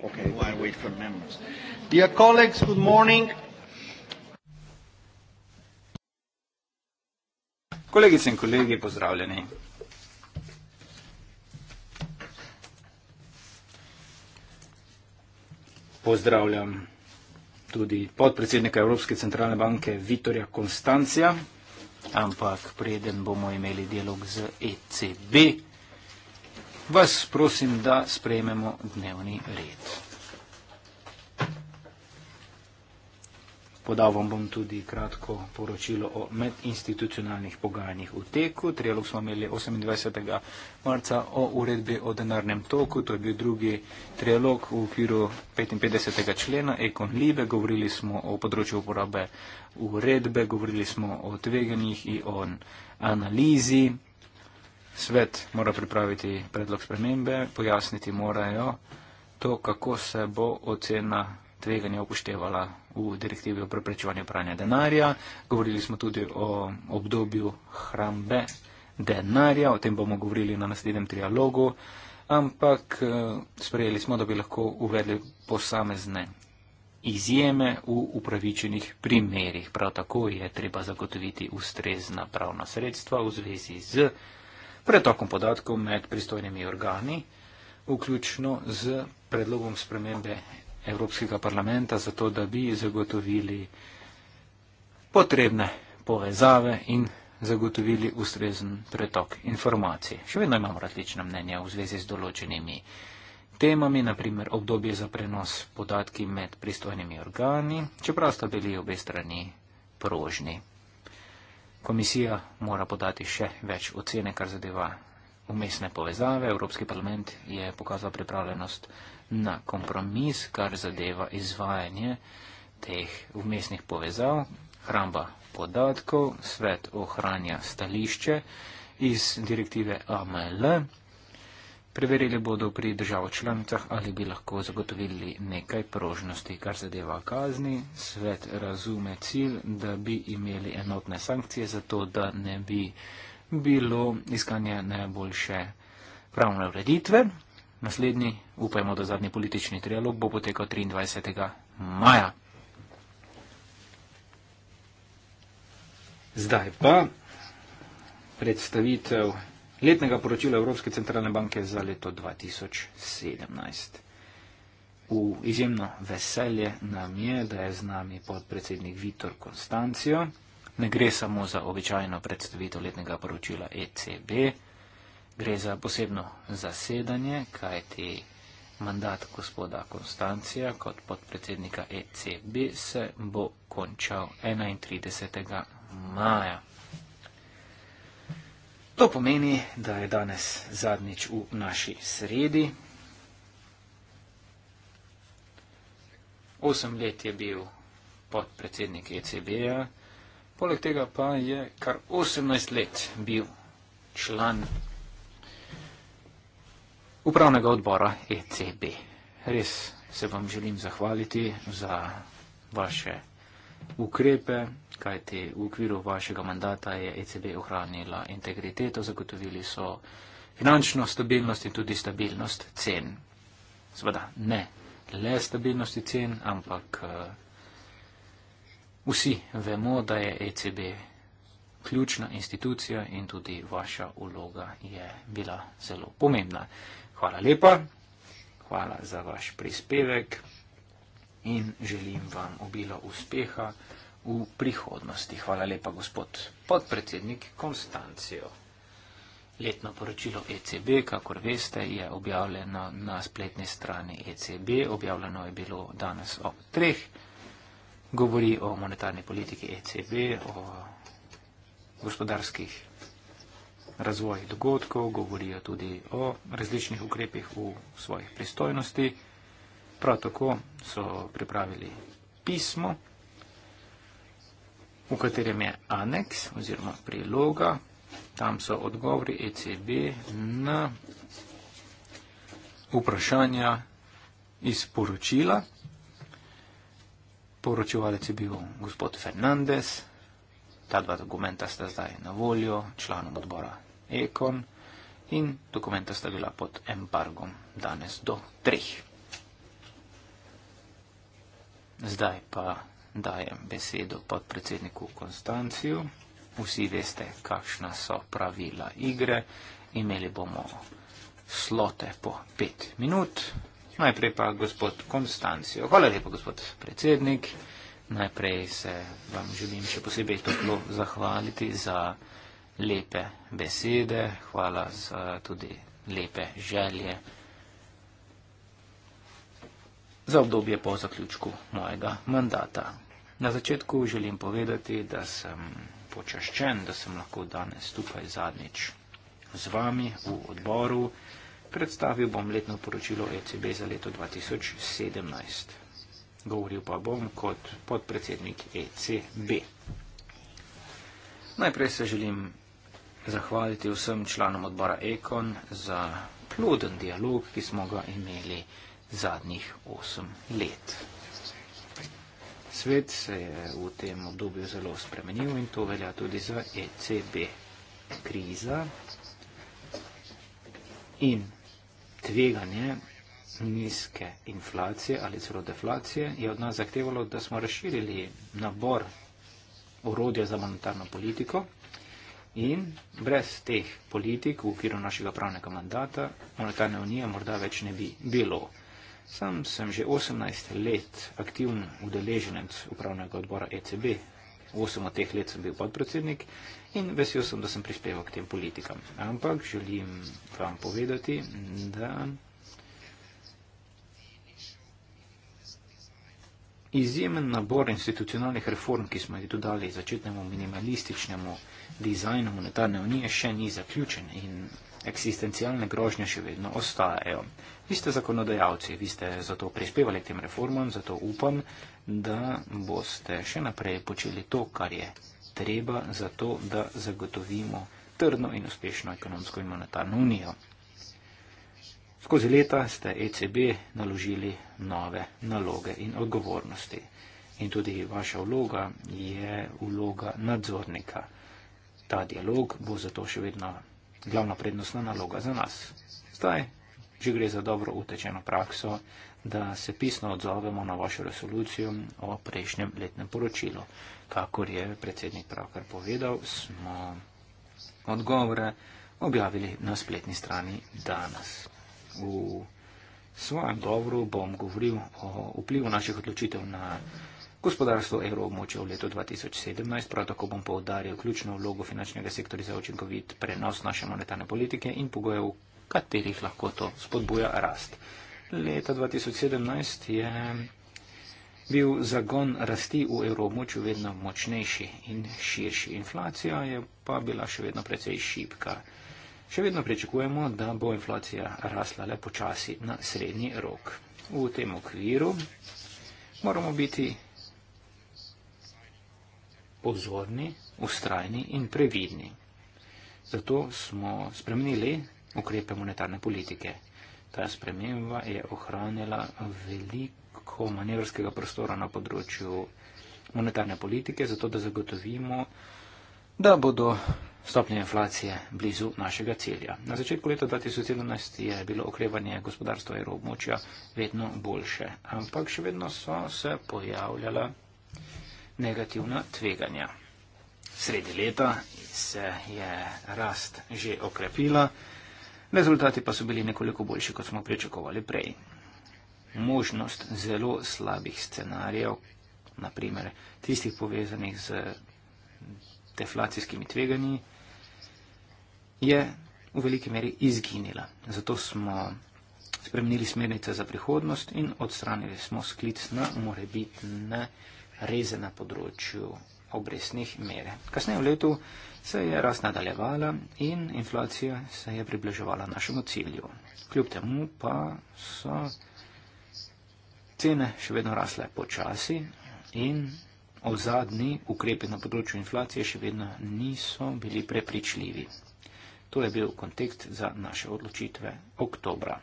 Okay, while I wait for members. Dear colleagues, good morning. Kolegice in kolegi, pozdravljeni. Pozdravljam tudi podpredsednika Evropske centralne banke Vitorja Konstancija, ampak preden bomo imeli dialog z ECB, vas prosim, da sprejmemo dnevni red. Podal vam bom tudi kratko poročilo o medinstitucionalnih pogajanjih v teku. Trialog smo imeli 28. marca o uredbi o denarnem toku. To je bil drugi trialog v okviru 55. člena Ekon Libe. Govorili smo o področju uporabe uredbe, govorili smo o tveganjih in o analizi. Svet mora pripraviti predlog spremembe, pojasniti morajo to, kako se bo ocena tveganja upoštevala v direktivi o preprečevanju pranja denarja. Govorili smo tudi o obdobju hrambe denarja, o tem bomo govorili na naslednjem trialogu, ampak eh, sprejeli smo, da bi lahko uvedli posamezne izjeme v upravičenih primerih. Prav tako je treba zagotoviti ustrezna pravna sredstva v zvezi z pretokom podatkov med pristojnimi organi, vključno z predlogom spremembe Evropskega parlamenta, zato da bi zagotovili potrebne povezave in zagotovili ustrezen pretok informacij. Še vedno imamo različna mnenja v zvezi z določenimi temami, naprimer obdobje za prenos podatki med pristojnimi organi, čeprav sta bili obe strani prožni. Komisija mora podati še več ocene, kar zadeva umestne povezave. Evropski parlament je pokazal pripravljenost na kompromis, kar zadeva izvajanje teh umestnih povezav, hramba podatkov, svet ohranja stališče iz direktive AML. Preverili bodo pri državo članicah, ali bi lahko zagotovili nekaj prožnosti, kar zadeva kazni. Svet razume cilj, da bi imeli enotne sankcije, zato da ne bi bilo iskanje najboljše pravne ureditve. Naslednji, upajmo, da zadnji politični trialog bo potekal 23. maja. Zdaj pa predstavitev letnega poročila Evropske centralne banke za leto 2017. V izjemno veselje nam je, da je z nami podpredsednik Vitor Konstancijo. Ne gre samo za običajno predstavitev letnega poročila ECB, gre za posebno zasedanje, kajti mandat gospoda Konstancija kot podpredsednika ECB se bo končal 31. maja. To pomeni, da je danes zadnjič v naši sredi. Osem let je bil podpredsednik ECB-ja, poleg tega pa je kar 18 let bil član upravnega odbora ECB. Res se vam želim zahvaliti za vaše ukrepe, kajti v okviru vašega mandata je ECB ohranila integriteto, zagotovili so finančno stabilnost in tudi stabilnost cen. Sveda ne le stabilnosti cen, ampak uh, vsi vemo, da je ECB ključna institucija in tudi vaša uloga je bila zelo pomembna. Hvala lepa, hvala za vaš prispevek in želim vam obilo uspeha v prihodnosti. Hvala lepa, gospod podpredsednik Konstancijo. Letno poročilo ECB, kakor veste, je objavljeno na spletni strani ECB. Objavljeno je bilo danes o treh. Govori o monetarni politiki ECB, o gospodarskih razvojih dogodkov, govorijo tudi o različnih ukrepih v svojih pristojnosti. Prav tako so pripravili pismo, v katerem je aneks oziroma priloga. Tam so odgovori ECB na vprašanja iz poročila. Poročevalec je bil gospod Fernandez. Ta dva dokumenta sta zdaj na voljo članom odbora Ekon in dokumenta sta bila pod embargom danes do treh. Zdaj pa dajem besedo podpredsedniku Konstanciju. Vsi veste, kakšna so pravila igre. Imeli bomo slote po pet minut. Najprej pa gospod Konstancijo. Hvala lepa, gospod predsednik. Najprej se vam želim še posebej toplo zahvaliti za lepe besede. Hvala za tudi lepe želje za obdobje po zaključku mojega mandata. Na začetku želim povedati, da sem počaščen, da sem lahko danes tukaj zadnjič z vami v odboru. Predstavil bom letno poročilo ECB za leto 2017. Govoril pa bom kot podpredsednik ECB. Najprej se želim zahvaliti vsem članom odbora Ekon za ploden dialog, ki smo ga imeli zadnjih osem let svet se je v tem obdobju zelo spremenil in to velja tudi za ECB. Kriza in tveganje nizke inflacije ali celo deflacije je od nas zahtevalo, da smo razširili nabor orodja za monetarno politiko in brez teh politik v okviru našega pravnega mandata monetarne unije morda več ne bi bilo. Sam sem že 18 let aktivn udeleženec upravnega odbora ECB. 8 od teh let sem bil podpredsednik in vesel sem, da sem prispeval k tem politikam. Ampak želim vam povedati, da izjemen nabor institucionalnih reform, ki smo jih dodali začetnemu minimalističnemu dizajnu monetarne unije, še ni zaključen in eksistencialne grožnje še vedno ostajajo. Vi ste zakonodajalci, vi ste zato prispevali tem reformam, zato upam, da boste še naprej počeli to, kar je treba, zato da zagotovimo trdno in uspešno ekonomsko in monetarno unijo. Skozi leta ste ECB naložili nove naloge in odgovornosti. In tudi vaša vloga je vloga nadzornika. Ta dialog bo zato še vedno glavna prednostna naloga za nas. Zdaj, že gre za dobro utečeno prakso, da se pisno odzovemo na vašo resolucijo o prejšnjem letnem poročilu. Kakor je predsednik pravkar povedal, smo odgovore objavili na spletni strani danes. V svojem govoru bom govoril o vplivu naših odločitev na gospodarstvo evroobmočja v letu 2017. Prav tako bom povdaril ključno vlogo finančnega sektorja za očinkovit prenos naše monetarne politike in pogojev, v katerih lahko to spodbuja rast. Leta 2017 je bil zagon rasti v evroobmočju vedno močnejši in širši. Inflacija je pa bila še vedno precej šipka. Še vedno pričakujemo, da bo inflacija rasla le počasi na srednji rok. V tem okviru moramo biti pozorni, ustrajni in previdni. Zato smo spremenili ukrepe monetarne politike. Ta sprememba je ohranjala veliko manevrskega prostora na področju monetarne politike, zato da zagotovimo, da bodo stopnje inflacije blizu našega cilja. Na začetku leta 2017 je bilo okrevanje gospodarstva in območja vedno boljše, ampak še vedno so se pojavljala negativna tveganja. Sredi leta se je rast že okrepila, rezultati pa so bili nekoliko boljši, kot smo pričakovali prej. Možnost zelo slabih scenarijev, naprimer tistih povezanih z deflacijskimi tveganji, je v veliki meri izginila. Zato smo spremenili smernice za prihodnost in odstranili smo sklic na morebitne reze na področju obresnih mere. Kasneje v letu se je rast nadaljevala in inflacija se je približevala našemu cilju. Kljub temu pa so cene še vedno rasle počasi in ozadnji ukrepi na področju inflacije še vedno niso bili prepričljivi. To je bil kontekst za naše odločitve oktobra.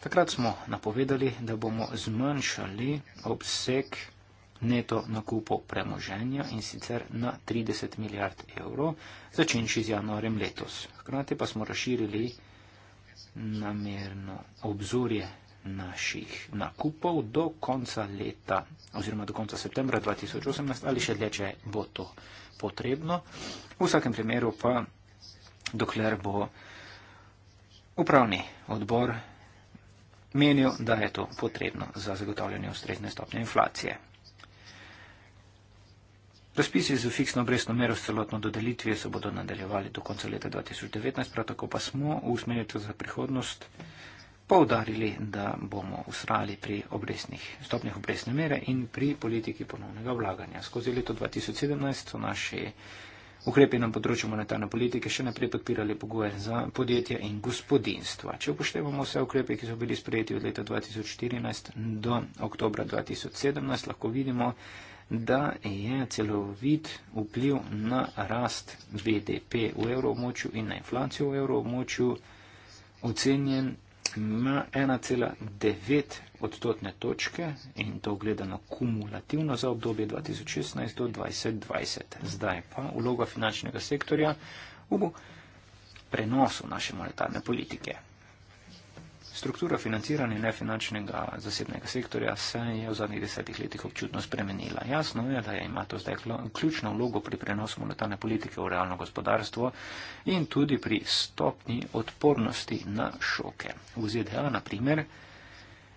Takrat smo napovedali, da bomo zmanjšali obseg neto nakupov premoženja in sicer na 30 milijard evrov, začenši z januarjem letos. Hkrati pa smo razširili namerno obzorje naših nakupov do konca leta oziroma do konca septembra 2018 ali še dlje, če bo to potrebno. V vsakem primeru pa dokler bo upravni odbor menijo, da je to potrebno za zagotavljanje ustrezne stopnje inflacije. Razpisi za fiksno obrestno mero s celotno dodelitvijo se bodo nadaljevali do konca leta 2019, prav tako pa smo v usmeritvi za prihodnost poudarili, da bomo ustrajali pri obresnih, stopnih obrestne mere in pri politiki ponovnega vlaganja. Skozi leto 2017 so naši Ukrepi na področju monetarne politike še naprej podpirali pogoje za podjetja in gospodinstva. Če upoštevamo vse ukrepe, ki so bili sprejeti od leta 2014 do oktobra 2017, lahko vidimo, da je celovit vpliv na rast BDP v evroobmočju in na inflacijo v evroobmočju ocenjen na odstotne točke in to gledano kumulativno za obdobje 2016 do 2020. Zdaj pa vloga finančnega sektorja v prenosu naše monetarne politike. Struktura financiranja nefinančnega zasebnega sektorja se je v zadnjih desetih letih občutno spremenila. Jasno je, da je ima to zdaj ključno vlogo pri prenosu monetarne politike v realno gospodarstvo in tudi pri stopni odpornosti na šoke. V ZDA, na primer,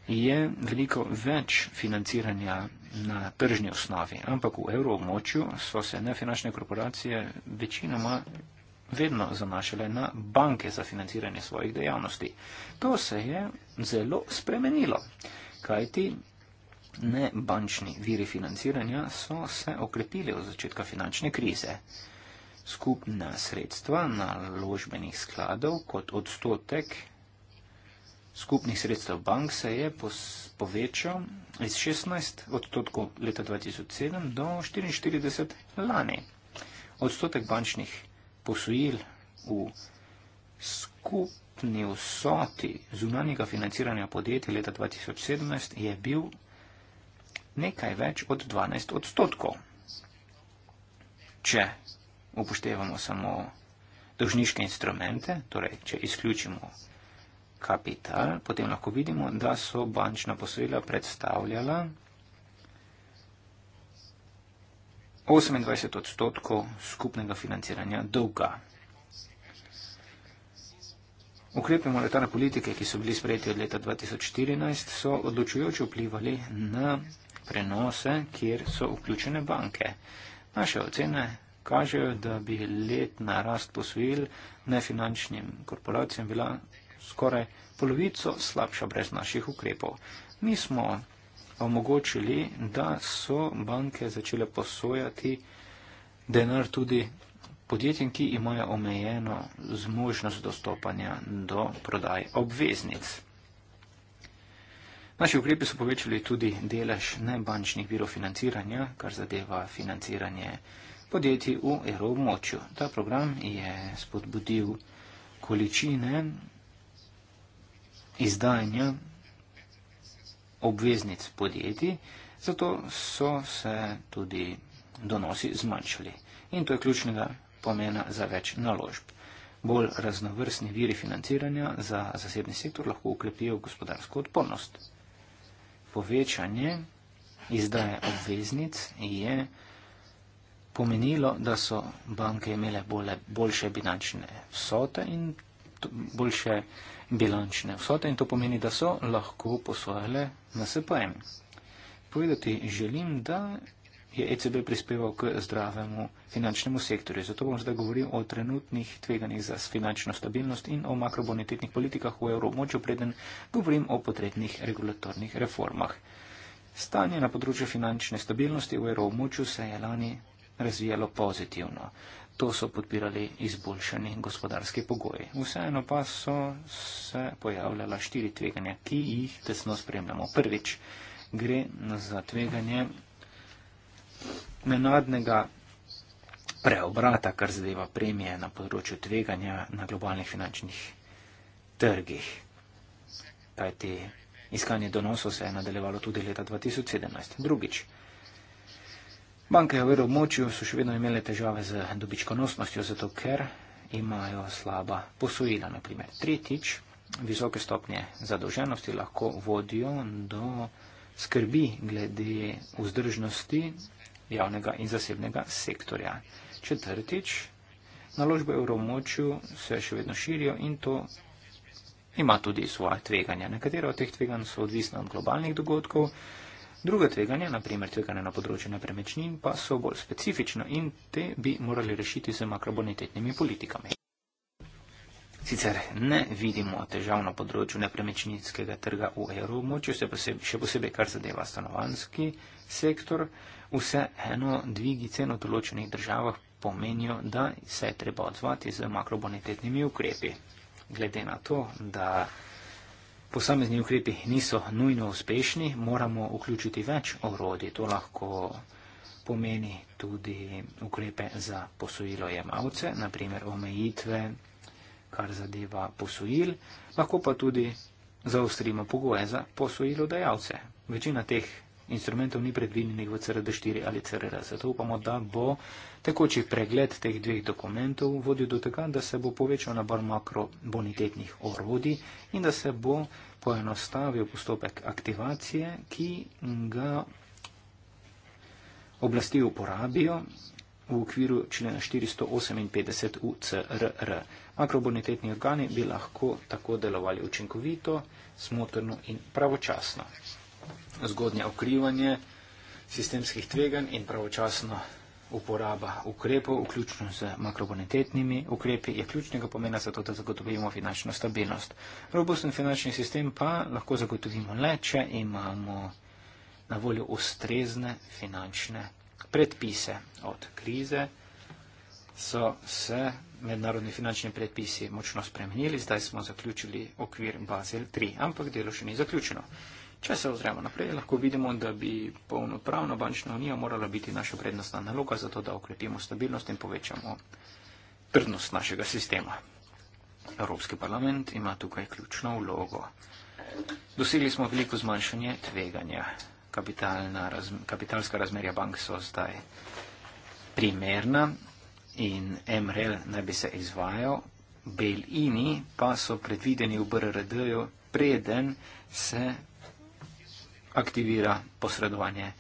je veliko več financiranja na tržni osnovi, ampak v evroobmočju so se nefinančne korporacije večinoma vedno zanašale na banke za financiranje svojih dejavnosti. To se je zelo spremenilo, kajti nebančni viri financiranja so se okrepili od začetka finančne krize. Skupna sredstva naložbenih skladov kot odstotek skupnih sredstev bank se je povečal iz 16 odstotkov leta 2007 do 44 lani. Odstotek bančnih posojil v skupni vsoti zunanjega financiranja podjetij leta 2017 je bil nekaj več od 12 odstotkov. Če upoštevamo samo dolžniške instrumente, torej če izključimo kapital, potem lahko vidimo, da so bančna posojila predstavljala 28 odstotkov skupnega financiranja dolga. Ukrepe monetarne politike, ki so bili sprejeti od leta 2014, so odločujoče vplivali na prenose, kjer so vključene banke. Naše ocene kažejo, da bi letna rast posojil nefinančnim korporacijam bila skoraj polovico slabša brez naših ukrepov. Mi smo omogočili, da so banke začele posojati denar tudi podjetjem, ki imajo omejeno zmožnost dostopanja do prodaj obveznic. Naši ukrepi so povečali tudi delež nebančnih virov financiranja, kar zadeva financiranje podjetij v evroobmočju. Ta program je spodbudil količine izdajanja obveznic podjetij, zato so se tudi donosi zmanjšali. In to je ključnega pomena za več naložb. Bolj raznovrstni viri financiranja za zasebni sektor lahko ukrepijo gospodarsko odpornost. Povečanje izdaje obveznic je pomenilo, da so banke imele bolje, boljše binačne vsote in boljše bilančne vsote in to pomeni, da so lahko posojale na SPM. Povedati želim, da je ECB prispeval k zdravemu finančnemu sektorju. Zato bom zdaj govoril o trenutnih tveganjih za finančno stabilnost in o makrobonitetnih politikah v evromočju, preden govorim o potrebnih regulatornih reformah. Stanje na področju finančne stabilnosti v evromočju se je lani razvijalo pozitivno. To so podpirali izboljšani gospodarski pogoji. Vseeno pa so se pojavljala štiri tveganja, ki jih tesno spremljamo. Prvič gre za tveganje nenadnega preobrata, kar zadeva premije na področju tveganja na globalnih finančnih trgih. Kajti iskanje donosov se je nadaljevalo tudi leta 2017. Drugič. Banke v evroobmočju so še vedno imele težave z dobičkonosnostjo, zato ker imajo slaba posojila. Naprimer, tretjič, visoke stopnje zadolženosti lahko vodijo do skrbi glede vzdržnosti javnega in zasebnega sektorja. Četrtič, naložbe v evroobmočju se še vedno širijo in to ima tudi svoje tveganja. Nekatera od teh tveganj so odvisna od globalnih dogodkov. Druga tveganja, naprimer tveganja na področju nepremečnin, pa so bolj specifična in te bi morali rešiti z makrobonitetnimi politikami. Sicer ne vidimo težav na področju nepremečninskega trga v evroobmočju, še posebej kar zadeva stanovanski sektor, vseeno dvigi cen v določenih državah pomenijo, da se je treba odzvati z makrobonitetnimi ukrepi. Glede na to, da. Posamezni ukrepi niso nujno uspešni, moramo vključiti več orodij. To lahko pomeni tudi ukrepe za posojilo jemalce, naprimer omejitve, kar zadeva posojil, lahko pa tudi zaostrimo pogoje za posojilo dajalce. Večina teh Instrumentov ni predvidenih v CRD4 ali CRR, zato upamo, da bo tekoči pregled teh dveh dokumentov vodil do tega, da se bo povečal nabor makrobonitetnih orodij in da se bo poenostavil postopek aktivacije, ki ga oblasti uporabijo v okviru člena 458 v CRR. Makrobonitetni organi bi lahko tako delovali učinkovito, smotrno in pravočasno zgodnje okrivanje sistemskih tveganj in pravočasno uporaba ukrepov, vključno z makrobonitetnimi ukrepi, je ključnega pomena za to, da zagotovimo finančno stabilnost. Robusten finančni sistem pa lahko zagotovimo le, če imamo na voljo ustrezne finančne predpise. Od krize so se mednarodni finančni predpisi močno spremenili, zdaj smo zaključili okvir Basel 3, ampak delo še ni zaključeno. Če se ozremo naprej, lahko vidimo, da bi polnopravna bančna unija morala biti naša prednostna naloga za to, da okrepimo stabilnost in povečamo trdnost našega sistema. Evropski parlament ima tukaj ključno vlogo. Dosegli smo veliko zmanjšanje tveganja. Raz, kapitalska razmerja bank so zdaj primerna in MRL naj bi se izvajal, Belini pa so predvideni v BRD-ju, preden se aktivira posredovanje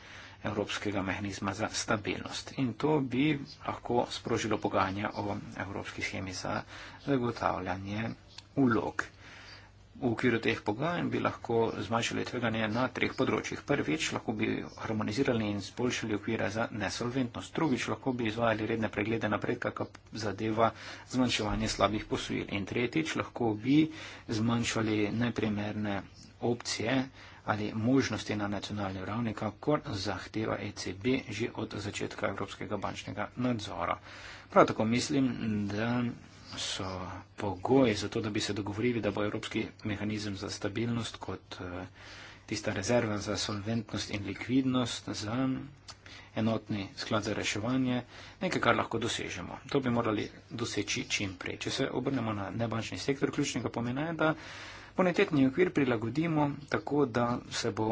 Evropskega mehanizma za stabilnost. In to bi lahko sprožilo pogajanja o Evropski schemi za zagotavljanje ulog. V okviru teh pogajanj bi lahko zmanjšali tveganje na treh področjih. Prvič, lahko bi harmonizirali in zboljšali okvire za nesolventnost. Drugič, lahko bi izvajali redne preglede napredka, kar zadeva zmanjševanje slabih posojil. In tretjič, lahko bi zmanjšali neprimerne opcije ali možnosti na nacionalni ravni, kakor zahteva ECB že od začetka evropskega bančnega nadzora. Prav tako mislim, da so pogoji za to, da bi se dogovorili, da bo evropski mehanizem za stabilnost kot eh, tista rezerva za solventnost in likvidnost za enotni sklad za reševanje, nekaj, kar lahko dosežemo. To bi morali doseči čim prej. Če se obrnemo na nebančni sektor, ključnega pomena je, da Bonitetni okvir prilagodimo tako, da se bo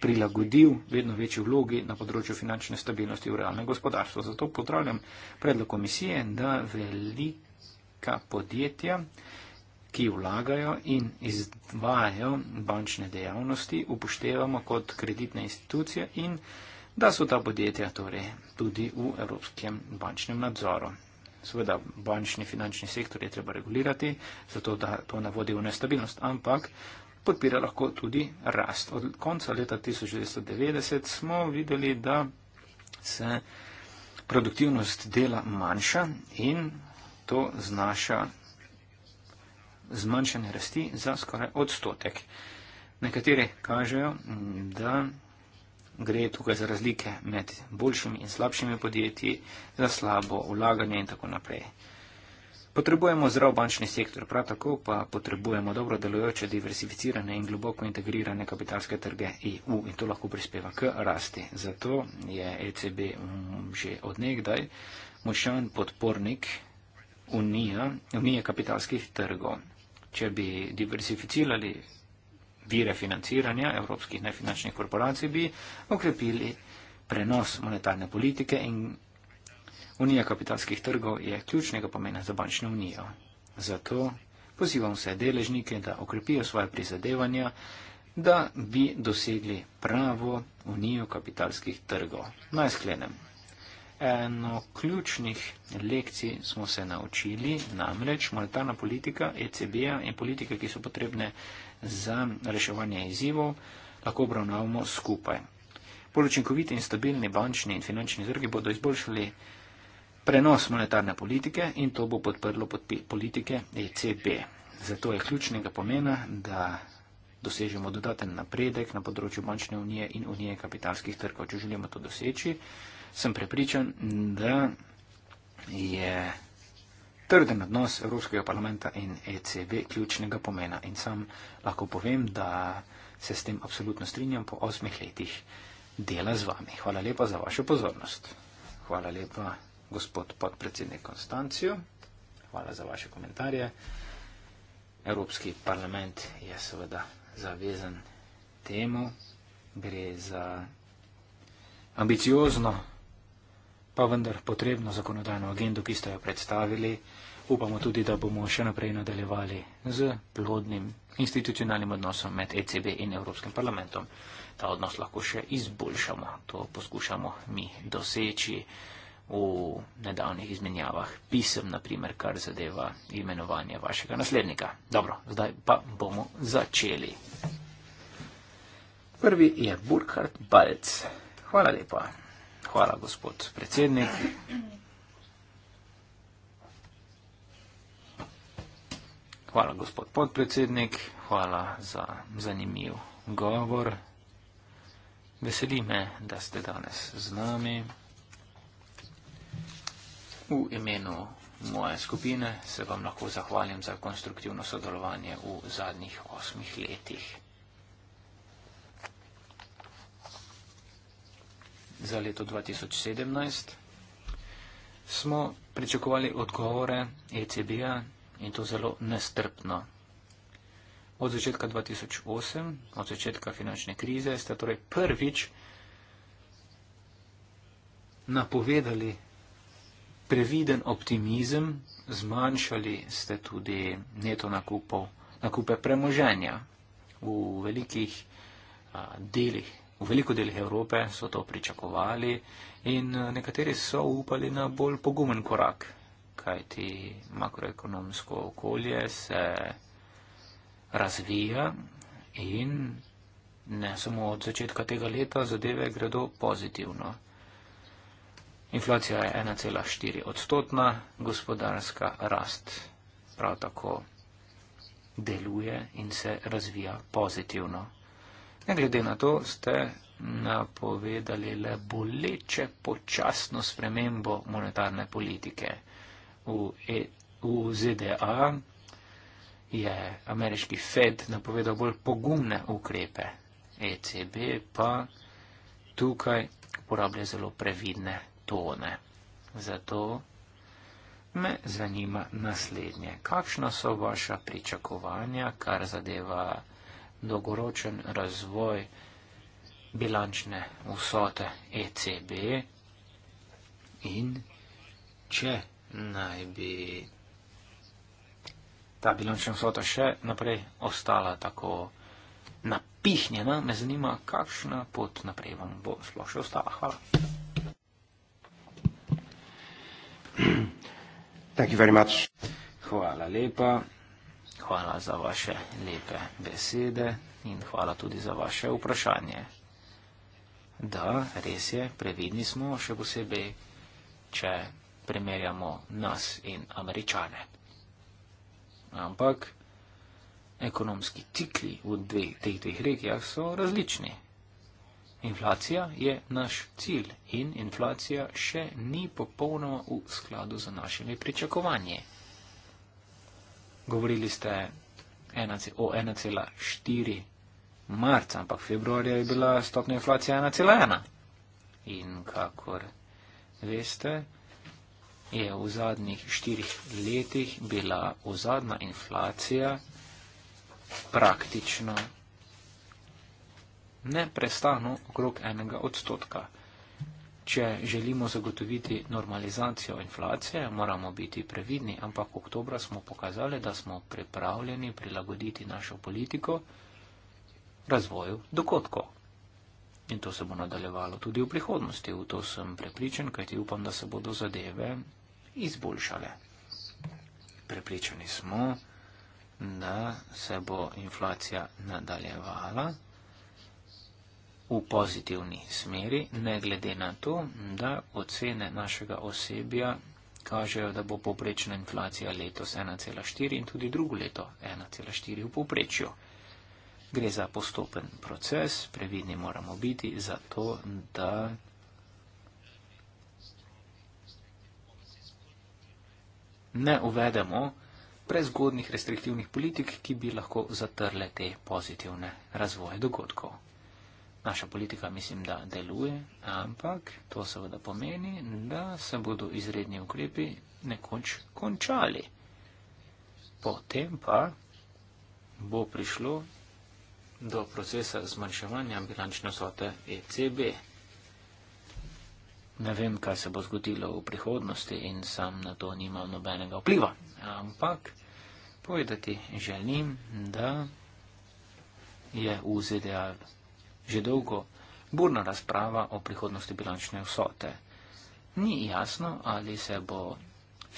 prilagodil vedno večji vlogi na področju finančne stabilnosti v realnem gospodarstvu. Zato pozdravljam predlog komisije, da velika podjetja, ki vlagajo in izvajajo bančne dejavnosti, upoštevamo kot kreditne institucije in da so ta podjetja torej tudi v evropskem bančnem nadzoru seveda bančni finančni sektor je treba regulirati, zato da to ne vodi v nestabilnost, ampak podpira lahko tudi rast. Od konca leta 1990 smo videli, da se produktivnost dela manjša in to znaša zmanjšanje rasti za skoraj odstotek. Nekateri kažejo, da gre tukaj za razlike med boljšimi in slabšimi podjetji, za slabo vlaganje in tako naprej. Potrebujemo zdrav bančni sektor, prav tako pa potrebujemo dobro delujoče, diversificirane in globoko integrirane kapitalske trge EU in to lahko prispeva k rasti. Zato je ECB mm, že od nekdaj močan podpornik unije, unije kapitalskih trgov. Če bi diversificirali vire financiranja evropskih nefinančnih korporacij bi okrepili prenos monetarne politike in Unija kapitalskih trgov je ključnega pomena za bančno unijo. Zato pozivam vse deležnike, da okrepijo svoje prizadevanja, da bi dosegli pravo unijo kapitalskih trgov. Naj sklenem. Eno ključnih lekcij smo se naučili, namreč monetarna politika, ECB-ja in politike, ki so potrebne za reševanje izzivov, lahko obravnavamo skupaj. Polučinkoviti in stabilni bančni in finančni trgi bodo izboljšali prenos monetarne politike in to bo podprlo politike ECB. Zato je ključnega pomena, da dosežemo dodaten napredek na področju bančne unije in unije kapitalskih trgov. Če želimo to doseči, sem prepričan, da je trden odnos Evropskega parlamenta in ECB ključnega pomena. In sam lahko povem, da se s tem absolutno strinjam po osmih letih dela z vami. Hvala lepa za vašo pozornost. Hvala lepa, gospod podpredsednik Konstancijo. Hvala za vaše komentarje. Evropski parlament je seveda zavezan temu. Gre za ambiciozno, pa vendar potrebno zakonodajno agendo, ki ste jo predstavili upamo tudi, da bomo še naprej nadaljevali z plodnim institucionalnim odnosom med ECB in Evropskim parlamentom. Ta odnos lahko še izboljšamo. To poskušamo mi doseči v nedavnih izmenjavah pisem, naprimer, kar zadeva imenovanje vašega naslednika. Dobro, zdaj pa bomo začeli. Prvi je Burkhard Balc. Hvala lepa. Hvala, gospod predsednik. Hvala, gospod podpredsednik, hvala za zanimiv govor. Veseli me, da ste danes z nami. V imenu moje skupine se vam lahko zahvalim za konstruktivno sodelovanje v zadnjih osmih letih. Za leto 2017 smo pričakovali odgovore ECB-a in to zelo nestrpno. Od začetka 2008, od začetka finančne krize, ste torej prvič napovedali previden optimizem, zmanjšali ste tudi neto nakupov, nakupe premoženja. V velikih a, delih, v veliko delih Evrope so to pričakovali in nekateri so upali na bolj pogumen korak, kajti makroekonomsko okolje se razvija in ne samo od začetka tega leta zadeve gredo pozitivno. Inflacija je 1,4 odstotna, gospodarska rast prav tako deluje in se razvija pozitivno. Ne glede na to ste napovedali le boleče počasno spremembo monetarne politike v, e, v ZDA je ameriški Fed napovedal bolj pogumne ukrepe, ECB pa tukaj uporablja zelo previdne tone. Zato me zanima naslednje. Kakšna so vaša pričakovanja, kar zadeva dolgoročen razvoj bilančne vsote ECB in če naj bi ta bilančna vsota še naprej ostala tako napihnjena. Me zanima, kakšna pot naprej vam bo sploh še ostala. Hvala. Hvala lepa. Hvala za vaše lepe besede in hvala tudi za vaše vprašanje. Da, res je, previdni smo, še posebej, če primerjamo nas in američane. Ampak ekonomski cikli v dveh, teh dveh regijah so različni. Inflacija je naš cilj in inflacija še ni popolnoma v skladu z našimi pričakovanji. Govorili ste o 1,4 marca, ampak februarja je bila stopnja inflacije 1,1. In kakor veste, je v zadnjih štirih letih bila ozadna inflacija praktično neprestano okrog enega odstotka. Če želimo zagotoviti normalizacijo inflacije, moramo biti previdni, ampak oktobra smo pokazali, da smo pripravljeni prilagoditi našo politiko razvoju dogodkov. In to se bo nadaljevalo tudi v prihodnosti. V to sem prepričan, kajti upam, da se bodo zadeve izboljšale. Prepričani smo, da se bo inflacija nadaljevala v pozitivni smeri, ne glede na to, da ocene našega osebja kažejo, da bo poprečna inflacija letos 1,4 in tudi drugo leto 1,4 v poprečju. Gre za postopen proces, previdni moramo biti, zato da. ne uvedemo prezgodnih restriktivnih politik, ki bi lahko zatrle te pozitivne razvoje dogodkov. Naša politika mislim, da deluje, ampak to seveda pomeni, da se bodo izredni ukrepi nekoč končali. Potem pa bo prišlo do procesa zmanjševanja bilančne vsote ECB ne vem, kaj se bo zgodilo v prihodnosti in sam na to nimam nobenega vpliva. Ampak povedati želim, da je v ZDA že dolgo burna razprava o prihodnosti bilančne vsote. Ni jasno, ali se bo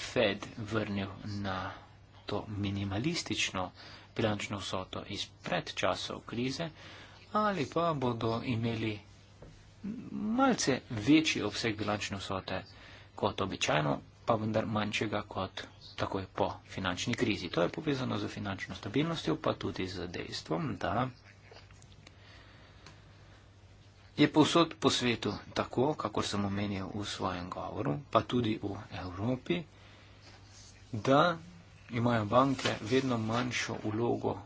Fed vrnil na to minimalistično bilančno vsoto iz predčasov krize, ali pa bodo imeli malce večji obseg bilančne vsote kot običajno, pa vendar manjšega kot takoj po finančni krizi. To je povezano z finančno stabilnostjo, pa tudi z dejstvom, da je povsod po svetu tako, kako sem omenil v svojem govoru, pa tudi v Evropi, da imajo banke vedno manjšo ulogo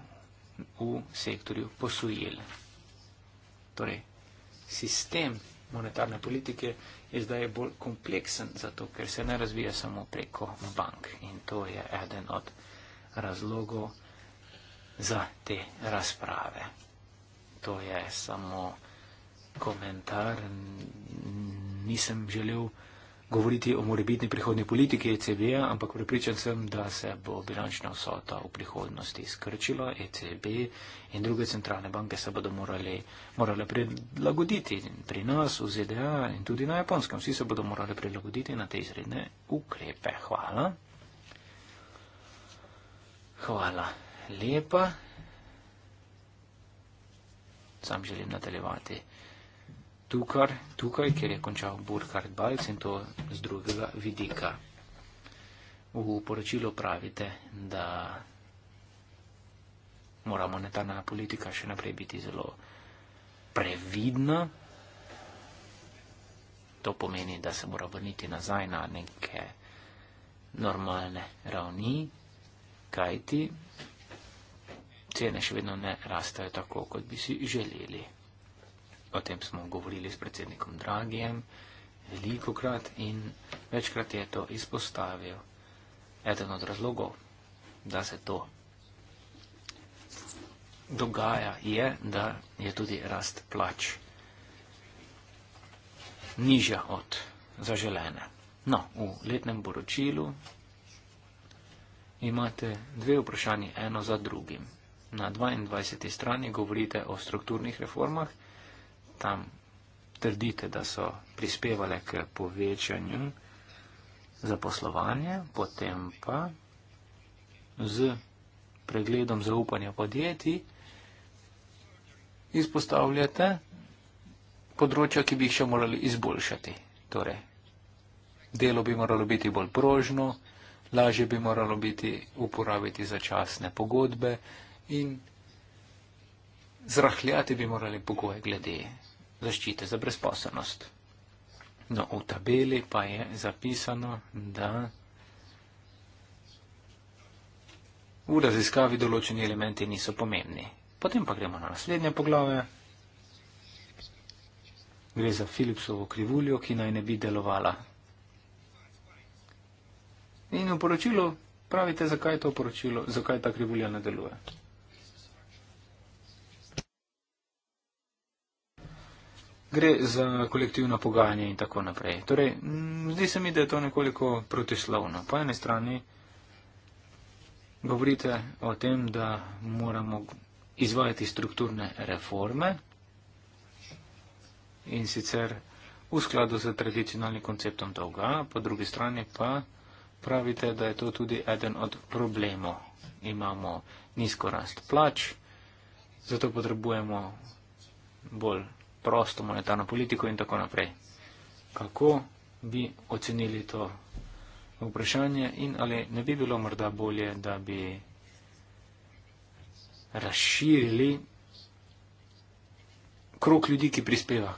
v sektorju posojil. Torej, sistem monetarne politike je zdaj bolj kompleksen, zato ker se ne razvija samo preko bank in to je eden od razlogov za te razprave. To je samo komentar, nisem želel uh, govoriti o morebitni prihodni politiki ECB-ja, ampak prepričan sem, da se bo bilančna vsota v prihodnosti skrčila, ECB in druge centralne banke se bodo morali, morali prilagoditi pri nas, v ZDA in tudi na japonskem. Vsi se bodo morali prilagoditi na te izredne ukrepe. Hvala. Hvala lepa. Sam želim nadaljevati tukar, tukaj, ker je končal Burkhard Balc in to z drugega vidika. V poročilu pravite, da mora monetarna politika še naprej biti zelo previdna. To pomeni, da se mora vrniti nazaj na neke normalne ravni, kajti cene še vedno ne rastejo tako, kot bi si želeli o tem smo govorili s predsednikom Dragijem veliko krat in večkrat je to izpostavil. Eden od razlogov, da se to dogaja, je, da je tudi rast plač nižja od zaželene. No, v letnem poročilu imate dve vprašanje, eno za drugim. Na 22. strani govorite o strukturnih reformah, tam trdite, da so prispevale k povečanju zaposlovanja, potem pa z pregledom zaupanja podjetij izpostavljate področja, ki bi jih še morali izboljšati. Torej, delo bi moralo biti bolj prožno, lažje bi moralo biti uporabiti začasne pogodbe in zrahljati bi morali pogoje glede zaščite za brezposobnost. No, v tabeli pa je zapisano, da v raziskavi določeni elementi niso pomembni. Potem pa gremo na naslednje poglavje. Gre za Philipsovo krivuljo, ki naj ne bi delovala. In v poročilu pravite, zakaj je to poročilo, zakaj ta krivulja ne deluje. gre za kolektivno pogajanje in tako naprej. Torej, m, zdi se mi, da je to nekoliko protislovno. Po eni strani govorite o tem, da moramo izvajati strukturne reforme in sicer v skladu z tradicionalnim konceptom dolga, po drugi strani pa pravite, da je to tudi eden od problemov. Imamo nizko rast plač, zato potrebujemo bolj prosto monetarno politiko in tako naprej. Kako bi ocenili to vprašanje in ali ne bi bilo morda bolje, da bi razširili krok ljudi, ki prispeva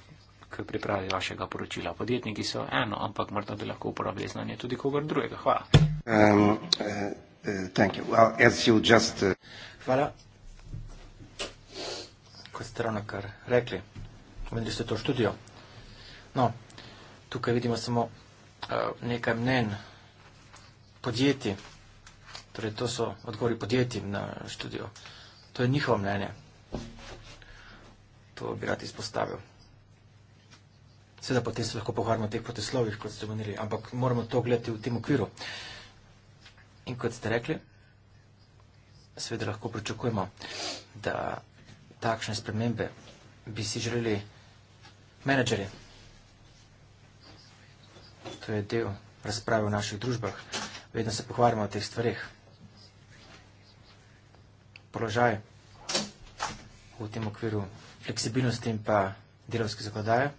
k pripravi vašega poročila. Podjetniki so eno, ampak morda bi lahko uporabili znanje tudi kogar drugega. Hvala. Um, uh, uh thank you. Well, as you just, uh... Hvala. Kot ste ravno kar rekli vendar ste to študijo. No, tukaj vidimo samo uh, nekaj mnen podjetij, torej to so odgovori podjetij na študijo. To je njihovo mnenje. To bi rad izpostavil. Seveda potem se lahko pogovarjamo o teh proteslovih, kot ste omenili, ampak moramo to gledati v tem okviru. In kot ste rekli, seveda lahko pričakujemo, da takšne spremembe bi si želeli menedžerje. To je del razprave v naših družbah. Vedno se pohvarjamo o teh stvarih. Položaj v tem okviru fleksibilnosti in pa delovske zakladaje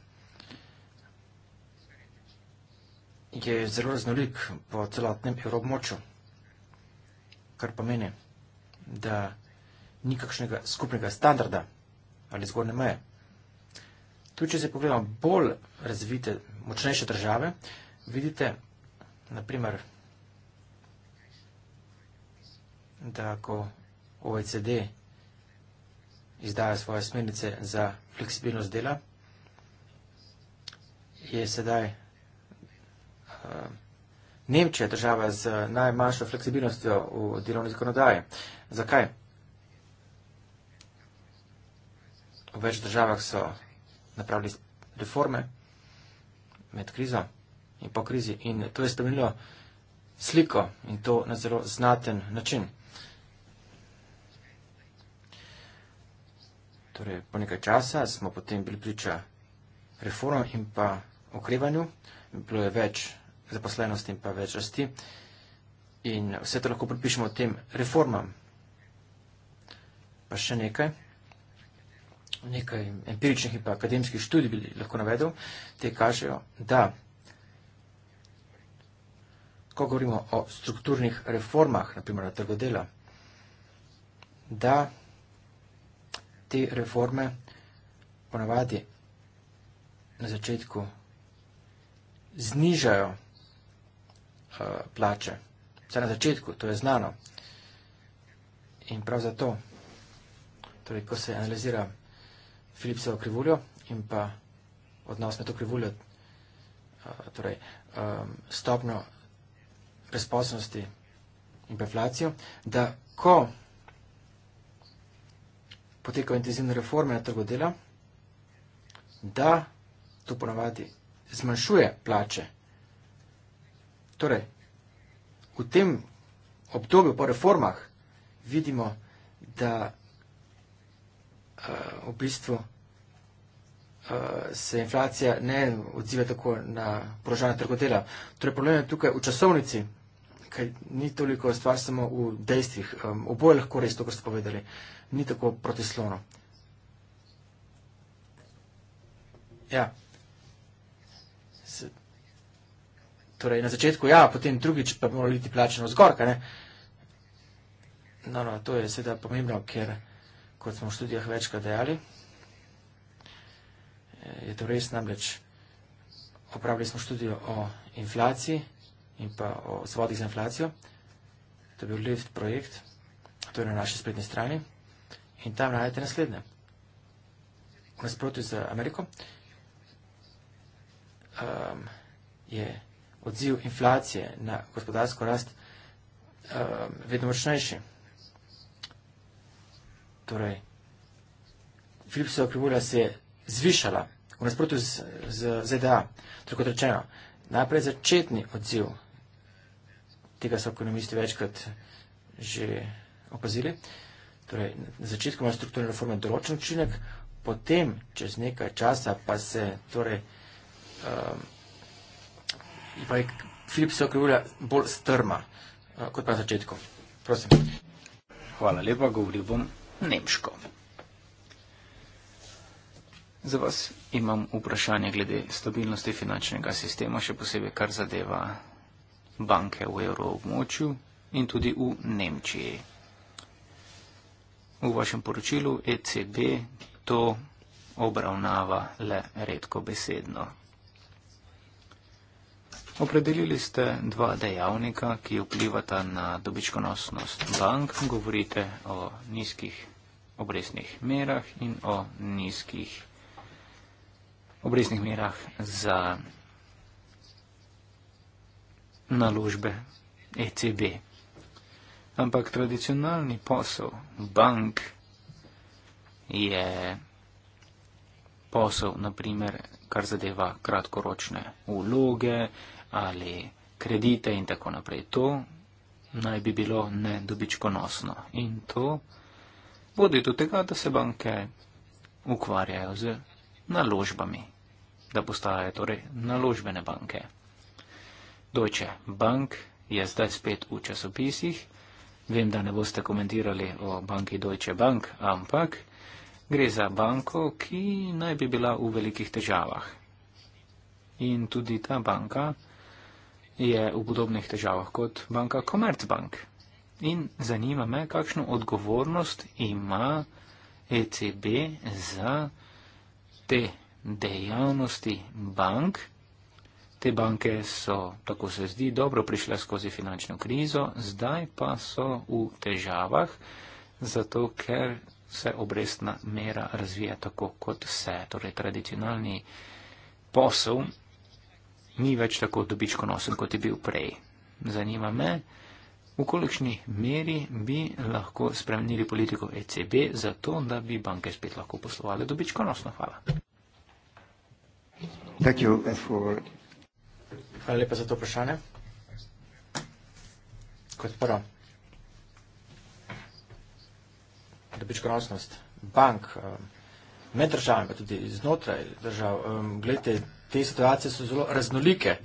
je zelo raznolik po celotnem evromočju, kar pomeni, da nikakšnega skupnega standarda ali zgorne meje. Tudi če se pogledamo bolj razvite, močnejše države, vidite, naprimer, da ko OECD izdaja svoje smernice za fleksibilnost dela, je sedaj eh, Nemčija država z najmanjšo fleksibilnostjo v delovni zakonodaji. Zakaj? V več državah so napravili reforme med krizo in po krizi in to je spremenilo sliko in to na zelo znaten način. Torej, po nekaj časa smo potem bili priča reformom in pa okrevanju, bilo je več zaposlenosti in pa več rasti in vse to lahko pripišemo tem reformam. Pa še nekaj nekaj empiričnih in pa akademskih študij bi lahko navedel, te kažejo, da ko govorimo o strukturnih reformah, naprimer na trgu dela, da te reforme ponavadi na začetku znižajo uh, plače. Vse na začetku, to je znano. In prav zato, torej, ko se analizira Filipsevo krivuljo in pa odnos na to krivuljo, torej stopno razposobnosti in pa inflacijo, da ko potekajo intenzivne reforme na trgu dela, da to ponovadi zmanjšuje plače. Torej, v tem obdobju po reformah vidimo, da Eh, v bistvu eh, se inflacija ne odziva tako na prožanje trgodela. Torej, problem je tukaj v časovnici, kaj ni toliko stvar samo v dejstvih. Oboje lahko res to, kar ste povedali. Ni tako protislovno. Ja. Torej, na začetku ja, potem drugič pa bi morali biti plačeno zgor, kaj ne? No, no, to je seveda pomembno, ker kot smo v študijah večkrat dejali. Je to res namreč, opravili smo študijo o inflaciji in pa o svodih za inflacijo. To je bil Lift projekt, to je na naši spletni strani. In tam najdete naslednje. V nasprotju z Ameriko um, je odziv inflacije na gospodarsko rast um, vedno močnejši torej, Filipsova krivulja se je zvišala v nasprotju z, z ZDA. Torej, kot rečeno, najprej začetni odziv, tega so ekonomisti večkrat že opazili, torej, na začetku ima strukturne reforme določen učinek, potem, čez nekaj časa, pa se, torej, um, pa je Filipsova krivulja bolj strma uh, kot pa na začetku. Prosim. Hvala lepa, govoril bom nemško. Za vas imam vprašanje glede stabilnosti finančnega sistema, še posebej kar zadeva banke v evroobmočju in tudi v Nemčiji. V vašem poročilu ECB to obravnava le redko besedno. Opredelili ste dva dejavnika, ki vplivata na dobičkonosnost bank. Govorite o nizkih obresnih merah in o nizkih obresnih merah za naložbe ECB. Ampak tradicionalni posel bank je posel, naprimer, kar zadeva kratkoročne vloge ali kredite in tako naprej. To naj bi bilo nedobičkonosno. In to vodi do tega, da se banke ukvarjajo z naložbami, da postajajo torej naložbene banke. Deutsche Bank je zdaj spet v časopisih. Vem, da ne boste komentirali o banki Deutsche Bank, ampak gre za banko, ki naj bi bila v velikih težavah. In tudi ta banka je v podobnih težavah kot banka Commerzbank. In zanima me, kakšno odgovornost ima ECB za te dejavnosti bank. Te banke so, tako se zdi, dobro prišle skozi finančno krizo, zdaj pa so v težavah, zato ker se obrestna mera razvija tako, kot se. Torej, tradicionalni posel ni več tako dobičkonosen, kot je bil prej. Zanima me, V kolikšni meri bi lahko spremenili politiko ECB za to, da bi banke spet lahko poslovali dobičkonosno? Hvala. Hvala lepa za to vprašanje. Kot prvo, dobičkonosnost bank um, med državami, pa tudi znotraj držav. Um, Gledajte, te situacije so zelo raznolike.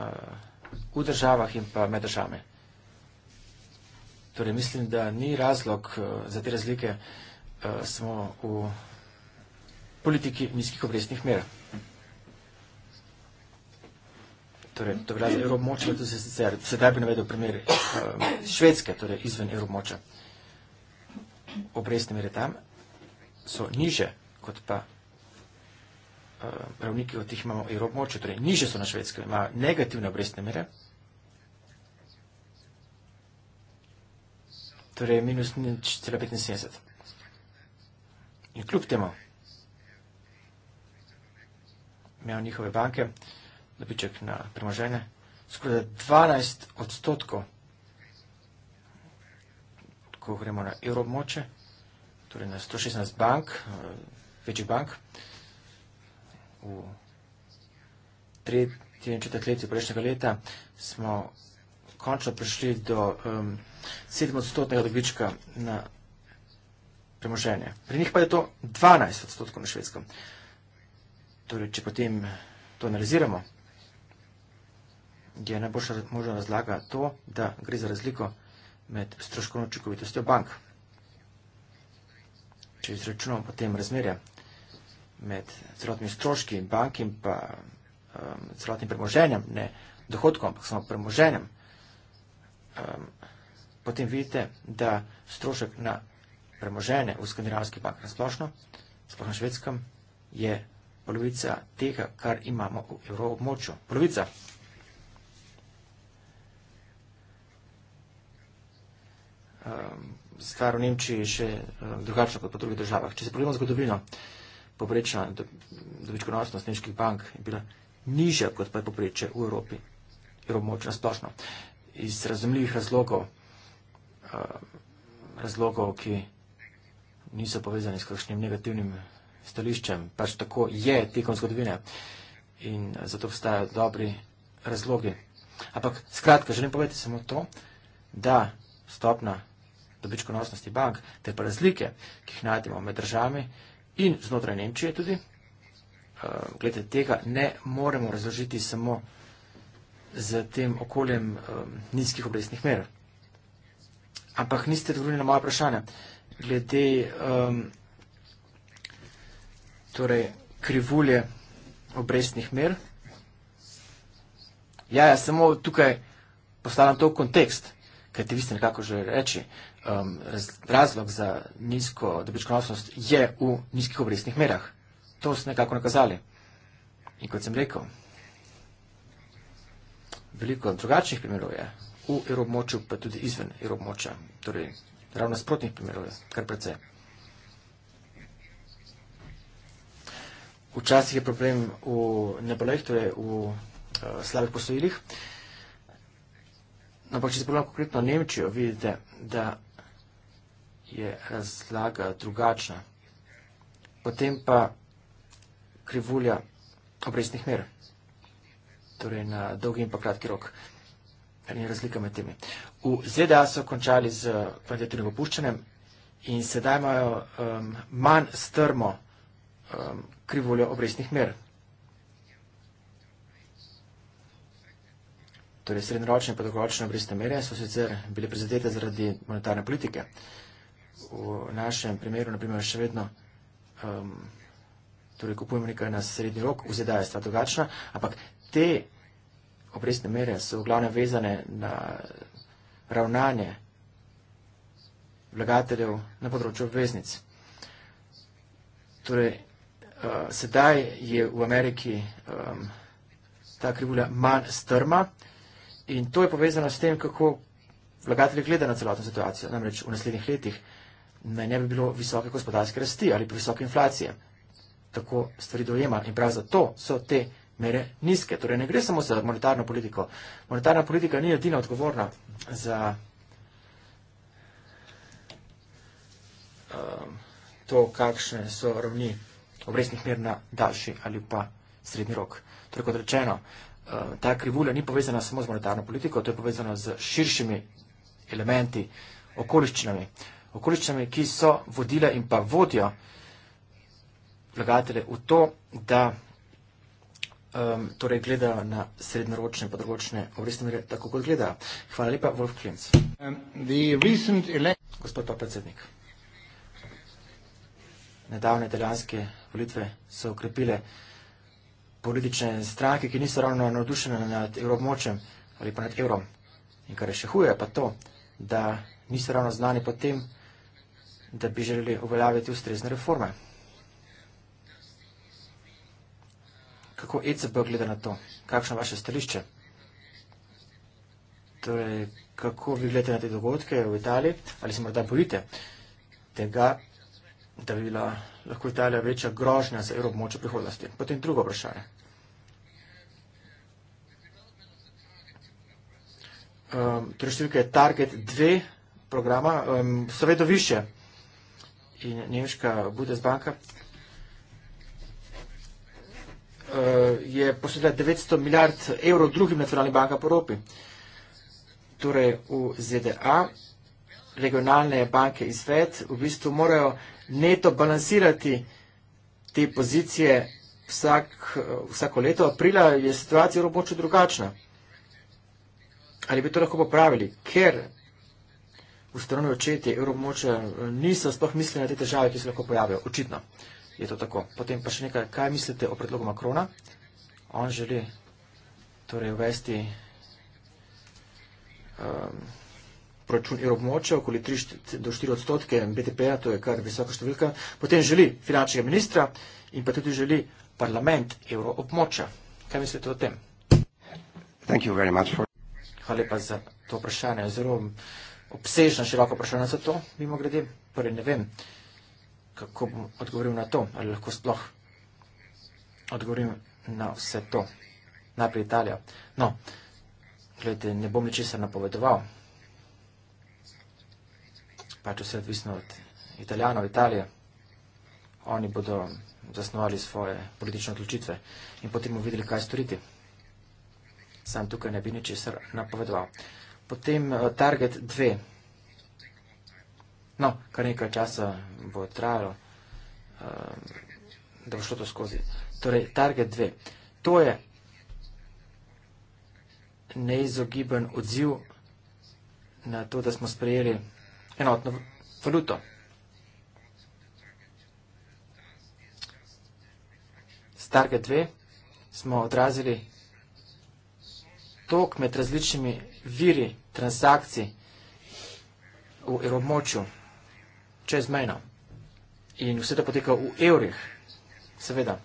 Uh, v državah in pa med državami. Torej, mislim, da ni razlog eh, za te razlike, uh, eh, smo v politiki nizkih obrestnih mer. Torej, to velja za evromoče, to se sicer, sedaj bi navedel primer um, švedske, torej izven evromoče. Obrestne mere tam so niže kot pa pravniki eh, od teh imamo evropmoče, torej niže so na švedskem, imajo negativne obrestne mere, torej minus 0,75. In kljub temu imajo njihove banke, dobiček na premožene, skoraj da 12 odstotkov, ko gremo na evropmoče, torej na 116 bank, eh, večjih bank, v tretjem četetletju prejšnjega leta smo končno prišli do um, sedmodstotnega dobička na premoženje. Pri njih pa je to 12 odstotkov na švedskem. Torej, če potem to analiziramo, je najboljša možna razlaga to, da gre za razliko med stroškovno očekovitostjo bank. Če izračunamo potem razmerje med celotnimi stroški in banki in pa um, celotnim premoženjem, ne dohodkom, ampak samo premoženjem, um, potem vidite, da strošek na premoženje v skandinavskih bankah na splošno, sploh na švedskem, je polovica tega, kar imamo v evroobmočju. Polovica. Um, stvar v Nemčiji je še um, drugačna kot po drugih državah. Če se pogledamo zgodovino, poprečna dobičkonosnost nemških bank je bila nižja, kot pa je poprečje v Evropi, evromočno splošno. Iz razumljivih razlogov, eh, razlogov, ki niso povezani s kakšnim negativnim stališčem, pač tako je tekom zgodovine in zato vstajajo dobri razlogi. Ampak skratka, želim povedati samo to, da stopna dobičkonosnosti bank, te pa razlike, ki jih najdemo med državami, in znotraj Nemčije tudi. Eh, glede tega ne moremo razložiti samo z tem okoljem eh, nizkih obrestnih mer. Ampak niste odgovorili na moja vprašanja. Glede torej, krivulje obrestnih mer. Ja, ja, samo tukaj postavljam to v kontekst, kaj ti vi ste nekako že reči um, razlog za nizko dobičkonosnost je v nizkih obrestnih merah. To so nekako nakazali. In kot sem rekel, veliko drugačnih primerov je v evromočju, pa tudi izven evromočja, torej ravno sprotnih primerov je kar precej. Včasih je problem v nebolejih, torej v uh, slabih posojilih. Ampak, če se pogledamo konkretno Nemčijo, vidite, da je razlaga drugačna. Potem pa krivulja obrestnih mer, torej na dolgi in pa kratki rok. Kar je razlika med temi. V ZDA so končali z kvantitativnim opuščanjem in sedaj imajo um, manj strmo um, krivuljo obrestnih mer. Torej, srednjeročne in podokoločne obrestne mere so sicer bile prizadete zaradi monetarne politike. Uh, v našem primeru, naprimer, še vedno um, torej kupujemo nekaj na srednji rok, vzedaje sta drugačna, ampak te obrestne mere so v glavnem vezane na ravnanje vlagateljev na področju obveznic. Torej, uh, sedaj je v Ameriki um, ta krivulja manj strma in to je povezano s tem, kako vlagatelji gledajo na celotno situacijo, namreč v naslednjih letih naj ne bi bilo visoke gospodarske rasti ali visoke inflacije. Tako stvari dojema in prav zato so te mere nizke. Torej ne gre samo za monetarno politiko. Monetarna politika ni edina odgovorna za um, to, kakšne so ravni obresnih mer na daljši ali pa srednji rok. Torej kot rečeno, um, ta krivulja ni povezana samo z monetarno politiko, to je povezano z širšimi elementi, okoliščinami. Uh, okoliščinami, ki so vodile in pa vodijo vlagatelje v to, da um, torej gledajo na srednjeročne in področne obrestne mere, tako kot gledajo. Hvala lepa, Wolf Klinc. Um, Gospod pa predsednik. Nedavne italijanske volitve so ukrepile politične stranke, ki niso ravno navdušene nad evromočem ali pa nad evrom. In kar je še huje, pa to, da niso ravno znani po tem, da bi želeli uveljaviti ustrezne reforme. Kako ECB gleda na to? Kakšno je vaše stališče? Torej, kako vi gledate na te dogodke v Italiji? Ali se morda bojite tega, da bi bila lahko Italija večja grožnja za evroobmoč v prihodnosti? Potem drugo vprašanje. Um, torej, številka je target 2 programa, um, so vedno više in nemška Bundesbanka eh, je posledila 900 milijard evrov drugim nacionalnim bankam po Evropi. Torej v ZDA regionalne banke in svet v bistvu morajo neto balansirati te pozicije vsak, eh, vsako leto. Aprila je situacija v območju drugačna. Ali bi to lahko popravili? Ker v strani očetje evromoče eh, niso sploh mislili na te težave, ki se lahko pojavijo. Očitno je to tako. Potem pa še nekaj, kaj mislite o predlogu Makrona? On želi torej uvesti um, proračun evromoče okoli 3 do 4 odstotke BTP-ja, to je kar visoka številka. Potem želi finančnega ministra in pa tudi želi parlament evroobmoča. Kaj mislite o tem? Hvala lepa za to vprašanje. Zelo obsežno široko vprašanje za to, mimo grede, torej ne vem, kako bom odgovoril na to, ali lahko sploh odgovorim na vse to. Najprej Italija. No, gledajte, ne bom ničesar napovedoval. Pač vse odvisno od Italijanov, Italije. Oni bodo zasnovali svoje politične odločitve in potem bomo videli, kaj storiti. Sam tukaj ne bi ničesar napovedoval. Potem eh, target 2. No, kar nekaj časa bo trajalo, eh, da bo šlo to skozi. Torej, target 2. To je neizogiben odziv na to, da smo sprejeli enotno valuto. S target 2 smo odrazili tok med različnimi viri transakcij v evromočju čezmejno in vse to poteka v evrih, seveda.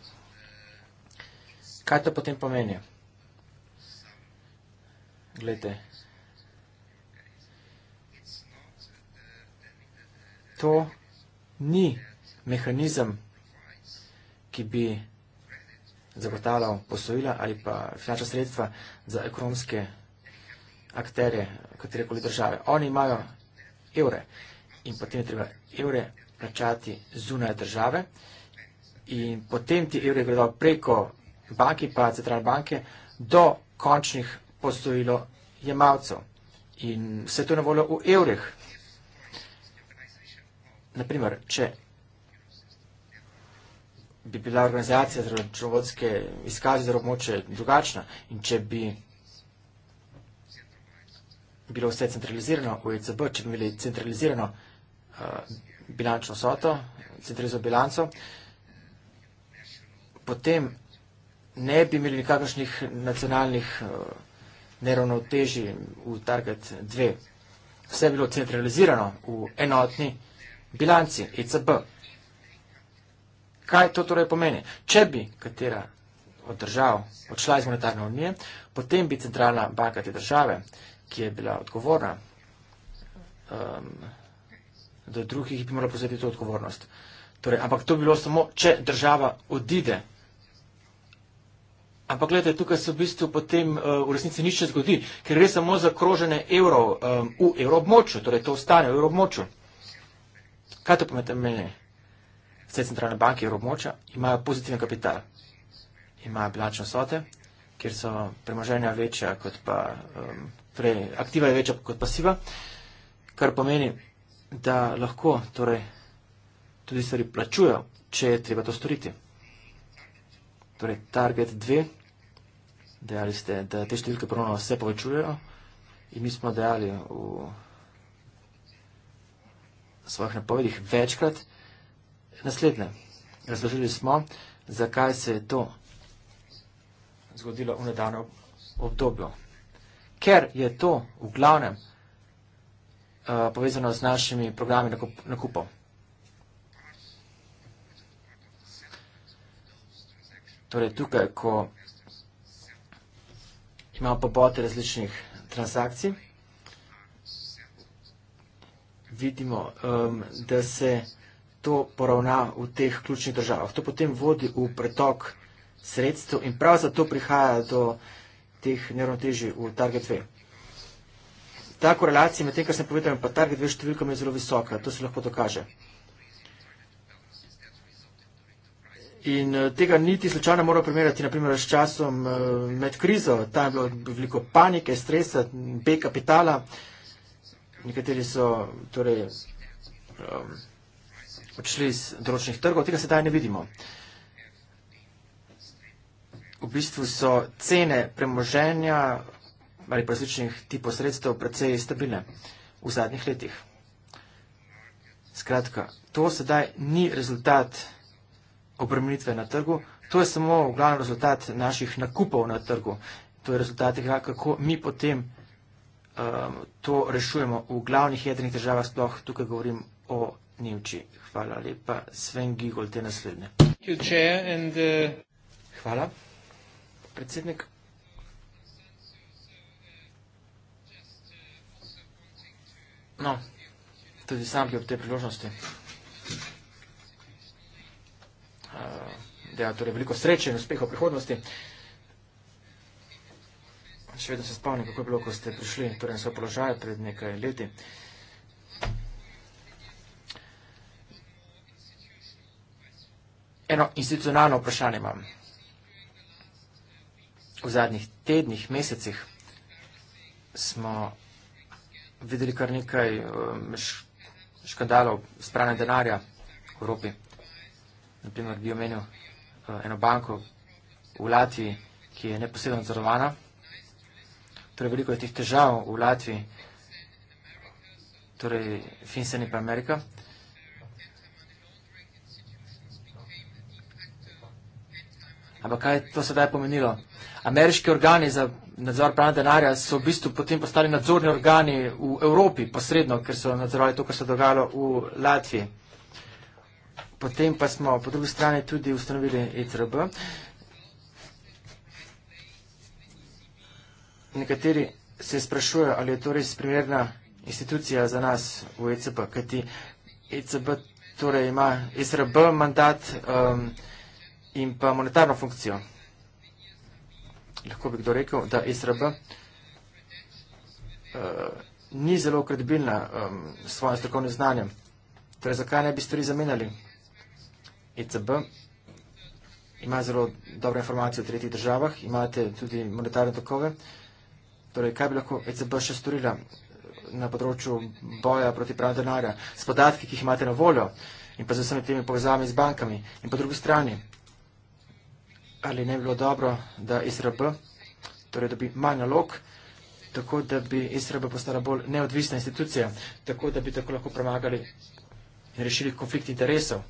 Kaj to potem pomeni? Glejte, to ni mehanizem, ki bi zagotavljal posojila ali pa finančna sredstva za ekonomske akterje katerekoli države. Oni imajo evre in potem je treba evre plačati zunaj države in potem ti evre gredo preko banki pa centralne banke do končnih postojilo jemalcev. In vse to je na voljo v evrih. Naprimer, če bi bila organizacija za računovodske izkaze za območje drugačna in če bi bilo vse centralizirano v ECB, če bi imeli centralizirano uh, bilančno soto, centralizirano bilanco, potem ne bi imeli nikakršnih nacionalnih uh, neravnotežij v target 2. Vse je bilo centralizirano v enotni bilanci ECB. Kaj to torej pomeni? Če bi katera od držav odšla iz monetarne unije, potem bi centralna banka te države uh, ki je bila odgovorna. Um, do drugih bi morala posvetiti to odgovornost. Torej, ampak to bi bilo samo, če država odide. Ampak gledajte, tukaj se v bistvu potem uh, v resnici nič ne zgodi, ker gre samo za krožene evrov um, v evrobmočju, torej to ostane v evrobmočju. Kaj to pomeni, meni? Vse centralne banke evrobmočja imajo pozitiven kapital, imajo bilančne sote, kjer so premoženja večja kot pa um, torej aktiva je večja kot pasiva, kar pomeni, da lahko torej, tudi stvari plačujejo, če je treba to storiti. Torej, target 2, dejali ste, da te številke ponovno se povečujejo in mi smo dejali v svojih napovedih večkrat naslednje. Razložili smo, zakaj se je to zgodilo v nedavnem obdobju ker je to v glavnem uh, povezano z našimi programi nakup nakupov. Torej tukaj, ko imamo pobote različnih transakcij, vidimo, um, da se to poravna v teh ključnih državah. To potem vodi v pretok sredstv in prav zato prihaja do uh, teh neravnotežij v target 2. Ta korelacija med tem, kar sem povedal, pa target 2 številkom je zelo visoka, to se lahko dokaže. In eh, tega niti slučajno moramo primerjati, naprimer, s časom eh, med krizo. Tam je bilo veliko panike, stresa, B kapitala. Nekateri so torej, um, odšli iz določenih trgov. Tega se daj ne vidimo. Uh, v bistvu so cene premoženja ali pa različnih tipov sredstev precej stabilne v zadnjih letih. Skratka, to sedaj ni rezultat obremenitve na trgu, to je samo v glavnem rezultat naših nakupov na trgu. To je rezultat tega, kako mi potem um, to rešujemo v glavnih jedrnih državah, sploh tukaj govorim o Nemčiji. Hvala lepa, Sven Gigol, te naslednje. Uh, Hvala predsednik. No, tudi sam bi ob tej priložnosti uh, dejal torej veliko sreče in uspeha v prihodnosti. Še vedno se spomnim, kako je bilo, ko ste prišli torej na svoj položaj pred nekaj leti. Eno institucionalno vprašanje imam v zadnjih tednih, mesecih smo videli kar nekaj um, škandalov spranja denarja v Evropi. Naprimer bi omenil uh, eno banko v Latviji, ki je neposedno nadzorovana. Torej veliko je teh težav v Latviji, torej Finsen in pa Amerika. Ampak kaj je to sedaj pomenilo? ameriški organi za nadzor pranja denarja so v bistvu potem postali nadzorni organi v Evropi posredno, ker so nadzorovali to, kar se dogajalo v Latviji. Potem pa smo po drugi strani tudi ustanovili ECRB. Nekateri se sprašujejo, ali je to res primerna institucija za nas v ECB, kajti ECB torej ima ECRB mandat um, in pa monetarno funkcijo lahko bi kdo rekel, da Izraba uh, eh, ni zelo kredibilna um, s svojim strokovnim znanjem. Torej, zakaj ne bi stvari zamenjali? ECB ima zelo dobre informacije o tretjih državah, imate tudi monetarne tokove. Torej, kaj bi lahko ECB še storila eh, na področju boja proti pranju denarja? S podatki, ki jih imate na voljo in pa z vsemi temi povezavami z bankami in po drugi strani ali ne bi bilo dobro, da ISRB, torej da bi manj nalog, tako da bi ISRB postala bolj neodvisna institucija, tako da bi tako lahko premagali in rešili konflikt interesov.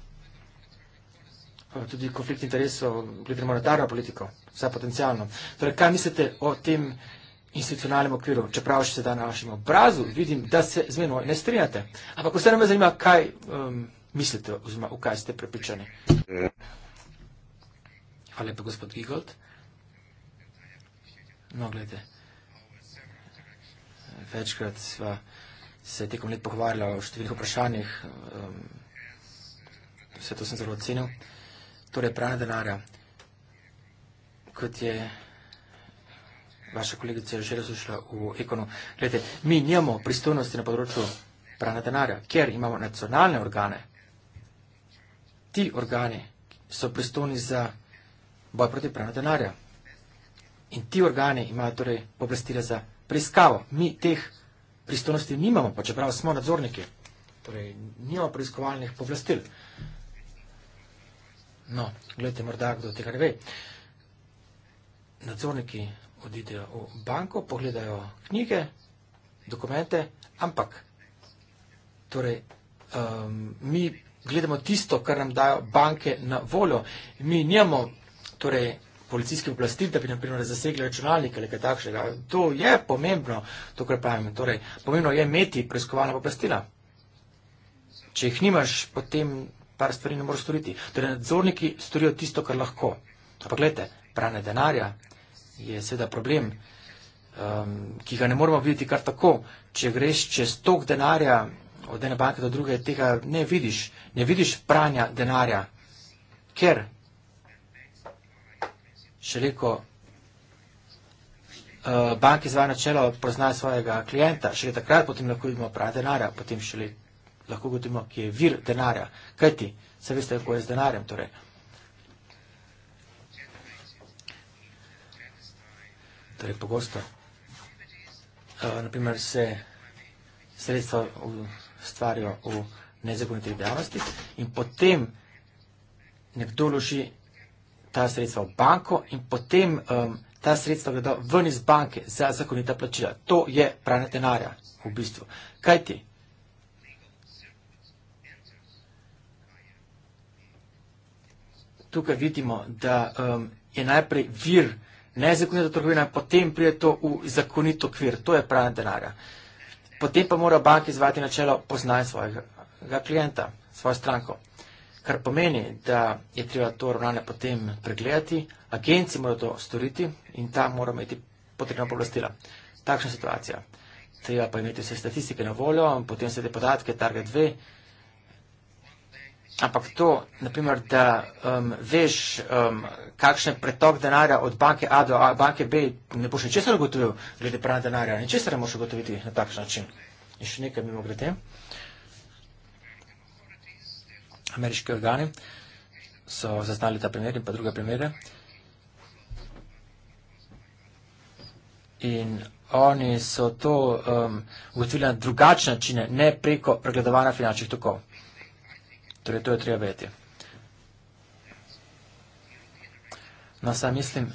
Tudi konflikt interesov glede monetarno politiko, vsaj potencijalno. Torej, kaj mislite o tem institucionalnem okviru, čeprav še sedaj na vašem obrazu vidim, da se z menoj ne strinjate. Ampak vse nam je zanima, kaj um, mislite oziroma v kaj ste prepričani. Mm. Hvala lepa, gospod Gigold. No, gledajte, večkrat sva se tekom let pohvarjala o številnih vprašanjih. Um, vse to sem zelo ocenil. Torej, pranje denarja. Kot je vaša kolegica že razlušila v ekonu. Gledajte, mi njemo pristojnosti na področju pranja denarja, kjer imamo nacionalne organe. Ti organi so pristojni za pranje denarja boj proti pranju denarja. In ti organi imajo torej oblastila za preiskavo. Mi teh pristojnosti nimamo, pa čeprav smo nadzorniki. Torej, nimamo preiskovalnih povlastil. No, gledajte, morda kdo tega ne ve. Nadzorniki odidejo v banko, pogledajo knjige, dokumente, ampak torej, um, mi gledamo tisto, kar nam dajo banke na voljo. Mi nimamo torej, policijske oblasti, da bi naprimer zasegli računalnik ali kaj takšnega. To je pomembno, to kar pravim. Torej, pomembno je imeti preiskovalna oblastila. Če jih nimaš, potem par stvari ne moreš storiti. Torej, nadzorniki storijo tisto, kar lahko. Ampak gledajte, pranje denarja je seveda problem, um, ki ga ne moramo videti kar tako. Če greš čez tok denarja od ene banke do druge, tega ne vidiš. Ne vidiš pranja denarja. Ker še rekel, eh, banki zvajo načelo, poznajo svojega klijenta, šele takrat potem lahko vidimo prav denarja, potem šele lahko vidimo, ki je vir denarja. Kaj ti? Se veste, kako je z denarjem, torej. Torej, pogosto. Eh, Naprimer, se sredstva stvarijo v nezakonitih dejavnosti in potem nekdo loži denarja ta sredstva v banko in potem um, ta sredstva gredo ven iz banke za zakonita plačila. To je pranje denarja v bistvu. Kaj ti? Tukaj vidimo, da um, je najprej vir nezakonita trgovina, potem pride to v zakonito kvir. To je pranje denarja. Potem pa mora banka izvati načelo poznaj svojega klienta, svojo stranko. Kar pomeni, da je treba to ravnanje potem pregledati, agenci morajo to storiti in tam morajo imeti potrebna povlastila. Takšna situacija. Treba pa imeti vse statistike na voljo, potem vse te podatke, target 2. Ampak to, naprimer, da um, veš, um, kakšen je pretok denarja od banke A do A, banke B, ne boš ničesar ugotovil, glede prana denarja, ničesar ne moš ugotoviti na takšen način. In še nekaj mimo grede ameriški organi so zaznali ta primer in pa druge primere. In oni so to um, ugotovili na drugačne načine, ne preko pregledovanja finančnih tokov. Torej, to je treba vedeti. No, sam mislim,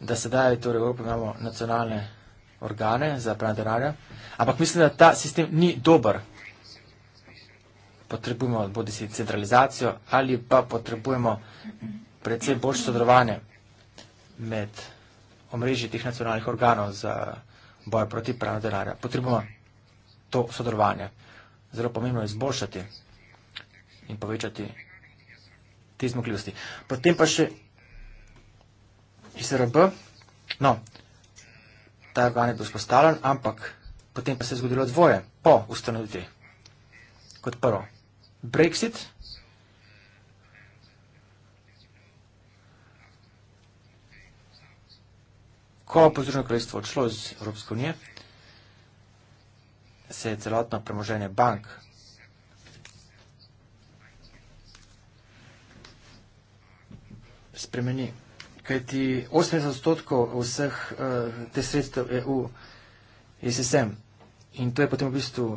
da sedaj torej, v Evropi imamo nacionalne organe za pranje denarja, ampak mislim, da ta sistem ni dober potrebujemo bodi si centralizacijo ali pa potrebujemo predvsej boljše sodelovanje med omrežji teh nacionalnih organov za boj proti pranju denarja. Potrebujemo to sodelovanje. Zelo pomembno je izboljšati in povečati te zmogljivosti. Potem pa še ISRB, no, ta organ je bil spostalen, ampak potem pa se je zgodilo dvoje po ustanoviti kot prvo. Brexit. Ko bo Združeno kraljestvo odšlo iz Evropske unije, se je celotno premoženje bank spremeni. Kajti 80 odstotkov vseh eh, te sredstev EU je SSM. In to je potem v bistvu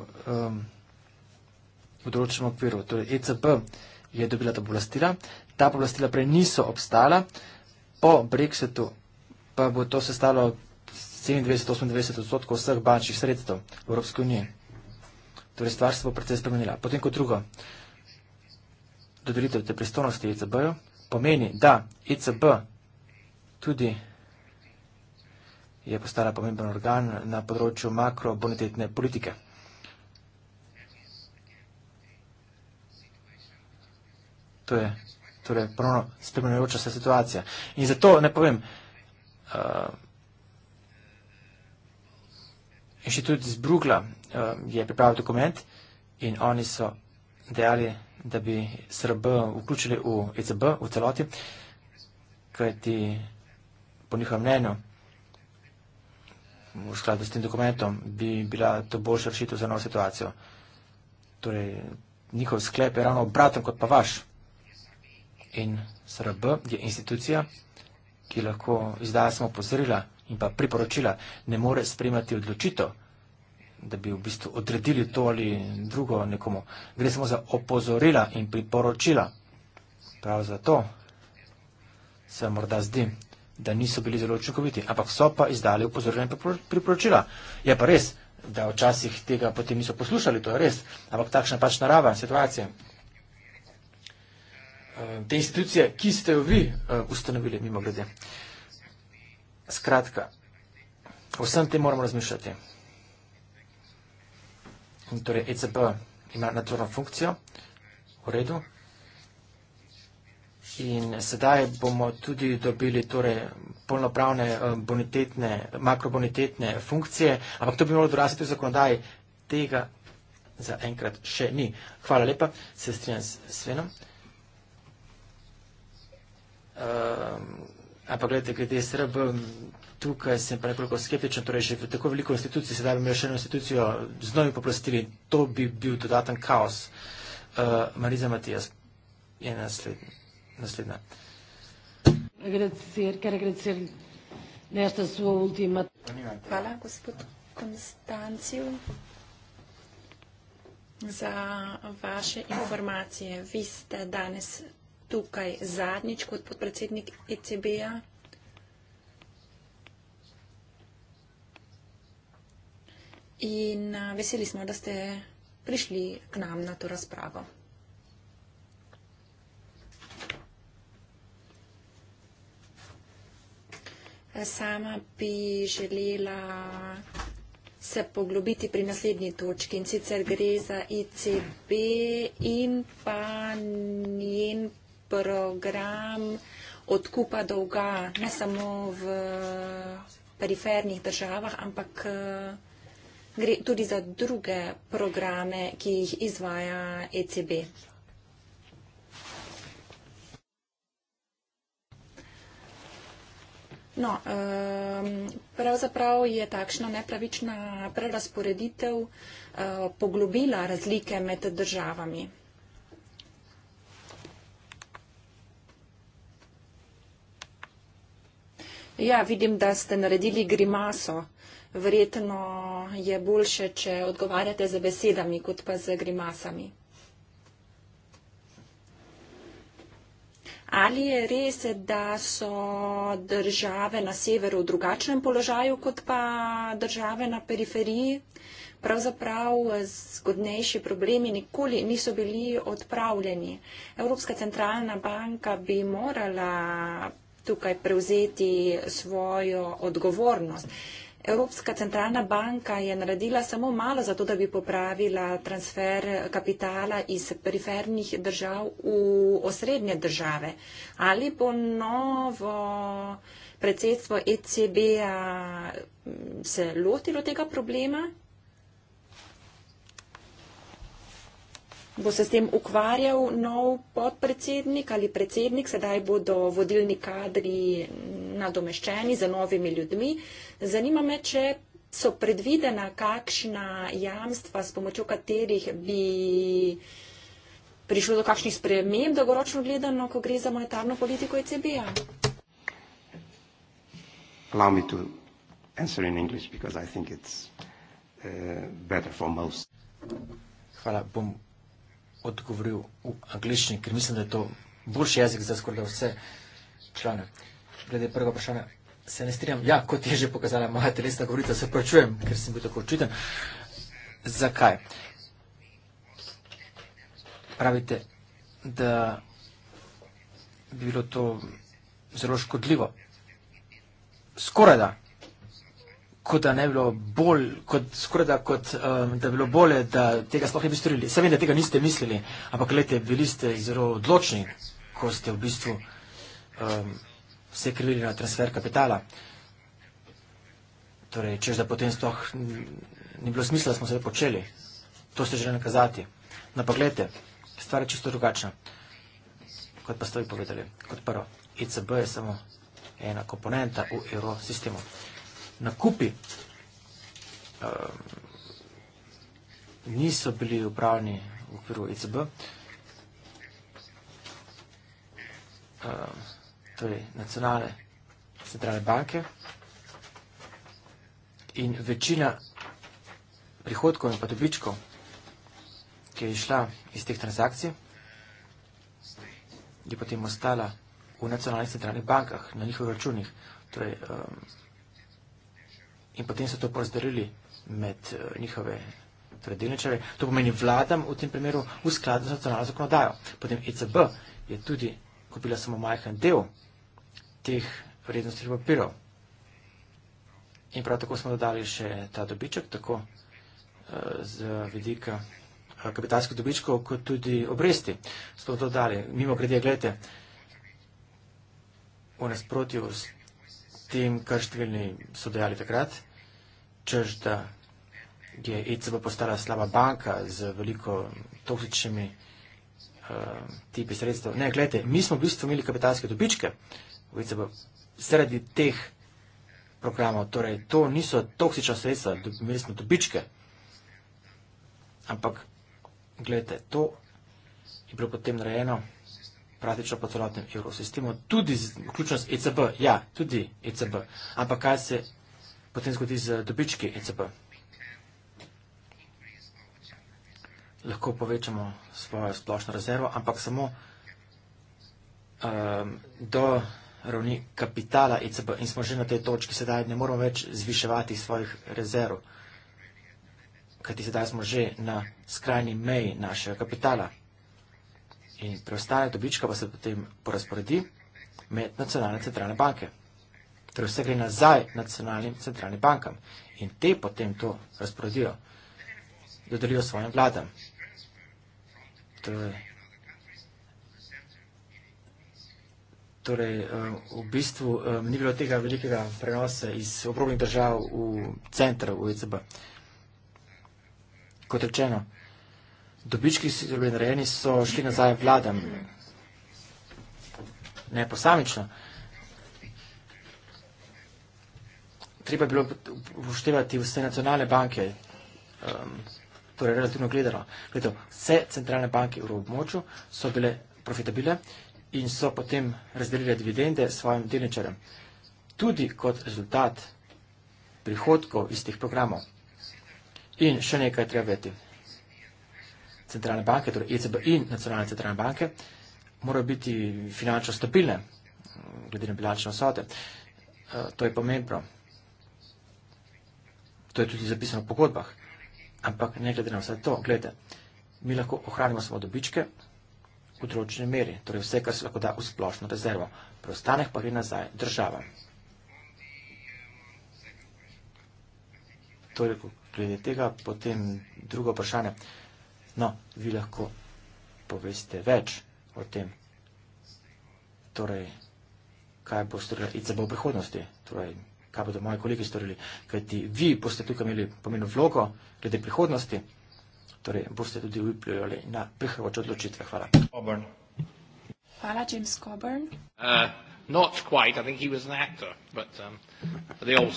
področnem okviru. Torej, ECB je dobila ta oblastila, ta oblastila prej niso obstala, po Brexitu pa bo to sestalo 27-28 odstotkov vseh bančnih sredstev v Evropske unije. Torej, stvar se bo precej spremenila. Potem kot drugo, dodelitev te pristojnosti ECB-ju pomeni, da ECB tudi je postala pomemben organ na področju makrobonitetne politike. To je torej, ponovno spremenujoča se situacija. In zato ne povem, uh, inštitut iz Brugla uh, je pripravil dokument in oni so dejali, da bi SRB vključili v ECB v celoti, kajti po njihovem mnenju v skladu s tem dokumentom bi bila to boljša rešitev za novo situacijo. Torej, njihov sklep je ravno obraten kot pa vaš in SRB je institucija, ki lahko izdaja samo pozorila in pa priporočila, ne more spremati odločitev, da bi v bistvu odredili to ali drugo nekomu. Gre samo za opozorila in priporočila. Prav zato se morda zdi, da niso bili zelo učinkoviti, ampak so pa izdali opozorila in priporočila. Je pa res, da včasih tega potem niso poslušali, to je res, ampak takšna pač narava situacije. Eh, te institucije, ki ste jo vi eh, ustanovili, mimo glede. Skratka, vsem tem moramo razmišljati. In torej ECB ima nadzorno funkcijo v redu in sedaj bomo tudi dobili torej polnopravne eh, bonitetne, makrobonitetne funkcije, ampak to bi moralo dorasti v zakonodaji, tega za enkrat še ni. Hvala lepa, se strinjam s Svenom. Uh, ampak, gledajte, glede SRB, tukaj sem pa nekoliko skeptičen, torej že v tako veliko institucij se da bi imel še eno institucijo z novimi poprostili, to bi bil dodaten kaos. Uh, Mariza Matijas je naslednja. naslednja. Agradecer, ker agradecer nešto svoj ultimat. Hvala, gospod Konstanciju za vaše informacije. Vi ste danes tukaj zadnjič kot podpredsednik ECB-ja. In veseli smo, da ste prišli k nam na to razpravo. Sama bi želela se poglobiti pri naslednji točki in sicer gre za ICB e in pa njen program odkupa dolga, ne samo v perifernih državah, ampak eh, gre tudi za druge programe, ki jih izvaja ECB. No, ehm, pravzaprav je takšna nepravična prerasporeditev eh, poglobila razlike med državami. Ja, vidim, da ste naredili grimaso. Verjetno je boljše, če odgovarjate z besedami, kot pa z grimasami. Ali je res, da so države na severu v drugačnem položaju, kot pa države na periferiji? Pravzaprav zgodnejši problemi nikoli niso bili odpravljeni. Evropska centralna banka bi morala tukaj prevzeti svojo odgovornost. Evropska centralna banka je naredila samo malo za to, da bi popravila transfer kapitala iz perifernih držav v osrednje države. Ali bo novo predsedstvo ECB-a se lotilo tega problema Bo se s tem ukvarjal nov podpredsednik ali predsednik, sedaj bodo vodilni kadri nadomeščeni za novimi ljudmi. Zanima me, če so predvidena kakšna jamstva, s pomočjo katerih bi prišlo do kakšnih sprememb, dolgoročno gledano, ko gre za monetarno politiko e ECB-a. Uh, Hvala, bom odgovoril v angliščini, ker mislim, da je to boljši jezik za skoraj vse člane. Glede prvega vprašanja, se ne strinjam. Ja, kot je že pokazala moja telesna govorica, se pravčujem, ker sem bil tako očiten. Zakaj? Pravite, da bi bilo to zelo škodljivo. Skoraj da kot da ne bilo bolj, kot, skorda, kot um, da bilo bolje, da tega sploh ne bi storili. Sem vem, da tega niste mislili, ampak gledajte, bili ste zelo odločni, ko ste v bistvu um, vse krivili na transfer kapitala. Torej, češ da potem sploh ni bilo smisla, da smo se počeli, to ste želeli nakazati. No pa gledajte, stvar je čisto drugačna, kot pa ste vi povedali. Kot prvo, ECB je samo ena komponenta v evrosistemu. sistemu nakupi um, niso bili upravni v okviru ECB. Um, to torej je nacionalne centralne banke in večina prihodkov in pa dobičkov, ki je išla iz teh transakcij, je potem ostala v nacionalnih centralnih bankah, na njihovih računih. Torej, um, in potem so to porazdelili med uh, njihove torej delničare. To pomeni vladam v tem primeru v skladu z nacionalno zakonodajo. Potem ECB je tudi kupila samo majhen del teh vrednostnih papirov. In prav tako smo dodali še ta dobiček, tako uh, z vidika eh, kapitalskih dobičkov, kot tudi obresti. Smo to dodali. Mimo grede, gledajte, v nasprotju s tem, kar številni so dejali takrat, čež, da je ECB postala slaba banka z veliko toksičnimi uh, tipi sredstev. Ne, gledajte, mi smo v bistvu imeli kapitalske dobičke v ECB sredi teh programov. Torej, to niso toksična sredstva, imeli smo dobičke. Ampak, gledajte, to je bilo potem narejeno praktično po celotnem evrosistemu, tudi vključno s ECB, ja, tudi ECB. Ampak kaj se potem zgodi z dobički ECB. Lahko povečamo svojo splošno rezervo, ampak samo um, do ravni kapitala ECB in smo že na tej točki, sedaj ne moramo več zviševati svojih rezerv, kajti sedaj smo že na skrajni meji našega kapitala. In preostale dobička pa se potem porazporedi med nacionalne centralne banke ter vse gre nazaj nacionalnim centralnim bankam in te potem to razporedijo, dodelijo svojim vladam. Torej, torej eh, v bistvu eh, ni bilo tega velikega prenosa iz obrobnih držav v centr v ECB. Kot rečeno, dobički, ki so bili narejeni, so šli nazaj vladam, ne posamično, treba bilo upoštevati vse nacionalne banke, um, torej relativno gledano. Gledo, vse centralne banke v območju so bile profitabile in so potem razdelile dividende svojim delničarjem. Tudi kot rezultat prihodkov iz teh programov. In še nekaj treba vedeti. Centralne banke, torej ECB in nacionalne centralne banke, morajo biti finančno stabilne, glede na bilančne vsote. Uh, to je pomembno. To je tudi zapisano v pogodbah. Ampak ne glede na vse to, glede, mi lahko ohranimo samo dobičke v določeni meri, torej vse, kar se lahko da v splošno rezervo, preostanek pa gre nazaj državam. Torej, glede tega, potem drugo vprašanje. No, vi lahko poveste več o tem, torej, kaj bo storila ICB v prihodnosti. Torej, kaj bodo moji kolegi storili, kajti vi boste tukaj imeli pomeno vlogo glede prihodnosti, torej boste tudi vplivali na prihajajoče odločitve. Hvala. Coburn. Hvala, James Coburn. Uh. Not quite. I think he was an actor, but um, they all.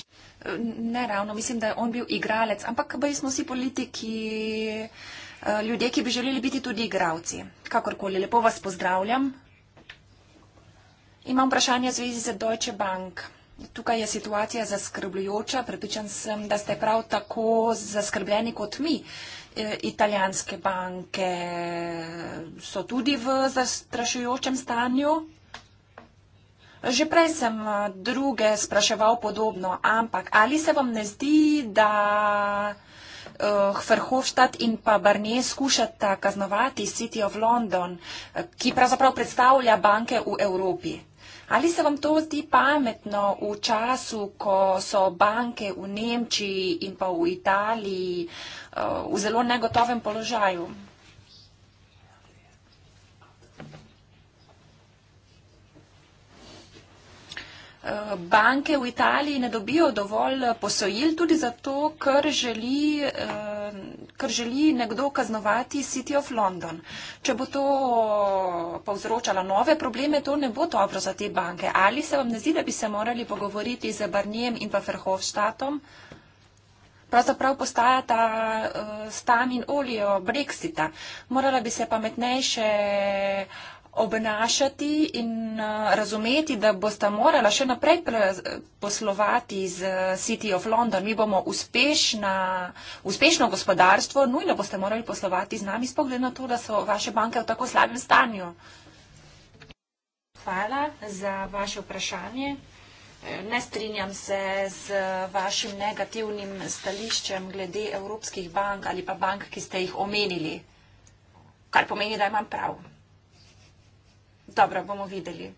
Uh, ne ravno, mislim, da je on bil igralec, ampak bili smo vsi politiki, uh, ljudje, ki bi želeli biti tudi igralci. Kakorkoli, lepo vas pozdravljam. Imam vprašanje v zvezi z Deutsche Bank. Tukaj je situacija zaskrbljujoča. Prepričan sem, da ste prav tako zaskrbljeni kot mi. E, italijanske banke so tudi v zastrašujočem stanju. Že prej sem e, druge spraševal podobno, ampak ali se vam ne zdi, da Hverhofstadt e, in pa Barnier skušata kaznovati City of London, ki pravzaprav predstavlja banke v Evropi? Ali se vam to zdi pametno v času, ko so banke v Nemčiji in pa v Italiji eh, v zelo negotovem položaju? banke v Italiji ne dobijo dovolj eh, posojil tudi zato, ker želi, eh, ker želi nekdo kaznovati City of London. Če bo to povzročalo nove probleme, to ne bo dobro za te banke. Ali se vam ne zdi, da bi se morali pogovoriti z Barnijem in pa Verhofstadtom? Pravzaprav postajata uh, eh, stam in olijo Brexita. Morala bi se pametnejše uh, obnašati in uh, razumeti, da bosta morala še naprej poslovati z uh, City of London. Mi bomo uspešna, uspešno gospodarstvo, nujno boste morali poslovati z nami, spogled na to, da so vaše banke v tako slabem stanju. Hvala za vaše vprašanje. Ne strinjam se z vašim negativnim stališčem glede evropskih bank ali pa bank, ki ste jih omenili. Kar pomeni, da imam prav. Dobro, bomo videli.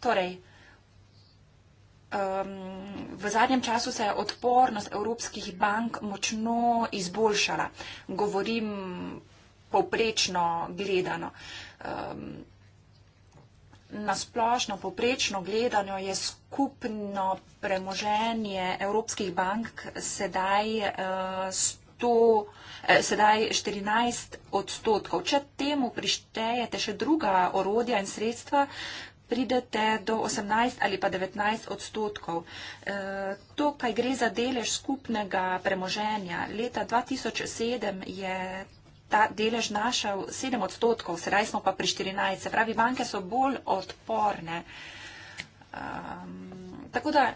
Torej, um, v zadnjem času se je odpornost evropskih bank močno izboljšala. Govorim poprečno gledano. Um, na splošno poprečno gledano je skupno premoženje evropskih bank sedaj uh, to eh, sedaj 14 odstotkov. Če temu prištejete še druga orodja in sredstva, pridete do 18 ali pa 19 odstotkov. E, to, kaj gre za delež skupnega premoženja, leta 2007 je ta delež našel 7 odstotkov, sedaj smo pa pri 14. Se pravi, banke so bolj odporne. E, tako da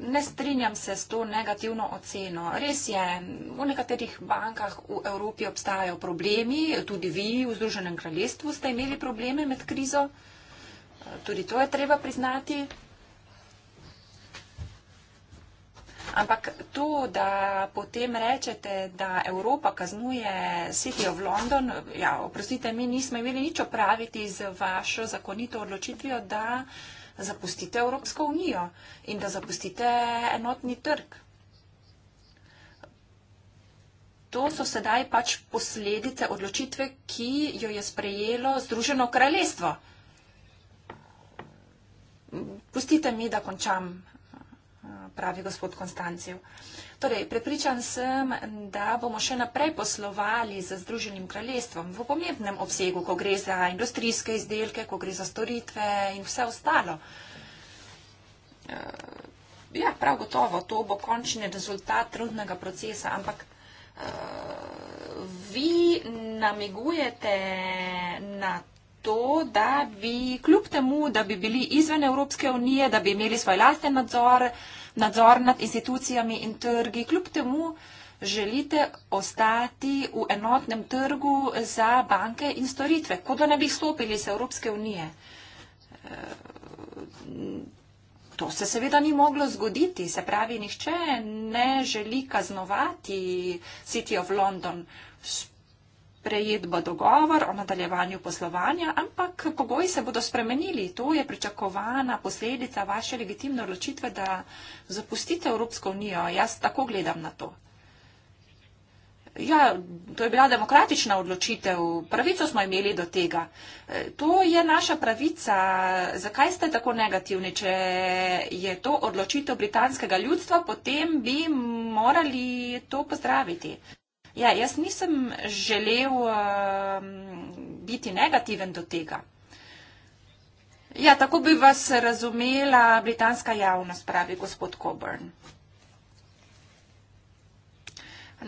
ne strinjam se s to negativno oceno. Res je, v nekaterih bankah v Evropi obstajajo problemi, tudi vi v Združenem kraljestvu ste imeli probleme med krizo. Tudi to je treba priznati. Ampak to, da potem rečete, da Evropa kaznuje City of London, ja, oprostite, mi nismo imeli nič opraviti z vašo zakonito odločitvijo, da uh, zapustite Evropsko unijo in da zapustite enotni trg. To so sedaj pač posledice odločitve, ki jo je sprejelo Združeno kraljestvo. Pustite mi, da končam, pravi gospod Konstanciv. Torej, prepričan sem, da bomo še naprej poslovali z Združenim kraljestvom v pomembnem obsegu, ko gre za industrijske izdelke, ko gre za storitve in vse ostalo. Eh, ja, prav gotovo, to bo končni rezultat trudnega procesa, ampak eh, vi namigujete na to, da bi kljub temu, da bi bili izven Evropske unije, da bi imeli svoj lasten nadzor, nadzor nad institucijami in trgi. Kljub temu želite ostati v enotnem trgu za banke in storitve, kot da ne bi stopili iz Evropske unije. E, to se seveda ni moglo zgoditi, se pravi, nihče ne želi kaznovati City of London prejet bo dogovor o nadaljevanju poslovanja, ampak pogoji se bodo spremenili. To je pričakovana posledica vaše legitimne odločitve, da zapustite Evropsko unijo. Jaz tako gledam na to. Ja, to je bila demokratična odločitev, pravico smo imeli do tega. E, to je naša pravica. Zakaj ste tako negativni? Če je to odločitev britanskega ljudstva, potem bi morali to pozdraviti. Ja, jaz nisem želel um, biti negativen do tega. Ja, tako bi vas razumela britanska javnost, pravi gospod Coburn.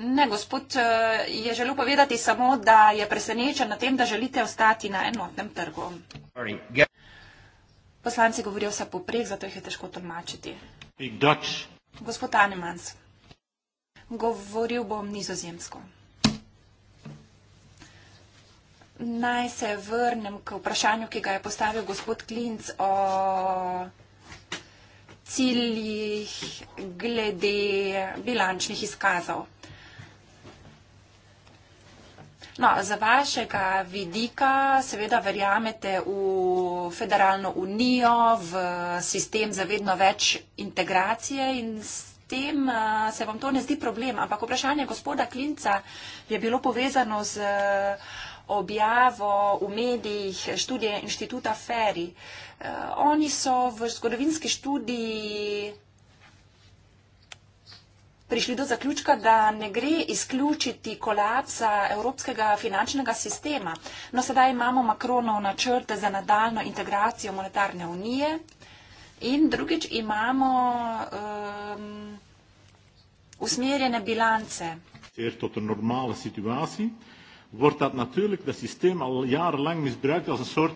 Ne, gospod eh, je želel povedati samo, da je presenečen na tem, da želite ostati na enotnem trgu. Poslanci govorijo vse poprek, zato jih je težko tolmačiti. Gospod Anemans govoril bom nizozemsko. Naj se vrnem k vprašanju, ki ga je postavil gospod Klinc o ciljih glede bilančnih izkazov. No, za vašega vidika seveda verjamete v Federalno unijo, v sistem za vedno več integracije in tem uh, se vam to ne zdi problem, ampak vprašanje gospoda Klinca je bilo povezano z uh, objavo v medijih študije inštituta Feri. Uh, eh, oni so v zgodovinski študiji prišli do zaključka, da ne gre izključiti kolapsa evropskega finančnega sistema. No, sedaj imamo Makronov načrte za nadaljno integracijo monetarne unije, In drugič imamo um, usmerjene bilance. Tot een normale situatie wordt dat natuurlijk dat systeem al jarenlang misbruikt als een soort.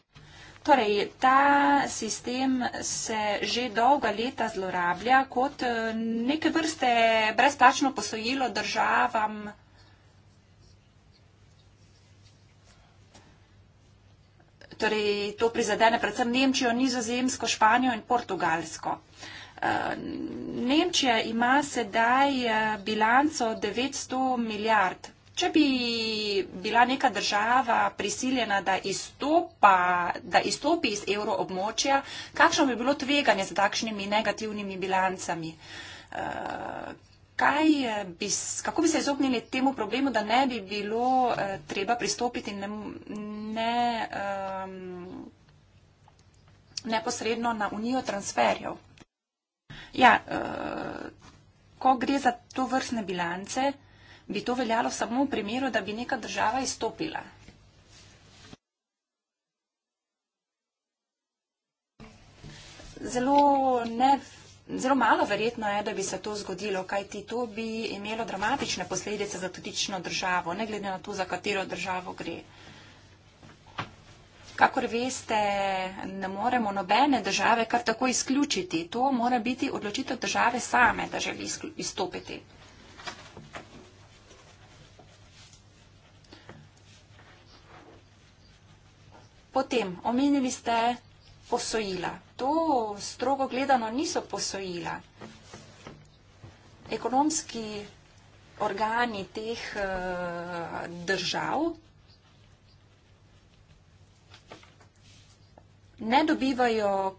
Torej, ta sistem se že dolga leta zlorablja kot eh, neke vrste brezplačno posojilo državam. Torej, to prizadene predvsem Nemčijo, Nizozemsko, Španijo in Portugalsko. Eh, Nemčija ima sedaj eh, bilanco 900 milijard. Če bi bila neka država prisiljena, da, izstopa, da izstopi iz evroobmočja, kakšno bi bilo tveganje z takšnimi negativnimi bilancami? Eh, Kaj eh, bi, kako bi se izognili temu problemu, da ne bi bilo eh, treba pristopiti ne, ne, eh, neposredno na unijo transferjev? Ja, eh, ko gre za to vrstne bilance, bi to veljalo samo v primeru, da bi neka država izstopila. Zelo ne zelo malo verjetno je, da bi se to zgodilo, kajti to bi imelo dramatične posledice za totično državo, ne glede na to, za katero državo gre. Kakor veste, ne moremo nobene države kar tako izključiti. To mora biti odločitev države same, da želi izstopiti. Potem, omenili ste posojila to strogo gledano niso posojila. Ekonomski organi teh eh, držav ne dobivajo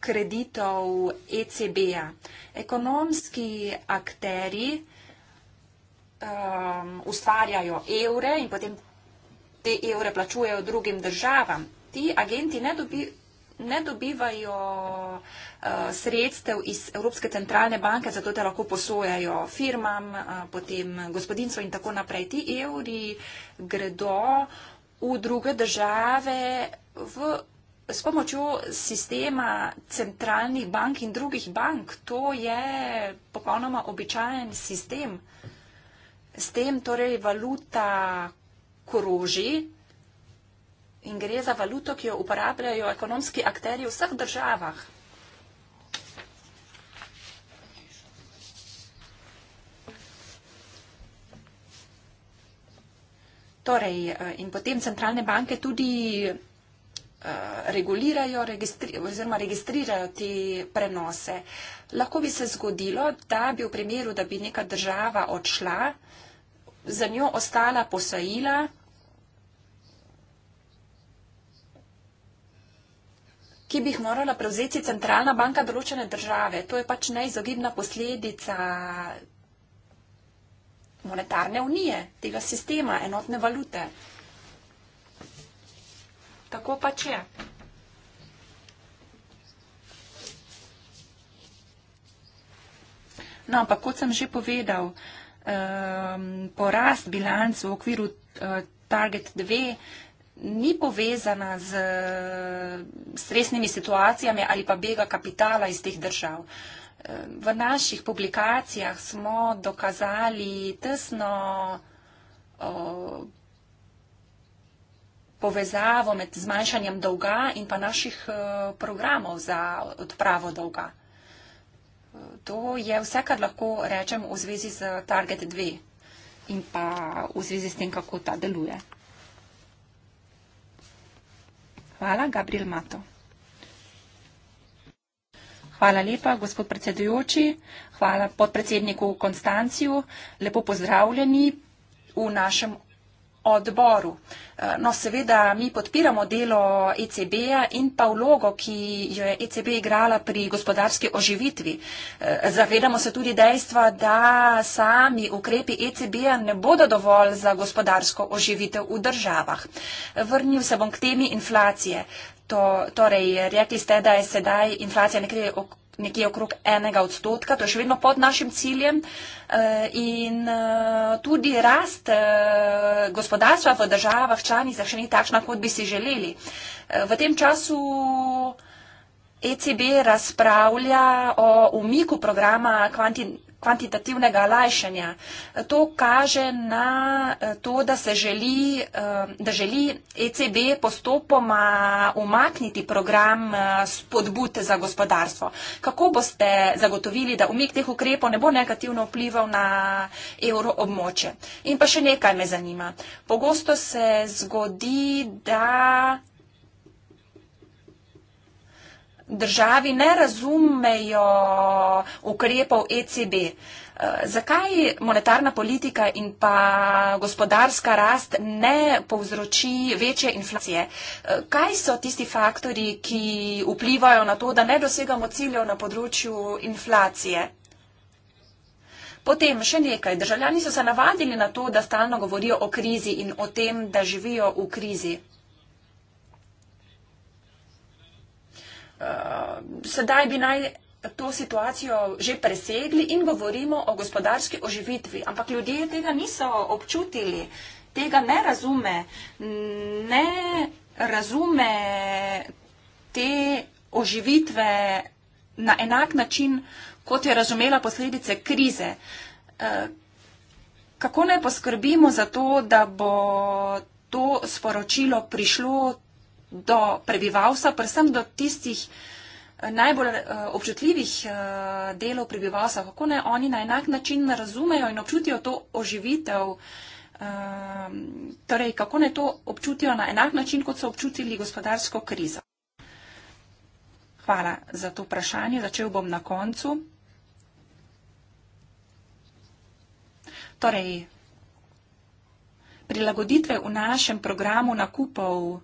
kreditov ECB-a. Ekonomski akteri um, ustvarjajo evre in potem te evre plačujejo drugim državam. Ti agenti ne dobivajo ne dobivajo eh, sredstev iz Evropske centralne banke, zato te lahko posojajo firmam, eh, potem gospodinstvo in tako naprej. Ti evri gredo v druge države v, s pomočjo sistema centralnih bank in drugih bank. To je popolnoma običajen sistem. S tem torej valuta kroži, in gre za valuto, ki jo uporabljajo ekonomski akteri v vseh državah. Torej, eh, in potem centralne banke tudi eh, regulirajo registri, oziroma registrirajo te prenose. Lahko bi se zgodilo, da bi v primeru, da bi neka država odšla, za njo ostala posojila ki bi jih morala prevzeti centralna banka določene države. To je pač neizogibna posledica monetarne unije, tega sistema, enotne valute. Tako pač je. No, ampak kot sem že povedal, porast bilanc v okviru eh, target 2 ni povezana z eh, stresnimi situacijami ali pa bega kapitala iz teh držav. Eh, v naših publikacijah smo dokazali tesno o, povezavo med zmanjšanjem dolga in pa naših o, eh, programov za odpravo dolga. To je vse, kar lahko rečem v zvezi z Target 2 in pa v zvezi s tem, kako ta deluje. Hvala, Gabriel Mato. Hvala lepa, gospod predsedujoči. Hvala podpredsedniku Konstanciju. Lepo pozdravljeni v našem odboru. Eh, no, seveda mi podpiramo delo ECB-ja in pa vlogo, ki jo je ECB igrala pri gospodarski oživitvi. Eh, zavedamo se tudi dejstva, da sami ukrepi ECB-ja ne bodo dovolj za gospodarsko oživitev v državah. Vrnil se bom k temi inflacije. To, torej, rekli ste, da je sedaj inflacija nekje okrepila nekje okrog enega odstotka, to je še vedno pod našim ciljem. Eh, in eh, tudi rast eh, gospodarstva v državah članicah še ni takšna, kot bi si želeli. V tem času ECB razpravlja o umiku programa kvantitativnega kvantitativnega lajšanja. To kaže na eh, to, da se želi, eh, da želi ECB postopoma umakniti program eh, spodbud za gospodarstvo. Kako boste zagotovili, da umik teh ukrepov ne bo negativno vplival na evro območje? In pa še nekaj me zanima. Pogosto se zgodi, da državi ne razumejo ukrepov ECB. Eh, zakaj monetarna politika in pa gospodarska rast ne povzroči večje inflacije? Eh, kaj so tisti faktori, ki vplivajo na to, da ne dosegamo ciljev na področju inflacije? Potem še nekaj. Državljani so se navadili na to, da stalno govorijo o krizi in o tem, da živijo v krizi. sedaj bi naj to situacijo že presegli in govorimo o gospodarski oživitvi. Ampak ljudje tega niso občutili, tega ne razume, ne razume te oživitve na enak način, kot je razumela posledice krize. Eh, kako naj poskrbimo za to, da bo to sporočilo prišlo do prebivalstva, predvsem do tistih eh, najbolj eh, občutljivih eh, delov prebivalstva, kako naj oni na enak način razumejo in občutijo to oživitev, ehm, torej kako naj to občutijo na enak način, kot so občutili gospodarsko krizo. Hvala za to vprašanje, začel bom na koncu. Torej, prilagoditve v našem programu nakupov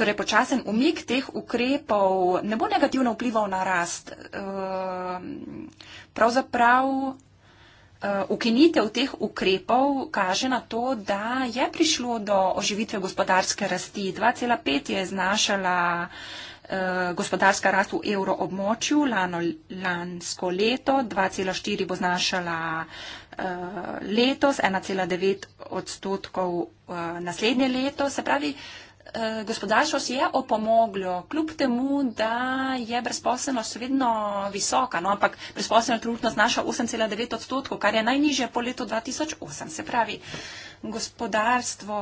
Torej, počasen umik teh ukrepov ne bo negativno vplival na rast. Ehm, pravzaprav eh, ukinitev teh ukrepov kaže na to, da je prišlo do oživitve gospodarske rasti. 2,5 je znašala eh, gospodarska rast v evroobmočju, lano, lansko leto, 2,4 bo znašala eh, letos, 1,9 odstotkov naslednje leto. Se pravi, Eh, gospodarstvo si je opomoglo, kljub temu, da je brezposelnost vedno visoka, no, ampak brezposelnost trenutno znaša 8,9 odstotkov, kar je najniže po letu 2008. Se pravi, gospodarstvo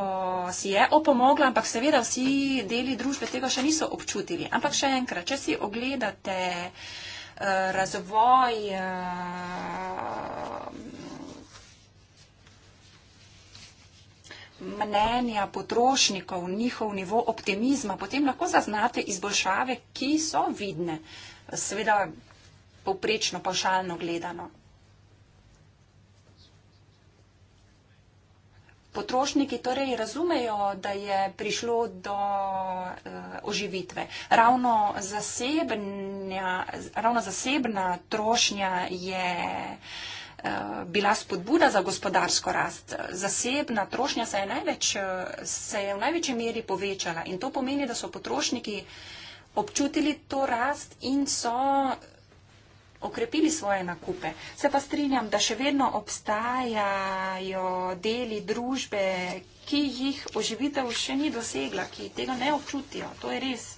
si je opomoglo, ampak seveda vsi deli družbe tega še niso občutili. Ampak še enkrat, če si ogledate uh, razvoj. Uh, mnenja potrošnikov, njihov nivo optimizma, potem lahko zaznate izboljšave, ki so vidne, seveda povprečno, pašalno gledano. Potrošniki torej razumejo, da je prišlo do uh, oživitve. Ravno, zasebnja, ravno zasebna trošnja je uh, Eh, bila spodbuda za gospodarsko rast. Zasebna trošnja se je, največ, eh, se je v največji meri povečala in to pomeni, da so potrošniki občutili to rast in so okrepili svoje nakupe. Se pa strinjam, da še vedno obstajajo deli družbe, ki jih oživitev še ni dosegla, ki tega ne občutijo. To je res.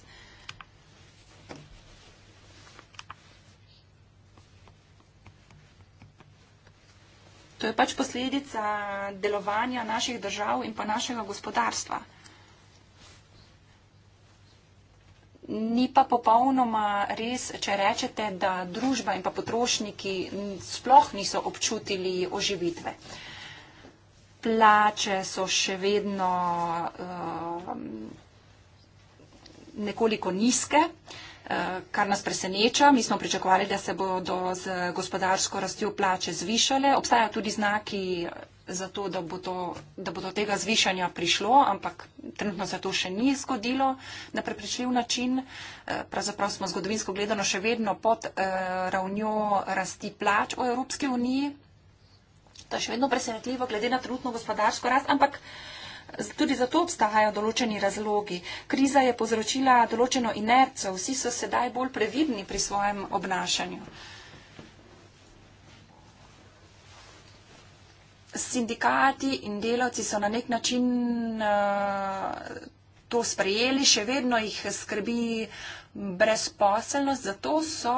To je pač posledica delovanja naših držav in pa našega gospodarstva. Ni pa popolnoma res, če rečete, da družba in pa potrošniki sploh niso občutili oživitve. Plače so še vedno uh, nekoliko nizke. Uh, Eh, kar nas preseneča. Mi smo pričakovali, da se bodo z gospodarsko rastjo plače zvišale. Obstajajo tudi znaki za to, da bo, to, da bo do tega zvišanja prišlo, ampak trenutno se to še ni zgodilo na preprečljiv način. Eh, pravzaprav smo zgodovinsko gledano še vedno pod eh, ravnjo rasti plač v Evropski uniji. To je še vedno presenetljivo glede na trenutno gospodarsko rast, ampak uh, Tudi zato obstajajo določeni razlogi. Kriza je povzročila določeno inerco, vsi so sedaj bolj previdni pri svojem obnašanju. Sindikati in delavci so na nek način eh, to sprejeli, še vedno jih skrbi brezposelnost, zato so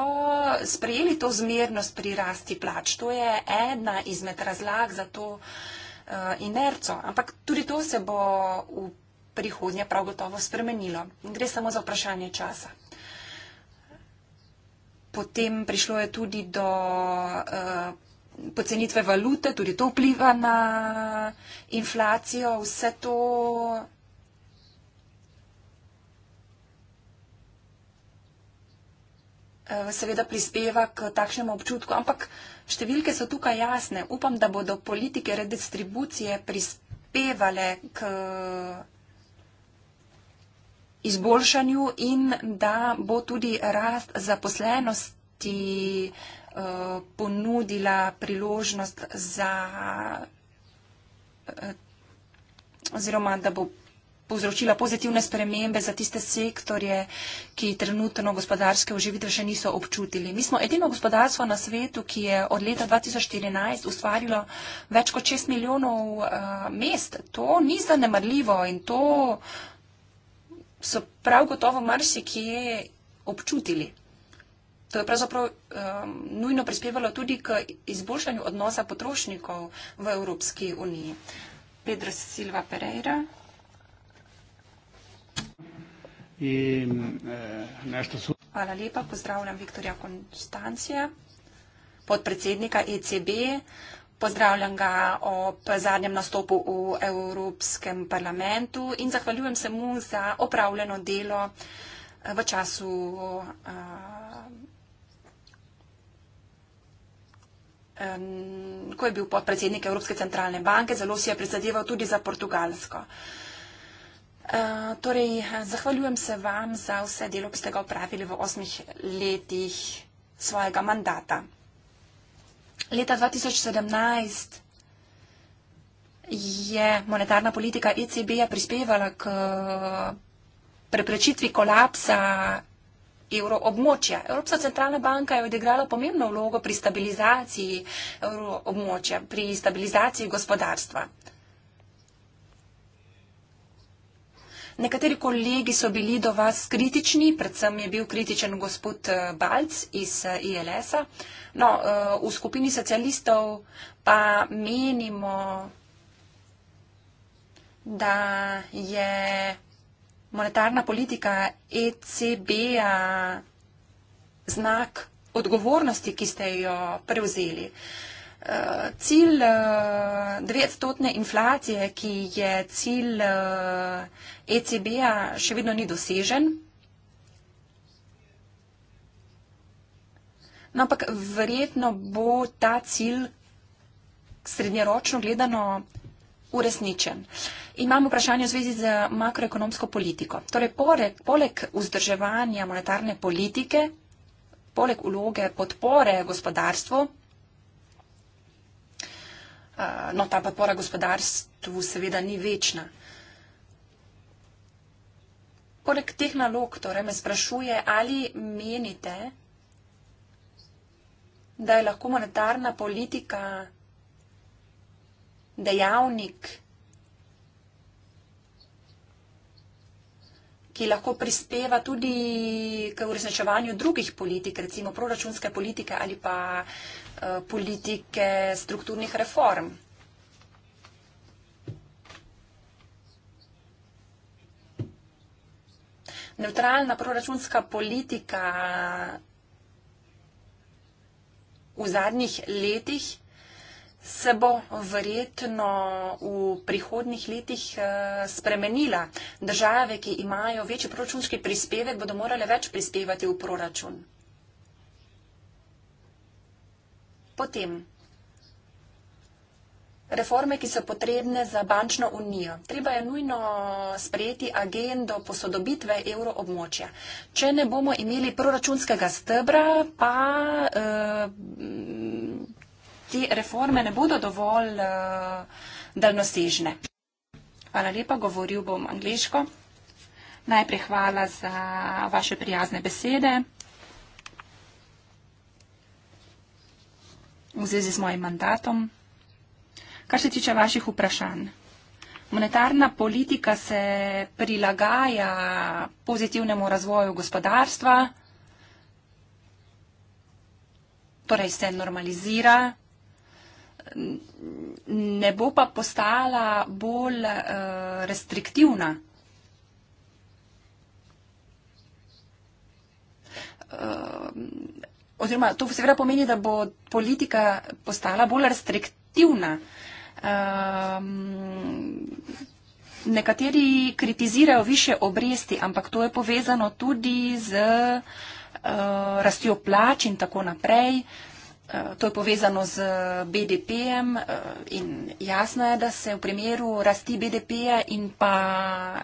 sprejeli to zmernost pri rasti plač. To je ena izmed razlag za to, da Eh, inerco. Ampak tudi to se bo v prihodnje prav gotovo spremenilo. Gre samo za vprašanje časa. Potem prišlo je tudi do uh, pocenitve valute, tudi to vpliva na inflacijo. Vse to Eh, seveda prispeva k takšnemu občutku, ampak številke so tukaj jasne. Upam, da bodo politike redistribucije prispevale k izboljšanju in da bo tudi rast zaposlenosti eh, ponudila priložnost za eh, oziroma da bo povzročila pozitivne spremembe za tiste sektorje, ki trenutno gospodarske oživitve še niso občutili. Mi smo edino gospodarstvo na svetu, ki je od leta 2014 ustvarilo več kot 6 milijonov uh, mest. To ni zanemarljivo in to so prav gotovo marsikje občutili. To je pravzaprav um, nujno prispevalo tudi k izboljšanju odnosa potrošnikov v Evropski uniji. Pedro Silva Pereira in eh, nešto so. Hvala lepa, pozdravljam Viktorja Konstancija, podpredsednika ECB. Pozdravljam ga ob zadnjem nastopu v Evropskem parlamentu in zahvaljujem se mu za opravljeno delo eh, v času eh, ko je bil podpredsednik Evropske centralne banke, zelo si je prizadeval tudi za Portugalsko. Eh, torej, zahvaljujem se vam za vse delo, ki ste ga upravili v osmih letih svojega mandata. Leta 2017 je monetarna politika ECB-ja prispevala k preprečitvi kolapsa evroobmočja. Evropska centralna banka je odigrala pomembno vlogo pri stabilizaciji evroobmočja, pri stabilizaciji gospodarstva. Nekateri kolegi so bili do vas kritični, predvsem je bil kritičen gospod eh, Balc iz eh, ILS-a. No, eh, v skupini socialistov pa menimo, da je monetarna politika ECB-a znak odgovornosti, ki ste jo prevzeli. Uh, cilj eh, dveodstotne inflacije, ki je cilj ECB-a, eh, e še vedno ni dosežen. No, ampak verjetno bo ta cilj srednjeročno gledano uresničen. Imam vprašanje v zvezi z makroekonomsko politiko. Torej, poleg, poleg vzdrževanja monetarne politike, poleg uloge podpore gospodarstvu, Eh, no, ta podpora gospodarstvu seveda ni večna. Poleg teh nalog, torej me sprašuje, ali menite, da je lahko monetarna politika dejavnik, ki lahko prispeva tudi k uresničevanju drugih politik, recimo proračunske politike ali pa uh, Eh, politike strukturnih reform. Neutralna proračunska politika v zadnjih letih se bo verjetno v prihodnih letih eh, spremenila. Države, ki imajo večji proračunski prispevek, bodo morale več prispevati v proračun. Potem. Reforme, ki so potrebne za bančno unijo. Treba je nujno sprejeti agendo posodobitve evroobmočja. Če ne bomo imeli proračunskega stebra, pa eh, te reforme ne bodo dovolj eh, daljnosežne. Hvala lepa, govoril bom angliško. Najprej hvala za vaše prijazne besede. v zvezi z mojim mandatom. Kar se tiče vaših vprašanj. Monetarna politika se prilagaja pozitivnemu razvoju gospodarstva, torej se normalizira, ne bo pa postala bolj eh, restriktivna. Uh, oziroma to seveda pomeni, da bo politika postala bolj restriktivna. Um, nekateri kritizirajo više obresti, ampak to je povezano tudi z uh, rastjo plač in tako naprej. Eh, to je povezano z BDP-jem eh, in jasno je, da se v primeru rasti BDP-ja in pa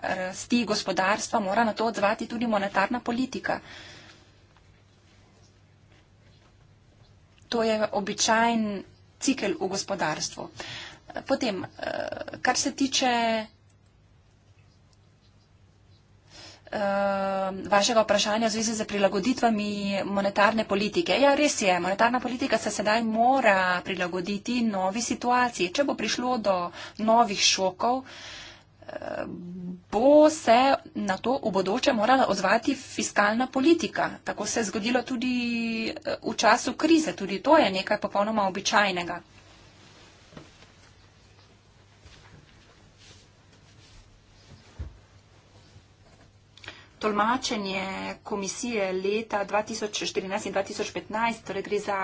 rasti gospodarstva mora na to odzvati tudi monetarna politika. Uh, To je običajen cikel v gospodarstvu. Potem, eh, kar se tiče eh, vašega vprašanja v zvezi z prilagoditvami monetarne politike. Ja, res je, monetarna politika se sedaj mora prilagoditi novi situaciji. Če bo prišlo do novih šokov, uh, bo se na to v bodoče morala odzvati fiskalna politika. Tako se je zgodilo tudi eh, v času krize. Tudi to je nekaj popolnoma običajnega. Tolmačenje komisije leta 2014 in 2015, torej gre za.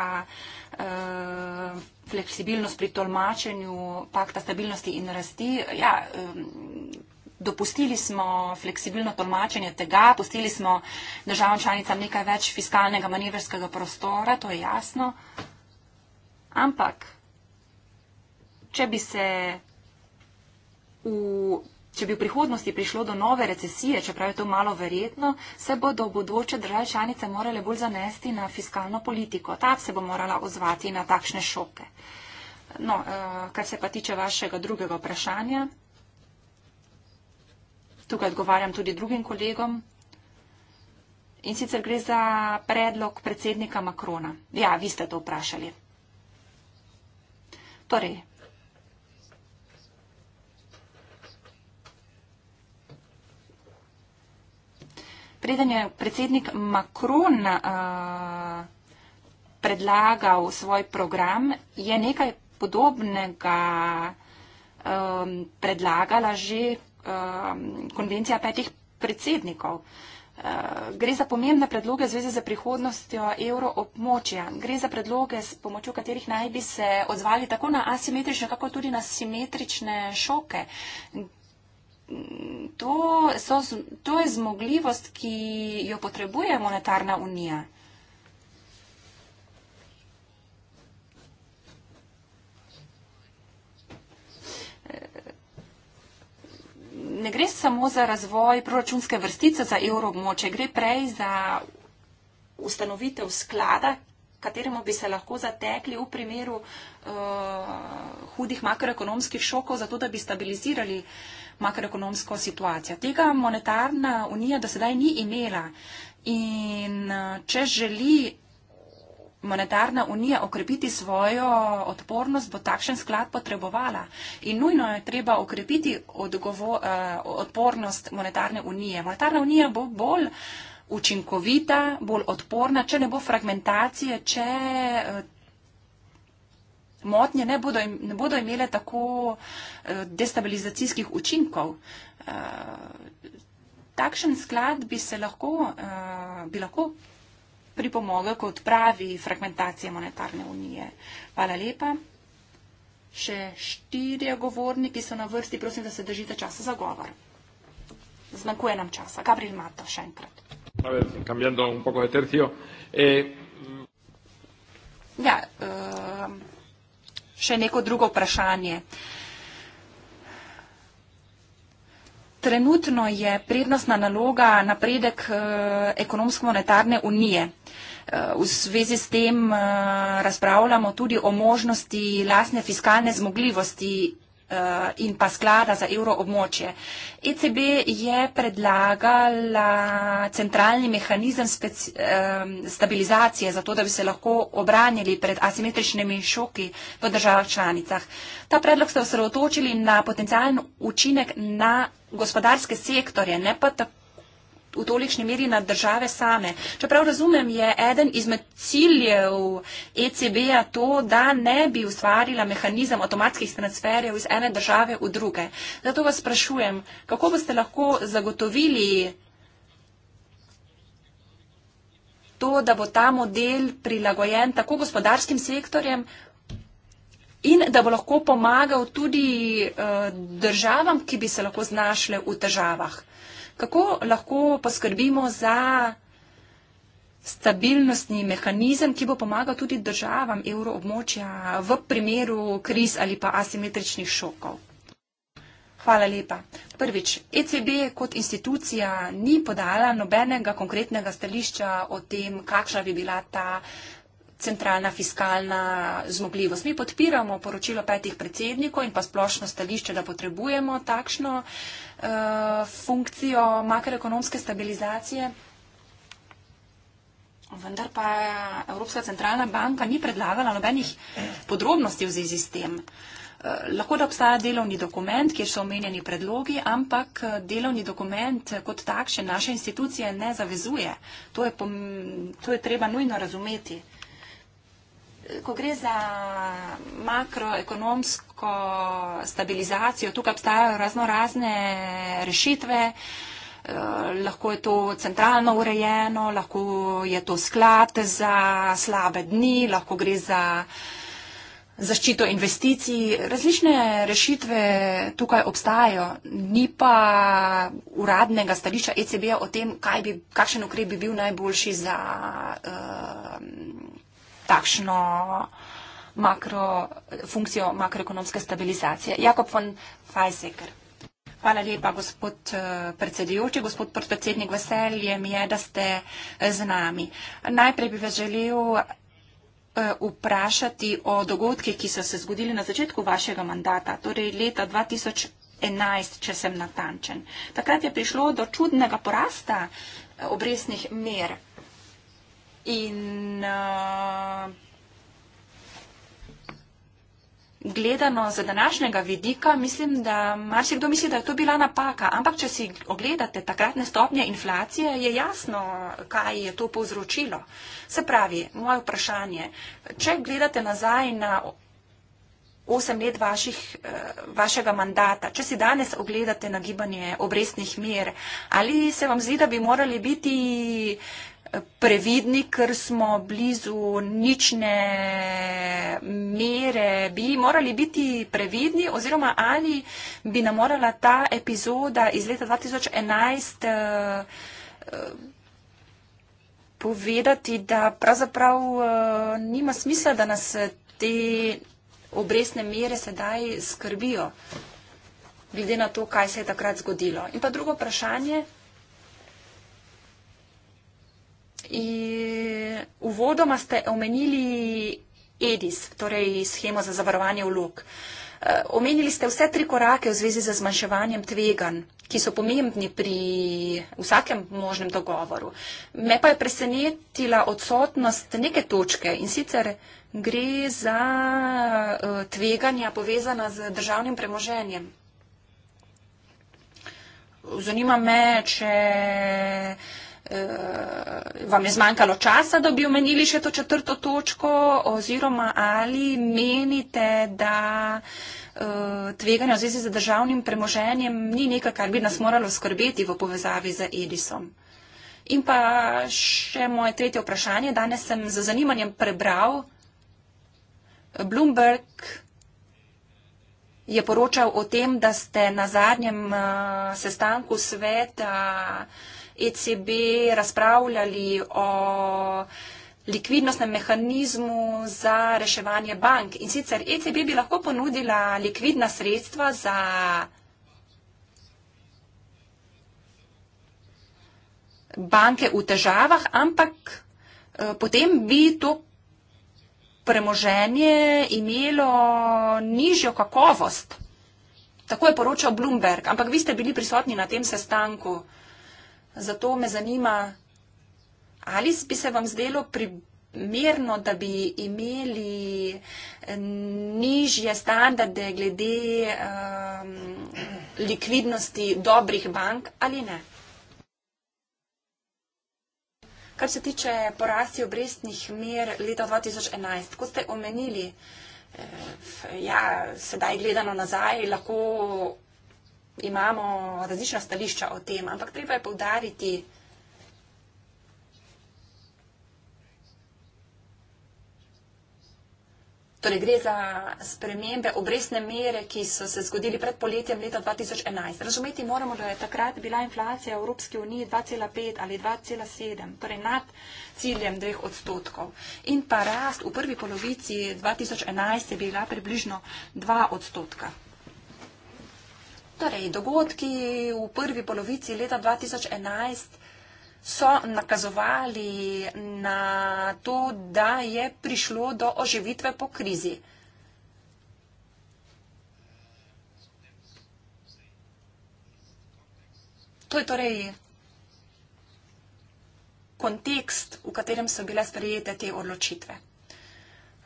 Uh, fleksibilnost pri tolmačenju pakta stabilnosti in rasti. Ja, dopustili smo fleksibilno tolmačenje tega, pustili smo državam članicam nekaj več fiskalnega manevrskega prostora, to je jasno. Ampak, če bi se v če bi v prihodnosti prišlo do nove recesije, čeprav je to malo verjetno, se bodo bodoče države članice morale bolj zanesti na fiskalno politiko. Ta se bo morala ozvati na takšne šoke. No, eh, kar se pa tiče vašega drugega vprašanja, tukaj odgovarjam tudi drugim kolegom. In sicer gre za predlog predsednika Makrona. Ja, vi ste to vprašali. Torej, preden je predsednik Macron uh, predlagal svoj program, je nekaj podobnega um, predlagala že um, konvencija petih predsednikov. Uh, gre za pomembne predloge v zvezi z prihodnostjo evroobmočja. Gre za predloge, s pomočjo katerih naj bi se odzvali tako na asimetrične, kako tudi na simetrične šoke to, so, to je zmogljivost, ki jo potrebuje monetarna unija. Ne gre samo za razvoj proračunske vrstice za evroobmoče, gre prej za ustanovitev sklada, kateremu bi se lahko zatekli v primeru uh, hudih makroekonomskih šokov, zato da bi stabilizirali uh, makroekonomsko situacijo. Tega monetarna unija do sedaj ni imela in eh, če želi monetarna unija okrepiti svojo odpornost, bo takšen sklad potrebovala. In nujno je treba okrepiti odgovo, eh, odpornost monetarne unije. Monetarna unija bo bolj učinkovita, bolj odporna, če ne bo fragmentacije, če eh, motnje ne bodo, ne bodo imele tako eh, destabilizacijskih učinkov. Eh, takšen sklad bi se lahko, eh, bi lahko pripomogel k odpravi fragmentacije monetarne unije. Hvala lepa. Še štirje govorniki so na vrsti. Prosim, da se držite časa za govor. Zmanjkuje nam časa. Gabriel Mato, še enkrat. A ver, cambiando un poco de tercio. Eh... Ja, uh še neko drugo vprašanje. Trenutno je prednostna naloga napredek eh, ekonomsko-monetarne unije. Eh, v zvezi s tem eh, razpravljamo tudi o možnosti lasne fiskalne zmogljivosti Eh, in pa sklada za evroobmočje. ECB je predlagala centralni mehanizem stabilizacije, zato da bi se lahko obranili pred asimetričnimi šoki v državah članicah. Ta predlog ste osredotočili na potencijalni učinek na gospodarske sektorje, ne pa tako v tolikšni meri na države same. Čeprav razumem, je eden izmed ciljev ECB-a to, da ne bi ustvarila mehanizem avtomatskih transferjev iz ene države v druge. Zato vas sprašujem, kako boste lahko zagotovili to, da bo ta model prilagojen tako gospodarskim sektorjem in da bo lahko pomagal tudi uh, državam, ki bi se lahko znašle v težavah kako lahko poskrbimo za stabilnostni mehanizem, ki bo pomagal tudi državam evroobmočja v primeru kriz ali pa asimetričnih šokov. Hvala lepa. Prvič, ECB kot institucija ni podala nobenega konkretnega stališča o tem, kakšna bi bila ta centralna fiskalna zmogljivost. Mi podpiramo poročilo petih predsednikov in pa splošno stališče, da potrebujemo takšno uh, Eh, funkcijo makroekonomske stabilizacije. Vendar pa Evropska centralna banka ni predlagala nobenih podrobnosti v zvezi s tem. Eh, lahko da obstaja delovni dokument, kjer so omenjeni predlogi, ampak eh, delovni dokument kot takšen naše institucije ne zavezuje. To je, pom, to je treba nujno razumeti ko gre za makroekonomsko stabilizacijo, tukaj obstajajo razno razne rešitve. Eh, lahko je to centralno urejeno, lahko je to sklad za slabe dni, lahko gre za zaščito investicij. Različne rešitve tukaj obstajajo, ni pa uradnega stališča ECB-a o tem, bi, kakšen ukrep bi bil najboljši za. Uh, takšno makro, funkcijo makroekonomske stabilizacije. Jakob von Fajseker. Hvala lepa, gospod eh, predsedujoči. Gospod podpredsednik, veselje mi je, da ste eh, z nami. Najprej bi vas želel eh, vprašati o dogodki, ki so se zgodili na začetku vašega mandata, torej leta 2011, če sem natančen. Takrat je prišlo do čudnega porasta obresnih mer. In uh, gledano z današnjega vidika, mislim, da marsikdo misli, da je to bila napaka. Ampak, če si ogledate takratne stopnje inflacije, je jasno, kaj je to povzročilo. Se pravi, moje vprašanje, če gledate nazaj na osem let vaših, eh, vašega mandata, če si danes ogledate nagibanje obrestnih mer, ali se vam zdi, da bi morali biti previdni, ker smo blizu nične mere, bi morali biti previdni oziroma ali bi nam morala ta epizoda iz leta 2011 eh, eh, povedati, da pravzaprav eh, nima smisla, da nas te obresne mere sedaj skrbijo, glede na to, kaj se je takrat zgodilo. In pa drugo vprašanje. Uvodoma ste omenili EDIS, torej schemo za zavarovanje vlog. Eh, omenili ste vse tri korake v zvezi z zmanjševanjem tveganj, ki so pomembni pri vsakem možnem dogovoru. Me pa je presenetila odsotnost neke točke in sicer gre za eh, tveganja povezana z državnim premoženjem. Zanima me, če uh, vam je zmanjkalo časa, da bi omenili še to četrto točko, oziroma ali menite, da uh, eh, tveganje v zvezi z državnim premoženjem ni nekaj, kar bi nas moralo skrbeti v povezavi z Edisom. In pa še moje tretje vprašanje. Danes sem z zanimanjem prebral Bloomberg je poročal o tem, da ste na zadnjem uh, sestanku sveta uh, ECB razpravljali o likvidnostnem mehanizmu za reševanje bank. In sicer ECB bi lahko ponudila likvidna sredstva za banke v težavah, ampak eh, potem bi to premoženje imelo nižjo kakovost. Tako je poročal Bloomberg, ampak vi ste bili prisotni na tem sestanku. Zato me zanima, ali bi se vam zdelo primerno, da bi imeli eh, nižje standarde glede um, likvidnosti dobrih bank ali ne. Kar se tiče porasti obrestnih mer leta 2011, kot ste omenili, eh, ja, sedaj gledano nazaj, lahko imamo različna stališča o tem, ampak treba je povdariti, Torej gre za spremembe obresne mere, ki so se zgodili pred poletjem leta 2011. Razumeti moramo, da je takrat bila inflacija v Evropski uniji 2,5 ali 2,7, torej nad ciljem dveh odstotkov. In pa rast v prvi polovici 2011 je bila približno 2 odstotka. Torej, dogodki v prvi polovici leta 2011 so nakazovali na to, da je prišlo do oživitve po krizi. To je torej kontekst, v katerem so bile sprejete te odločitve.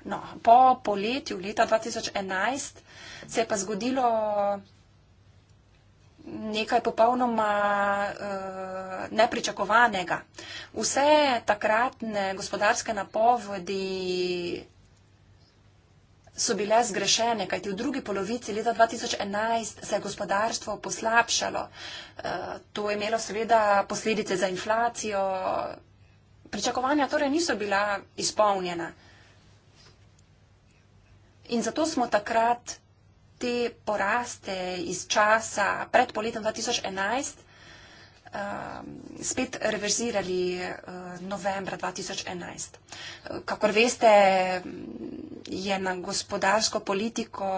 No, po poletju leta 2011 se je pa zgodilo nekaj popolnoma uh, nepričakovanega. Vse takratne gospodarske napovedi so bile zgrešene, kajti v drugi polovici leta 2011 se je gospodarstvo poslabšalo. Uh, to je imelo seveda posledice za inflacijo. Pričakovanja torej niso bila izpolnjena. In zato smo takrat te poraste iz časa pred poletom 2011 um, spet reverzirali uh, novembra 2011. Kakor veste, je na gospodarsko politiko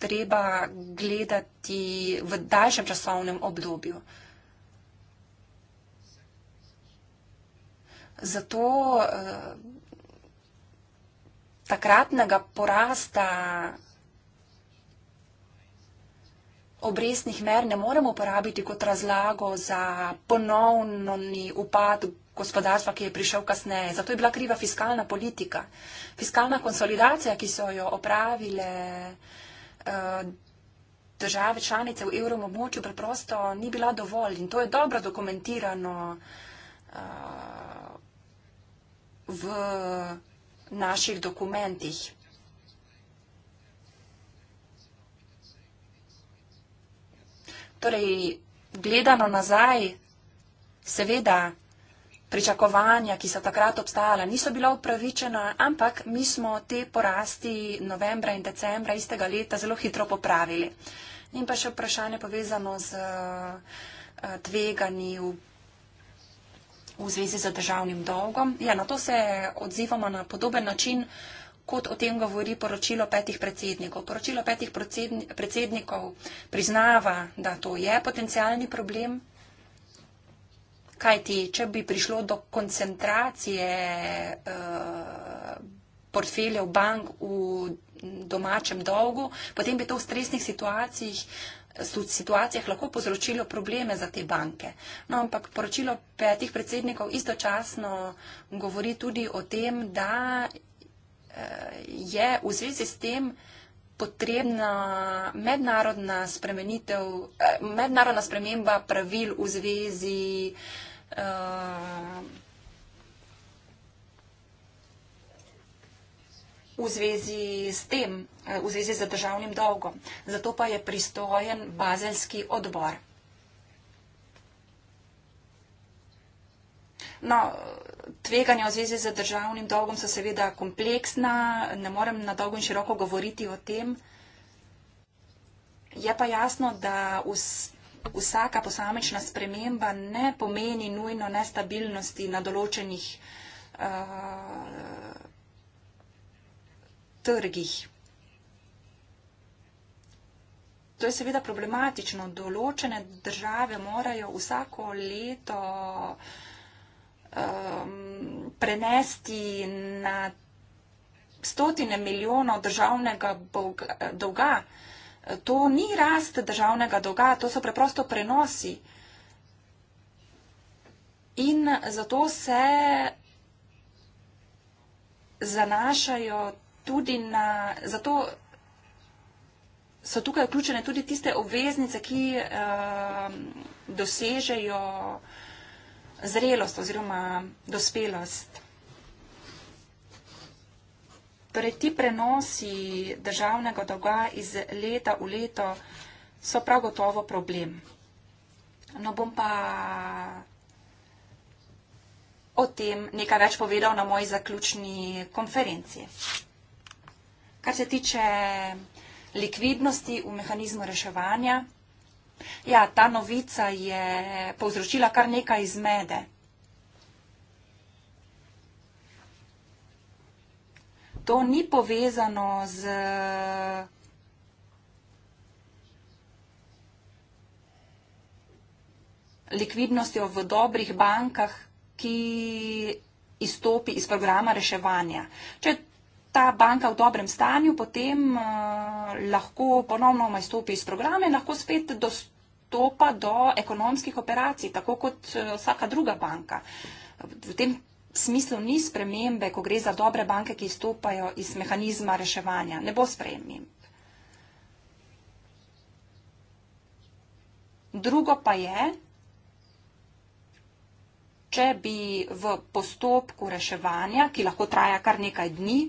treba gledati v daljšem časovnem obdobju. Zato uh, takratnega porasta vsega, obrestnih mer ne moremo uporabiti kot razlago za ponovni upad gospodarstva, ki je prišel kasneje. Zato je bila kriva fiskalna politika. Fiskalna konsolidacija, ki so jo opravile eh, države članice v evrom območju, preprosto ni bila dovolj. In to je dobro dokumentirano eh, v naših dokumentih. Torej, gledano nazaj, seveda, pričakovanja, ki so takrat obstajala, niso bila upravičena, ampak mi smo te porasti novembra in decembra istega leta zelo hitro popravili. In pa še vprašanje povezano z eh, tveganji v, v zvezi z državnim dolgom. Ja, na to se odzivamo na podoben način kot o tem govori poročilo petih predsednikov. Poročilo petih predsednikov priznava, da to je potencijalni problem, kajti če bi prišlo do koncentracije uh, portfeljev bank v domačem dolgu, potem bi to v stresnih situacijah situacijah lahko povzročilo probleme za te banke. No, ampak poročilo petih predsednikov istočasno govori tudi o tem, da je v zvezi s tem potrebna mednarodna spremenitev, eh, mednarodna sprememba pravil v zvezi eh, v zvezi s tem, eh, v zvezi z državnim dolgom. Zato pa je pristojen bazelski odbor. No, tveganja v zvezi z državnim dolgom so seveda kompleksna, ne morem na dolgo in široko govoriti o tem. Je pa jasno, da vsaka posamična sprememba ne pomeni nujno nestabilnosti na določenih uh, trgih. To je seveda problematično. Določene države morajo vsako leto uh, um, prenesti na stotine milijonov državnega dolga. To ni rast državnega dolga, to so preprosto prenosi. In zato se zanašajo tudi na, zato so tukaj vključene tudi tiste obveznice, ki uh, dosežejo uh, zrelost oziroma dospelost. Torej, ti prenosi državnega dolga iz leta v leto so prav gotovo problem. No, bom pa o tem nekaj več povedal na moji zaključni konferenci. Kar se tiče likvidnosti v mehanizmu reševanja, Ja, ta novica je povzročila kar nekaj izmede. To ni povezano z likvidnostjo v dobrih bankah, ki izstopi iz programa reševanja. Če ta banka v dobrem stanju, potem eh, lahko ponovno majstopi iz programe in lahko spet dostopa do ekonomskih operacij, tako kot eh, vsaka druga banka. V tem smislu ni spremembe, ko gre za dobre banke, ki izstopajo iz mehanizma reševanja. Ne bo sprememb. Drugo pa je, če bi v postopku reševanja, ki lahko traja kar nekaj dni,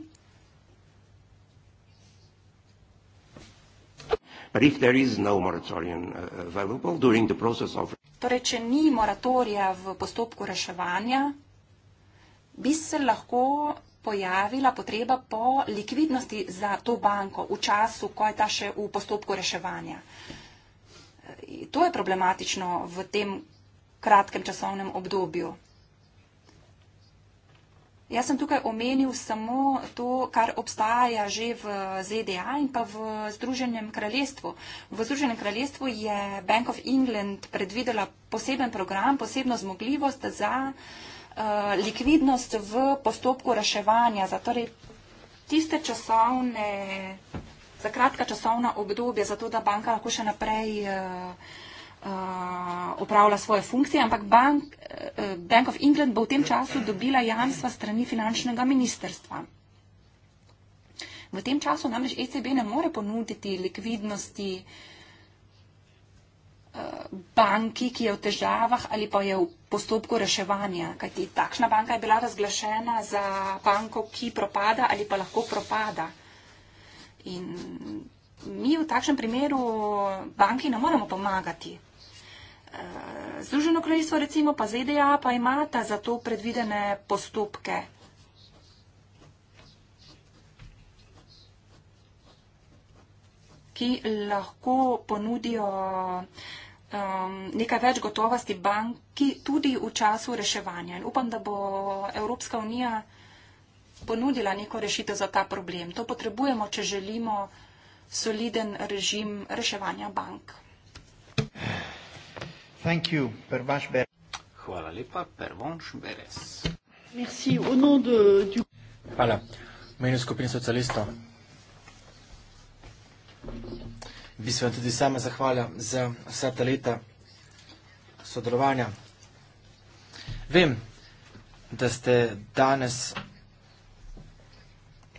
No uh, torej, če ni moratorija v postopku reševanja, bi se lahko pojavila potreba po likvidnosti za to banko v času, ko je ta še v postopku reševanja. E, to je problematično v tem kratkem časovnem obdobju. Jaz sem tukaj omenil samo to, kar obstaja že v ZDA in pa v Združenem kraljestvu. V Združenem kraljestvu je Bank of England predvidela poseben program, posebno zmogljivost za uh, likvidnost v postopku reševanja, za torej tiste časovne, za kratka časovna obdobja, zato da banka lahko še naprej. Uh, Eh, opravlja svoje funkcije, ampak bank, uh, Bank of England bo v tem času dobila jamstva strani finančnega ministerstva. V tem času namreč ECB ne more ponuditi likvidnosti banki, ki je v težavah ali pa je v postopku reševanja. Kajti takšna banka je bila razglašena za banko, ki propada ali pa lahko propada. In mi v takšnem primeru banki ne moremo pomagati. Eh, Združeno kraljestvo, recimo pa ZDA, pa imata za to predvidene postopke. ki lahko ponudijo um, nekaj več gotovosti banki tudi v času reševanja. In upam, da bo Evropska unija ponudila neko rešitev za ta problem. To potrebujemo, če želimo soliden režim reševanja bank. Thank you, Hvala lepa, Pervonš Beres. Merci, au nom de, du... Hvala. V imenu skupine socialistov bi se vam tudi sama zahvalila za vsa ta leta sodelovanja. Vem, da ste danes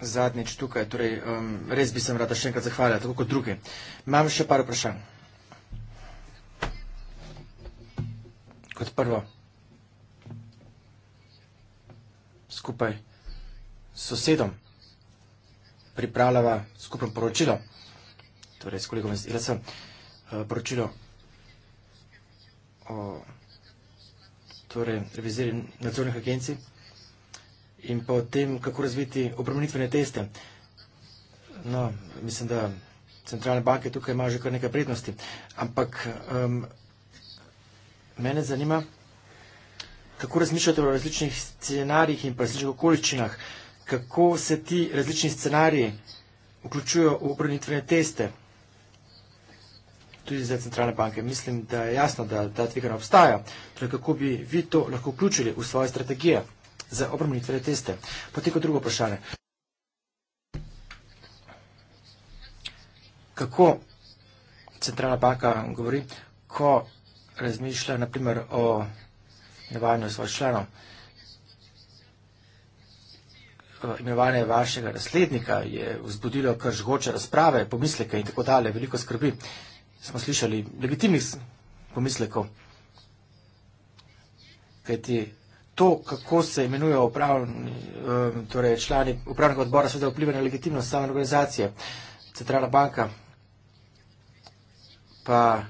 zadnjič tukaj, torej um, res bi se vam rada še enkrat zahvalila, tako kot druge. Imam še par vprašanj. Kot prvo, skupaj s sosedom pripravljava skupno poročilo, torej s kolegom iz ILS, eh, poročilo o torej, reviziri nadzornih agencij in pa o tem, kako razviti obremenitvene teste. No, mislim, da centralne banke tukaj imajo že kar nekaj prednosti, ampak um, Mene zanima, kako razmišljate o različnih scenarijih in različnih okoliščinah, kako se ti različni scenariji vključujejo v obrnitvene teste, tudi za centralne banke. Mislim, da je jasno, da ta tvigana obstaja. Torej, kako bi vi to lahko vključili v svoje strategije za obrnitvene teste? Potem kot drugo vprašanje. Kako centralna banka govori, ko razmišlja naprimer o nevarnju svojih članov. Imevanje vašega naslednika je vzbudilo kar žgoče razprave, pomisleke in tako dalje, veliko skrbi. Smo slišali legitimnih pomislekov, kajti to, kako se imenujejo eh, torej člani upravnega odbora, seveda vpliva na legitimnost same organizacije, centralna banka, pa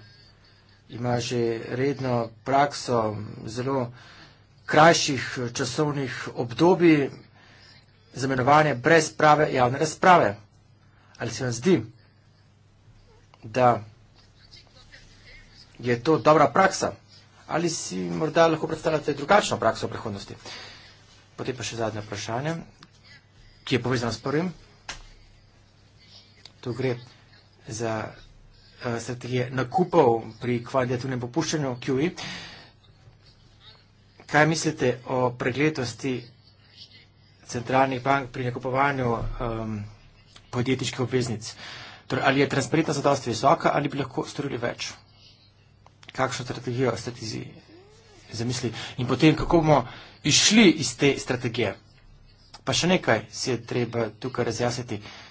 ima že redno prakso zelo krajših časovnih obdobij za imenovanje brez prave javne razprave. Ali se vam zdi, da je to dobra praksa? Ali si morda lahko predstavljate drugačno prakso v prihodnosti? Potem pa še zadnje vprašanje, ki je povezano s prvim. Tu gre za Eh, strategije nakupov pri kvalitativnem popuščanju QE. Kaj mislite o pregledosti centralnih bank pri nakupovanju um, podjetniških obveznic? Torej, ali je transparentnost zadosti visoka ali bi lahko storili več? Kakšno strategijo ste si zamislili? In potem, kako bomo išli iz te strategije? Pa še nekaj se je treba tukaj razjasniti. Uh,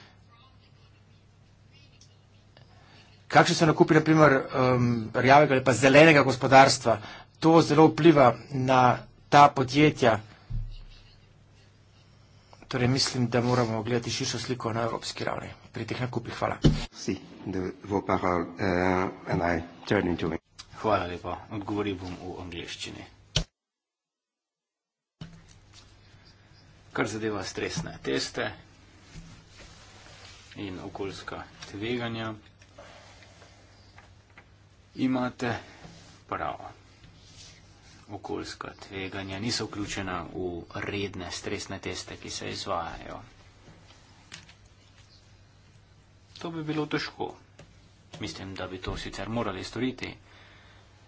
kakšni so nakupi, naprimer, um, rjavega ali pa zelenega gospodarstva. To zelo vpliva na ta podjetja. Torej, mislim, da moramo gledati širšo sliko na evropski ravni pri teh nakupih. Hvala. Uh, Hvala lepa. Odgovoril bom v angleščini. Kar zadeva stresne teste in okoljska tveganja imate prav. Okoljska tveganja niso vključena v redne stresne teste, ki se izvajajo. To bi bilo težko. Mislim, da bi to sicer morali storiti.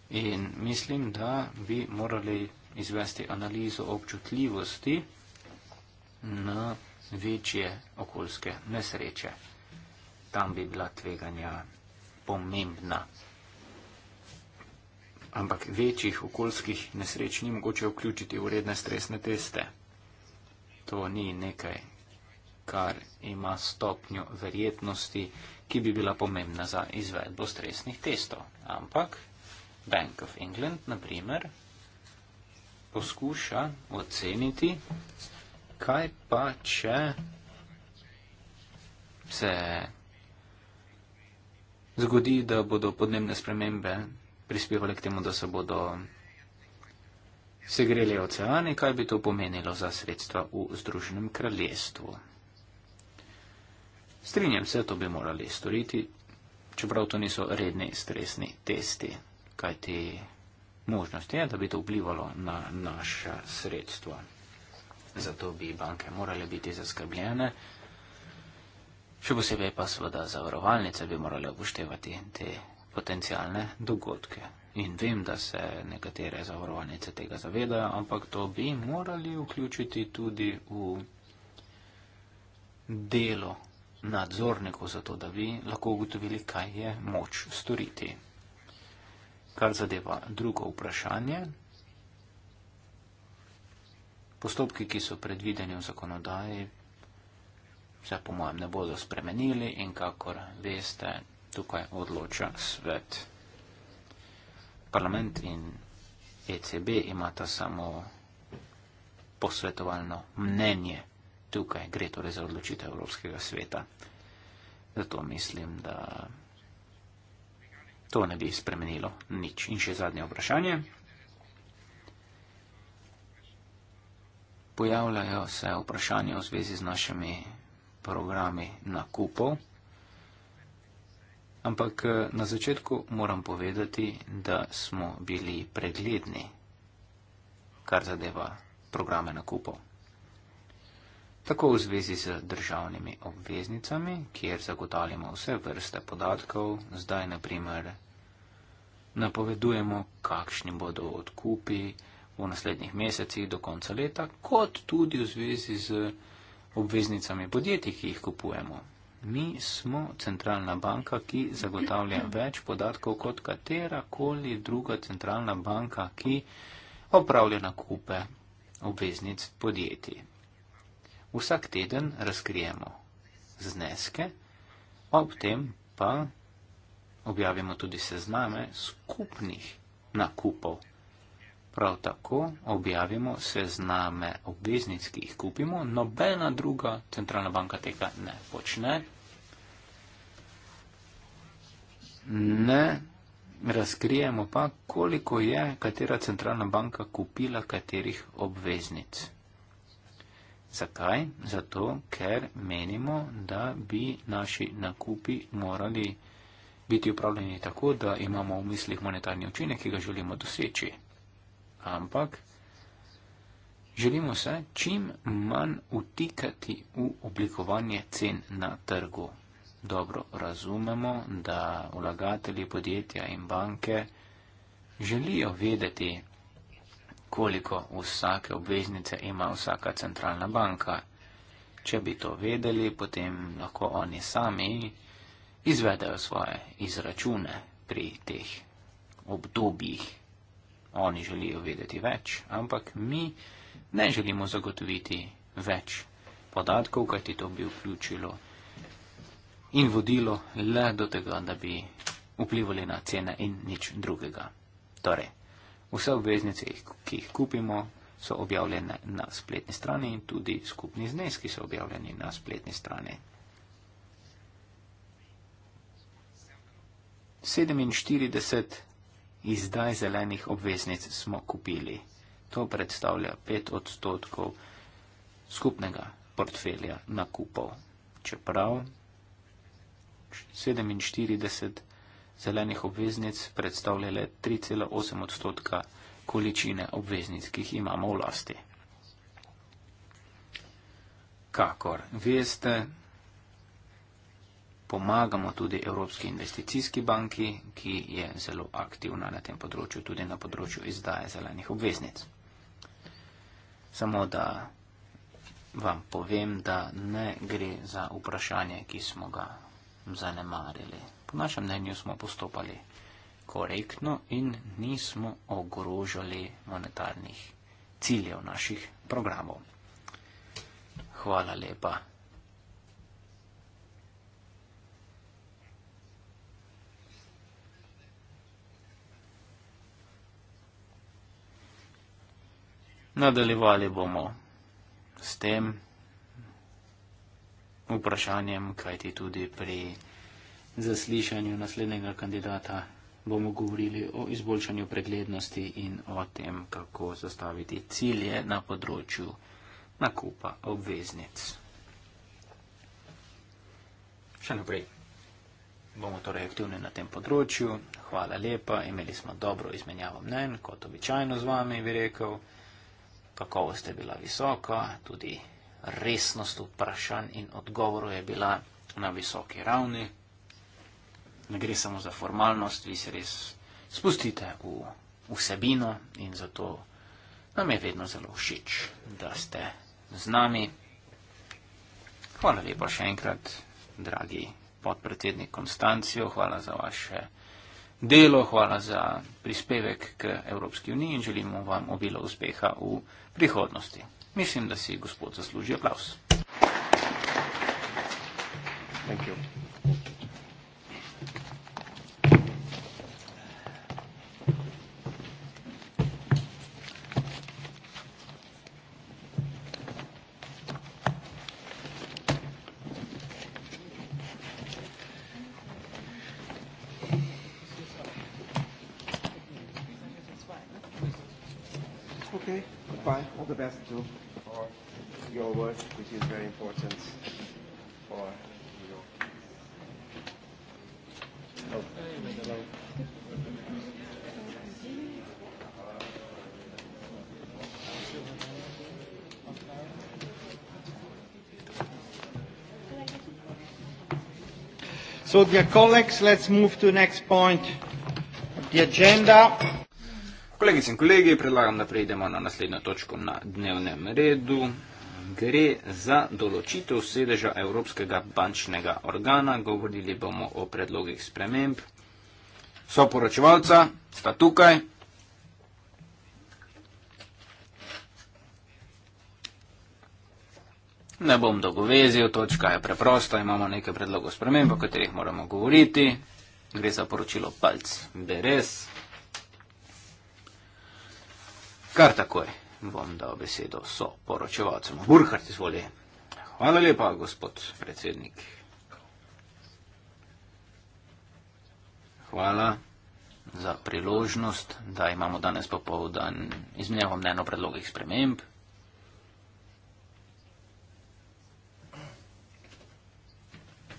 In mislim, da bi morali izvesti analizo občutljivosti na večje okoljske nesreče. Tam bi bila tveganja pomembna ampak večjih okoljskih nesreč ni mogoče vključiti v redne stresne teste. To ni nekaj, kar ima stopnjo verjetnosti, ki bi bila pomembna za izvedbo stresnih testov. Ampak Bank of England, na primer, poskuša oceniti, kaj pa če se zgodi, da bodo podnebne spremembe prispevale k temu, da se bodo segreli oceani, kaj bi to pomenilo za sredstva v Združenem kraljestvu. Strinjam se, to bi morali storiti, čeprav to niso redni stresni testi, kajti možnost je, da bi to vplivalo na naša sredstva. Zato bi banke morale biti zaskrbljene, še posebej pa seveda zavarovalnice bi morale upoštevati te potencijalne dogodke. In vem, da se nekatere zavarovalnice tega zavedajo, ampak to bi morali vključiti tudi v delo nadzornikov, zato da bi lahko ugotovili, kaj je moč storiti. Kar zadeva drugo vprašanje, postopki, ki so predvideni v zakonodaji, se po mojem ne bodo spremenili in kakor veste, tukaj odloča svet. Parlament in ECB imata samo posvetovalno mnenje tukaj, gre torej za odločitev Evropskega sveta. Zato mislim, da to ne bi spremenilo nič. In še zadnje vprašanje. Pojavljajo se vprašanje v zvezi z našimi programi nakupov. Ampak eh, na začetku moram povedati, da smo bili pregledni, kar zadeva programe nakupov. Tako v zvezi z državnimi obveznicami, kjer zagotavljamo vse vrste podatkov, zdaj naprimer napovedujemo, kakšni bodo odkupi v naslednjih mesecih do konca leta, kot tudi v zvezi z obveznicami podjetij, ki jih kupujemo. Mi smo centralna banka, ki zagotavlja več podatkov kot katera koli druga centralna banka, ki opravlja nakupe obveznic podjetij. Vsak teden razkrijemo zneske, ob tem pa objavimo tudi sezname skupnih nakupov. Prav tako objavimo sezname obveznic, ki jih kupimo. Nobena druga centralna banka tega ne počne, ne razkrijemo pa, koliko je katera centralna banka kupila katerih obveznic. Zakaj? Zato, ker menimo, da bi naši nakupi morali biti upravljeni tako, da imamo v mislih monetarni učinek, ki ga želimo doseči. Ampak želimo se čim manj utikati v oblikovanje cen na trgu dobro razumemo, da vlagatelji podjetja in banke želijo vedeti, koliko vsake obveznice ima vsaka centralna banka. Če bi to vedeli, potem lahko oni sami izvedejo svoje izračune pri teh obdobjih. Oni želijo vedeti več, ampak mi ne želimo zagotoviti več podatkov, kajti to bi vključilo in vodilo le do tega, da bi vplivali na cene in nič drugega. Torej, vse obveznice, ki jih kupimo, so objavljene na spletni strani in tudi skupni zneski so objavljeni na spletni strani. 47 izdaj zelenih obveznic smo kupili. To predstavlja 5 odstotkov skupnega portfelja nakupov. Čeprav 47 zelenih obveznic predstavljale 3,8 odstotka količine obveznic, ki jih imamo v lasti. Kakor veste, pomagamo tudi Evropski investicijski banki, ki je zelo aktivna na tem področju, tudi na področju izdaje zelenih obveznic. Samo da vam povem, da ne gre za vprašanje, ki smo ga zanemarili. Po našem mnenju smo postopali korektno in nismo ogrožali monetarnih ciljev naših programov. Hvala lepa. Nadaljevali bomo s tem vprašanjem, kajti tudi pri zaslišanju naslednjega kandidata bomo govorili o izboljšanju preglednosti in o tem, kako zastaviti cilje na področju nakupa obveznic. Še naprej bomo torej aktivni na tem področju. Hvala lepa, imeli smo dobro izmenjavo mnen, kot običajno z vami bi rekel. Kakovost je bila visoka, tudi resnost vprašanj in odgovorov je bila na visoki ravni. Ne gre samo za formalnost, vi se res spustite v vsebino in zato nam je vedno zelo všeč, da ste z nami. Hvala lepa še enkrat, dragi podpredsednik Konstancijo, hvala za vaše delo, hvala za prispevek k Evropski uniji in želimo vam obilo uspeha v prihodnosti. Mislim, da si gospod zasluži aplaus. Thank you. Okay, goodbye. All the best to you your word, which is very important for your Hello. So, dear colleagues, let's move to the next point of the agenda. Kolegice in kolegi, predlagam, da prejdemo na naslednjo točko na dnevnem redu gre za določitev sedeža Evropskega bančnega organa. Govorili bomo o predlogih sprememb. So poročevalca, sta tukaj. Ne bom dolgovezil, točka je preprosta, imamo nekaj predlogov sprememb, o katerih moramo govoriti. Gre za poročilo palc, beres. Kar takoj bom dal besedo so poročevalcem. Burkhardt, izvoli. Hvala lepa, gospod predsednik. Hvala za priložnost, da imamo danes popovdan izmenjavo mnenja o predlogih sprememb.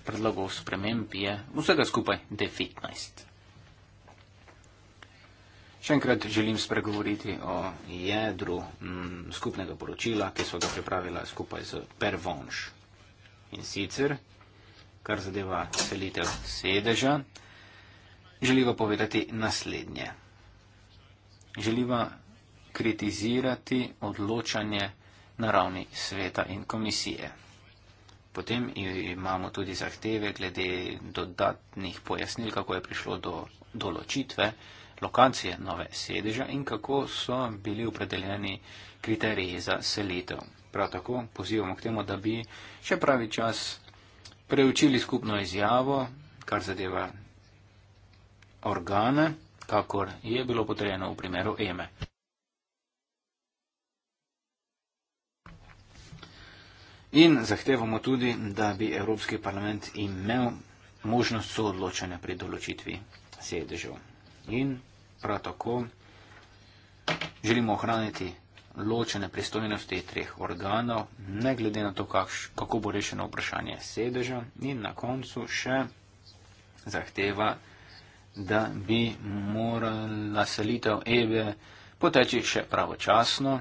Predlogov sprememb je vsega skupaj 19. Še enkrat želim spregovoriti o jedru m, mm, skupnega poročila, ki smo ga pripravila skupaj z Pervonš. In sicer, kar zadeva selitev sedeža, želiva povedati naslednje. Želiva kritizirati odločanje na ravni sveta in komisije. Potem imamo tudi zahteve glede dodatnih pojasnil, kako je prišlo do določitve lokacije nove sedeža in kako so bili opredeljeni kriteriji za selitev. Prav tako pozivamo k temu, da bi še pravi čas preučili skupno izjavo, kar zadeva organe, kakor je bilo potrebno v primeru EME. In zahtevamo tudi, da bi Evropski parlament imel možnost soodločanja pri določitvi sedežev. In prav tako želimo ohraniti ločene pristojnosti treh organov, ne glede na to, kakš, kako bo rešeno vprašanje sedeža. In na koncu še zahteva, da bi morala selitev Eve poteči še pravočasno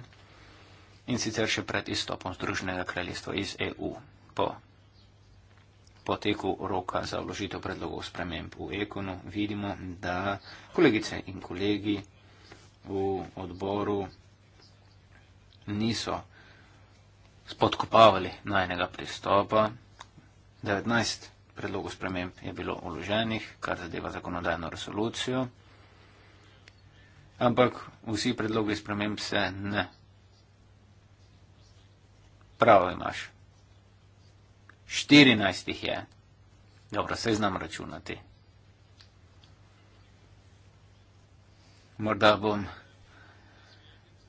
in sicer še pred izstopom Združenega kraljestva iz EU. Po poteku roka za vložitev predlogov sprememb v ekonu, vidimo, da kolegice in kolegi v odboru niso spodkopavali najnega pristopa. 19 predlogov sprememb je bilo vloženih, kar zadeva zakonodajno resolucijo, ampak vsi predlogi sprememb se ne. Pravo imaš. 14 jih je. Dobro, se znam računati. Morda bom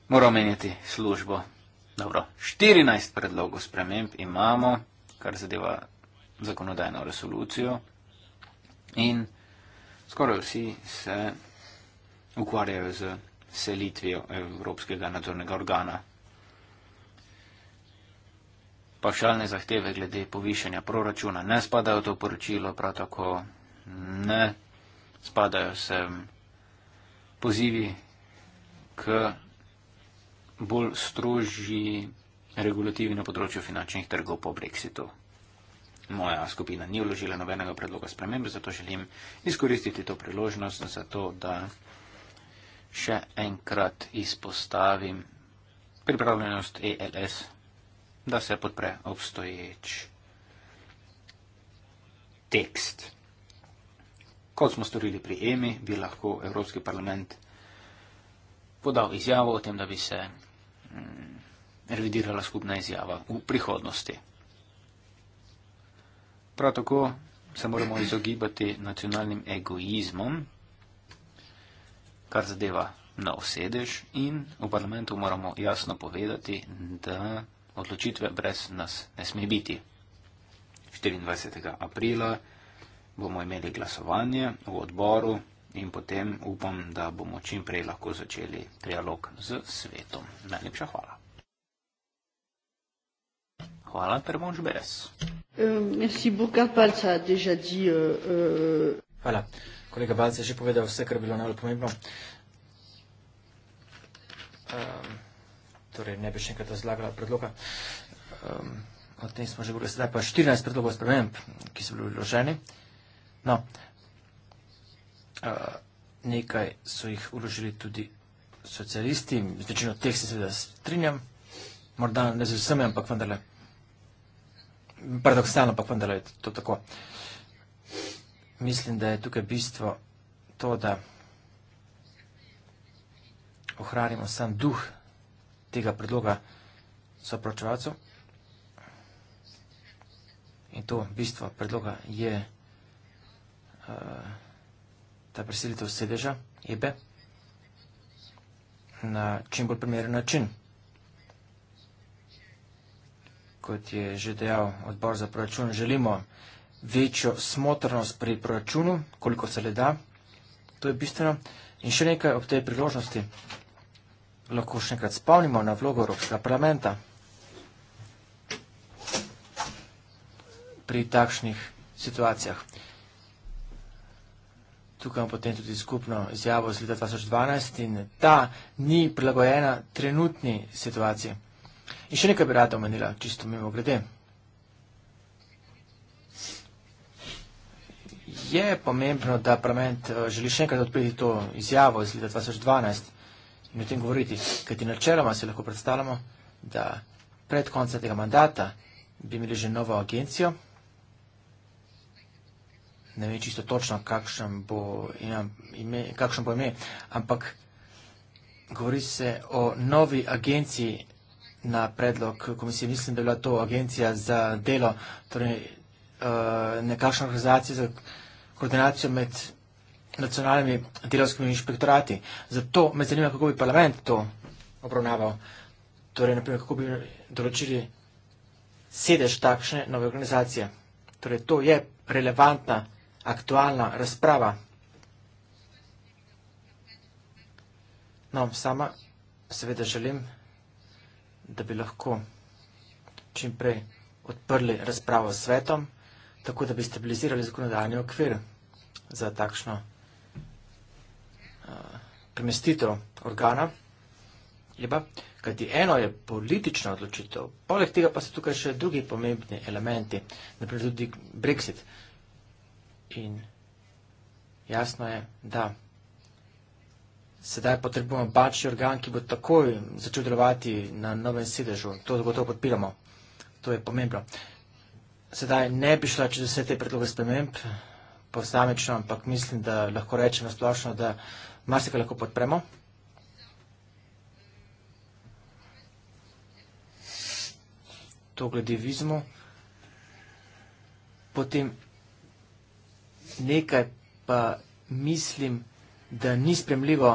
moral menjati službo. Dobro, 14 predlogov sprememb imamo, kar zadeva zakonodajno resolucijo. In skoraj vsi se ukvarjajo z selitvijo Evropskega nadzornega organa pašalne zahteve glede povišanja proračuna ne spadajo v to poročilo, prav tako ne spadajo sem pozivi k bolj strožji regulativi na področju finančnih trgov po Brexitu. Moja skupina ni vložila nobenega predloga spremembe, zato želim izkoristiti to priložnost za to, da še enkrat izpostavim pripravljenost ELS da se podpre obstoječ tekst. Kot smo storili pri EMI, bi lahko Evropski parlament podal izjavo o tem, da bi se mm, revidirala skupna izjava v prihodnosti. Prav tako se moramo izogibati nacionalnim egoizmom, kar zadeva na osedež in v parlamentu moramo jasno povedati, da odločitve brez nas ne sme biti. 24. aprila bomo imeli glasovanje v odboru in potem upam, da bomo čim prej lahko začeli trialog z svetom. Najlepša hvala. Hvala, Permonč Beres. Euh, euh, euh, hvala. Kolega Balc je že povedal vse, kar je bilo najbolj pomembno. Um torej ne bi še enkrat razlagala predloga. Um, o tem smo že govorili, sedaj pa 14 predlogov sprememb, ki so bili vloženi. No, uh, nekaj so jih vložili tudi socialisti, z večino teh se seveda strinjam, morda ne z vsemi, ampak vendarle, paradoksalno, ampak vendarle je to tako. Mislim, da je tukaj bistvo to, da ohranimo sam duh tega predloga sopravčevalcev. In to bistvo predloga je eh, ta preselitev sedeža EBE na čim bolj primeren način. Kot je že dejal odbor za proračun, želimo večjo smotrnost pri proračunu, koliko se le da. To je bistveno. In še nekaj ob tej priložnosti lahko še enkrat spomnimo na vlogo Evropskega parlamenta pri takšnih situacijah. Tukaj imamo potem tudi skupno izjavo z leta 2012 in ta ni prilagojena trenutni situaciji. In še nekaj bi rada omenila, čisto mimo grede. Je pomembno, da parlament eh, želi še enkrat odpreti to izjavo iz leta 2012 in o tem govoriti. Ker ti načeloma si lahko predstavljamo, da pred koncem tega mandata bi imeli že novo agencijo. Ne vem čisto točno, kakšen bo ime, kakšen bo ime ampak govori se o novi agenciji na predlog komisije. Mislim, da je bila to agencija za delo, torej uh, nekakšna organizacija za koordinacijo med nacionalnimi delovskimi inšpektorati. Zato me zanima, kako bi parlament to obravnaval. Torej, naprimer, kako bi določili sedež takšne nove organizacije. Torej, to je relevantna, aktualna razprava. No, sama seveda želim, da bi lahko čimprej odprli razpravo s svetom, tako da bi stabilizirali zakonodajni okvir za takšno premestitev organa, leba, kajti eno je politična odločitev, poleg tega pa so tukaj še drugi pomembni elementi, naprej tudi Brexit. In jasno je, da sedaj potrebujemo bačni organ, ki bo takoj začel delovati na novem sedežu. To zagotovo podpiramo. To je pomembno. Sedaj ne bi šla čez vse te predloge sprememb posamično, ampak mislim, da lahko rečem na splošno, da marsikaj lahko podpremo. To glede vizmu. Potem nekaj pa mislim, da ni spremljivo,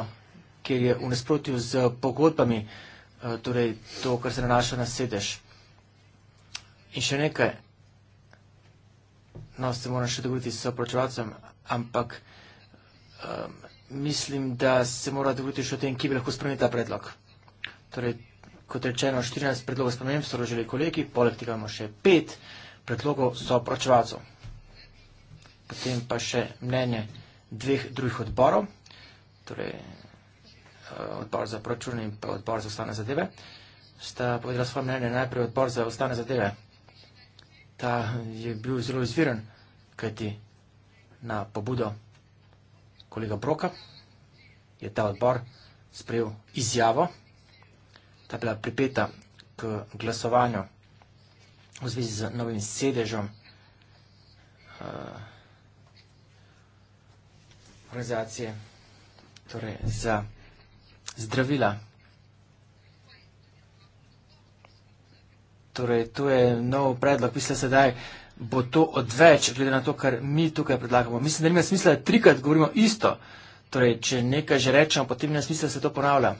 ker je v nasprotju z pogodbami, eh, torej to, kar se nanaša na sedež. In še nekaj, no, se moram še dogoditi s sopročevalcem, ampak um, Mislim, da se mora dogotiš o tem, ki bi lahko spremenil ta predlog. Torej, kot rečeno, 14 predlogov spremenim so rožili kolegi, poleg tega imamo še 5 predlogov so pročevalcev. Potem pa še mnenje dveh drugih odborov, torej eh, odbor za proračun in pa odbor za ostane zadeve. Sta povedala svoje mnenje najprej odbor za ostane zadeve. Ta je bil zelo izviren, kajti na pobudo kolega Broka, je ta odbor sprejel izjavo, ta bila pripeta k glasovanju v zvezi z novim sedežom eh, organizacije torej za zdravila. Torej, tu je nov predlog, mislim sedaj, da je bo to odveč, glede na to, kar mi tukaj predlagamo. Mislim, da nima smisla, da trikrat govorimo isto. Torej, če nekaj že rečemo, potem nima smisla, da se to ponavlja.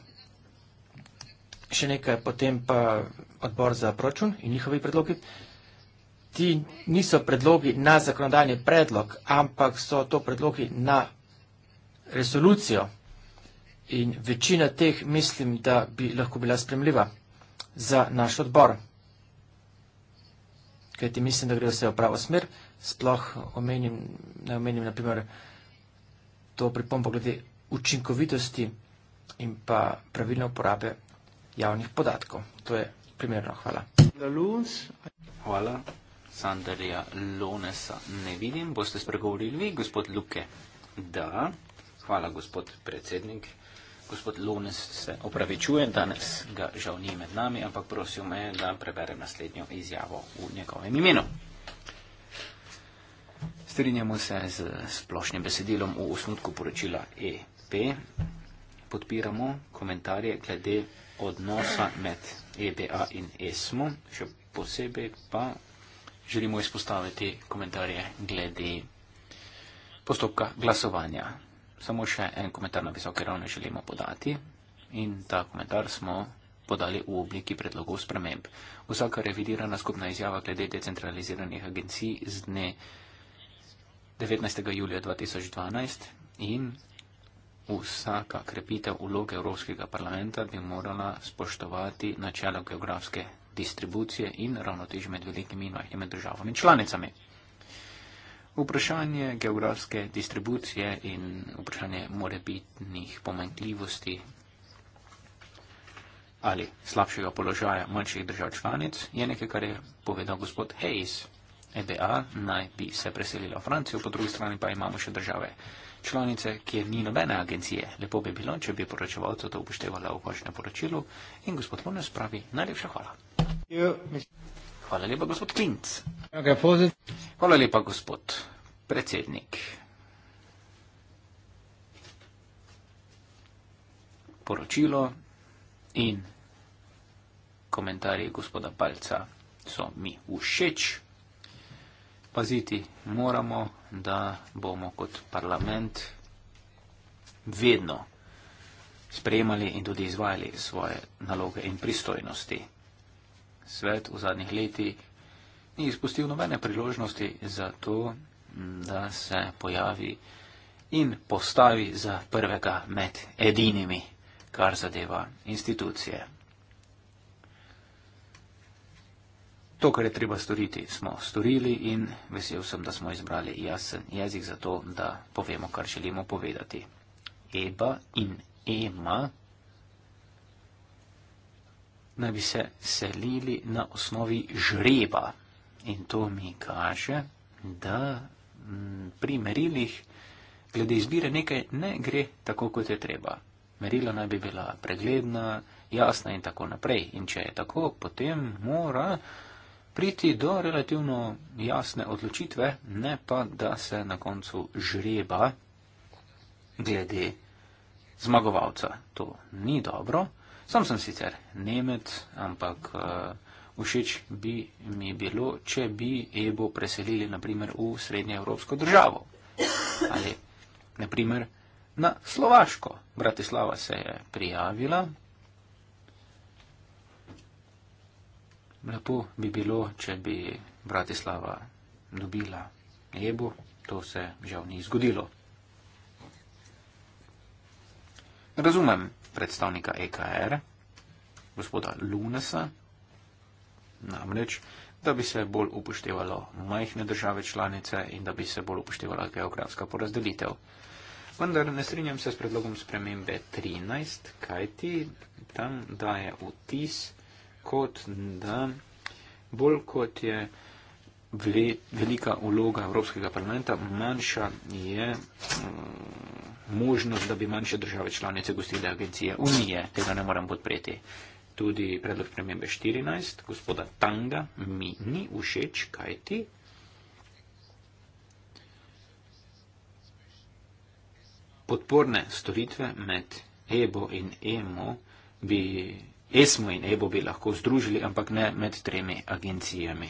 Še nekaj, potem pa odbor za proračun in njihovi predlogi. Ti niso predlogi na zakonodajni predlog, ampak so to predlogi na resolucijo. In večina teh mislim, da bi lahko bila spremljiva za naš odbor kajti mislim, da gre vse v pravo smer. Sploh omenim, naj omenim naprimer to pripombo glede učinkovitosti in pa pravilne uporabe javnih podatkov. To je primerno, hvala. Hvala. Sanderja Lonesa ne vidim. Boste spregovorili vi, gospod Luke? Da. Hvala, gospod predsednik gospod Lunes se opravičuje, danes ga žal ni med nami, ampak prosil me, da preberem naslednjo izjavo v njegovem imenu. Strinjamo se z splošnim besedilom v osnutku poročila EP. Podpiramo komentarje glede odnosa med EPA in ESMO, še posebej pa želimo izpostaviti komentarje glede postopka glasovanja samo še en komentar na visoke ravni želimo podati in ta komentar smo podali v obliki predlogov sprememb. Vsaka revidirana skupna izjava glede decentraliziranih agencij z dne 19. julija 2012 in vsaka krepitev uloge Evropskega parlamenta bi morala spoštovati načelo geografske distribucije in ravnotež med velikimi in majhnimi državami članicami. Vprašanje geografske distribucije in vprašanje morebitnih pomankljivosti ali slabšega položaja manjših držav članic je nekaj, kar je povedal gospod Hayes. EBA naj bi se preselila v Francijo, po drugi strani pa imamo še države članice, kjer ni nobene agencije. Lepo bi bilo, če bi poročevalce to upoštevala v končnem poročilu. In gospod Lunes pravi, najlepša hvala. Yeah. Hvala lepa, gospod Klinc. Hvala lepa, gospod predsednik. Poročilo in komentarji gospoda Palca so mi všeč. Paziti moramo, da bomo kot parlament vedno sprejemali in tudi izvajali svoje naloge in pristojnosti svet v zadnjih letih ni izpustil nobene priložnosti za to, da se pojavi in postavi za prvega med edinimi, kar zadeva institucije. To, kar je treba storiti, smo storili in vesel sem, da smo izbrali jasen jezik za to, da povemo, kar želimo povedati. Eba in ema naj bi se selili na osnovi žreba. In to mi kaže, da mm, pri merilih glede izbire nekaj ne gre tako, kot je treba. Merila naj bi bila pregledna, jasna in tako naprej. In če je tako, potem mora priti do relativno jasne odločitve, ne pa da se na koncu žreba glede zmagovalca. To ni dobro. Sam sem sicer Nemec, ampak uh, všeč bi mi bilo, če bi Ebo preselili naprimer v srednje Evropsko državo ali naprimer na Slovaško. Bratislava se je prijavila. Lepo bi bilo, če bi Bratislava dobila Ebo, to se žal ni zgodilo. razumem predstavnika EKR, gospoda Lunesa, namreč, da bi se bolj upoštevalo majhne države članice in da bi se bolj upoštevala geografska porazdelitev. Vendar ne strinjam se s predlogom spremembe 13, kajti tam daje vtis, kot da bolj kot je velika vloga Evropskega parlamenta, manjša je možnost, da bi manjše države članice gostile agencije Unije, tega ne morem podpreti. Tudi predlog premembe 14, gospoda Tanga, mi ni všeč, kaj ti. Podporne storitve med EBO in EMO bi, ESMO in EBO bi lahko združili, ampak ne med tremi agencijami.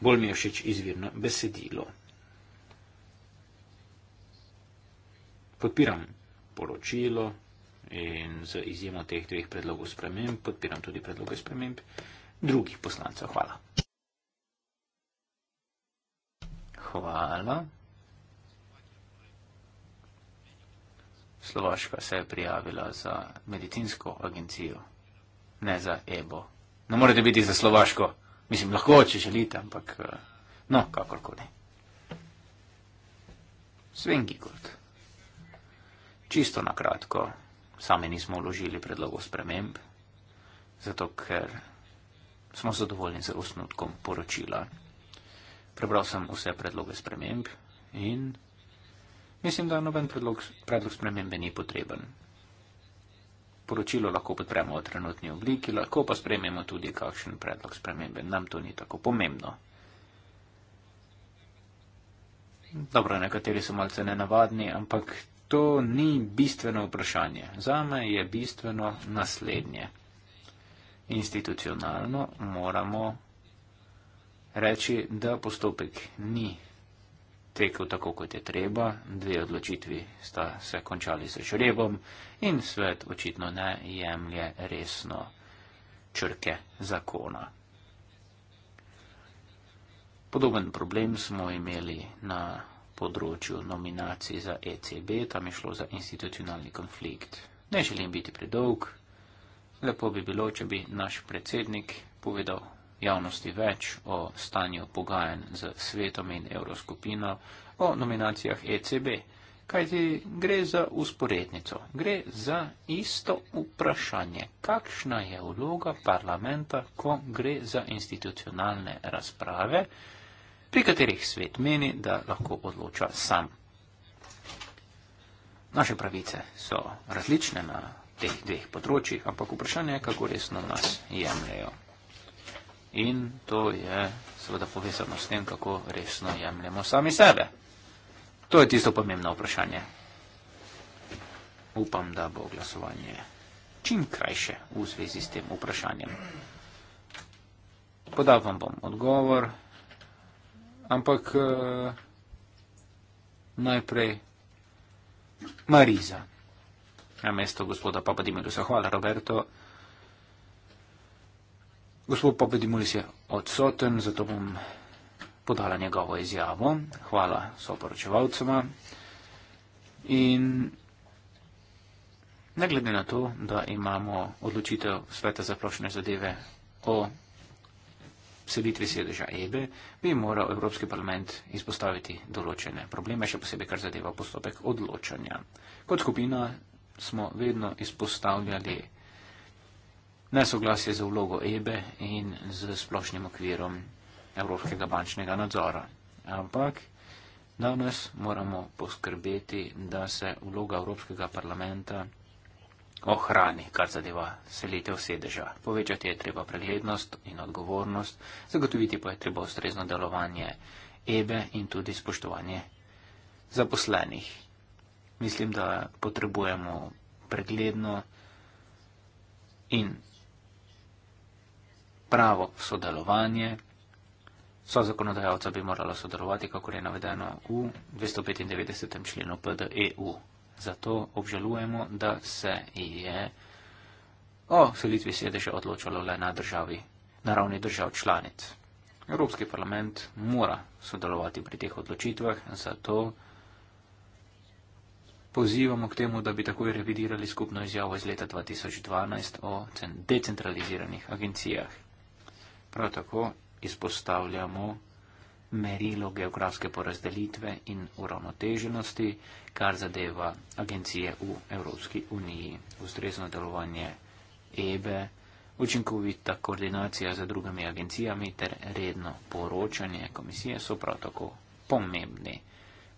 Bolj mi je všeč izvirno besedilo. podpiram poročilo in z izjemo teh dveh predlogov sprememb podpiram tudi predloge sprememb drugih poslancev. Hvala. Hvala. Slovaška se je prijavila za medicinsko agencijo, ne za EBO. Ne morete biti za Slovaško. Mislim, lahko, če želite, ampak eh, no, kakorkoli. Svengi kot čisto na kratko, sami nismo vložili predlogov sprememb, zato ker smo zadovoljni z osnutkom poročila. Prebral sem vse predloge sprememb in mislim, da noben predlog, predlog spremembe ni potreben. Poročilo lahko podpremo v trenutni obliki, lahko pa sprememo tudi kakšen predlog spremembe. Nam to ni tako pomembno. Dobro, nekateri so malce nenavadni, ampak to ni bistveno vprašanje. Za me je bistveno naslednje. Institucionalno moramo reči, da postopek ni tekel tako, kot je treba, dve odločitvi sta se končali se žrebom in svet očitno ne jemlje resno črke zakona. Podoben problem smo imeli na področju nominacij za ECB, tam je šlo za institucionalni konflikt. Ne želim biti predolg, lepo bi bilo, če bi naš predsednik povedal javnosti več o stanju pogajanj z svetom in evroskupino o nominacijah ECB. Kajti gre za usporednico, gre za isto vprašanje, kakšna je vloga parlamenta, ko gre za institucionalne razprave, pri katerih svet meni, da lahko odloča sam. Naše pravice so različne na teh dveh področjih, ampak vprašanje je, kako resno nas jemljajo. In to je seveda povezano s tem, kako resno jemljemo sami sebe. To je tisto pomembno vprašanje. Upam, da bo glasovanje čim krajše v zvezi s tem vprašanjem. Podal vam bom odgovor ampak uh, najprej Mariza. Na mesto gospoda Papadimulisa. Hvala, Roberto. Gospod Papadimulis je odsoten, zato bom podala njegovo izjavo. Hvala soporočevalcema. In ne glede na to, da imamo odločitev sveta za prošne zadeve o selitvi sedeža EBE bi moral Evropski parlament izpostaviti določene probleme, še posebej kar zadeva postopek odločanja. Kot skupina smo vedno izpostavljali nesoglasje z vlogo EBE in z splošnim okvirom Evropskega bančnega nadzora. Ampak danes moramo poskrbeti, da se vloga Evropskega parlamenta ohrani, kar zadeva selitev sedeža. Povečati je treba preglednost in odgovornost, zagotoviti pa je treba ustrezno delovanje ebe in tudi spoštovanje zaposlenih. Mislim, da potrebujemo pregledno in pravo sodelovanje. So zakonodajalca bi morala sodelovati, kako je navedeno v 295. členu PDEU. Zato obžalujemo, da se je o selitvi sedeža odločalo le na, državi, na ravni držav članic. Evropski parlament mora sodelovati pri teh odločitvah, zato pozivamo k temu, da bi takoj revidirali skupno izjavo iz leta 2012 o decentraliziranih agencijah. Prav tako izpostavljamo merilo geografske porazdelitve in uravnoteženosti, kar zadeva agencije v Evropski uniji, ustrezno delovanje EBE, e, učinkovita koordinacija z drugimi agencijami ter redno poročanje komisije so prav tako pomembni.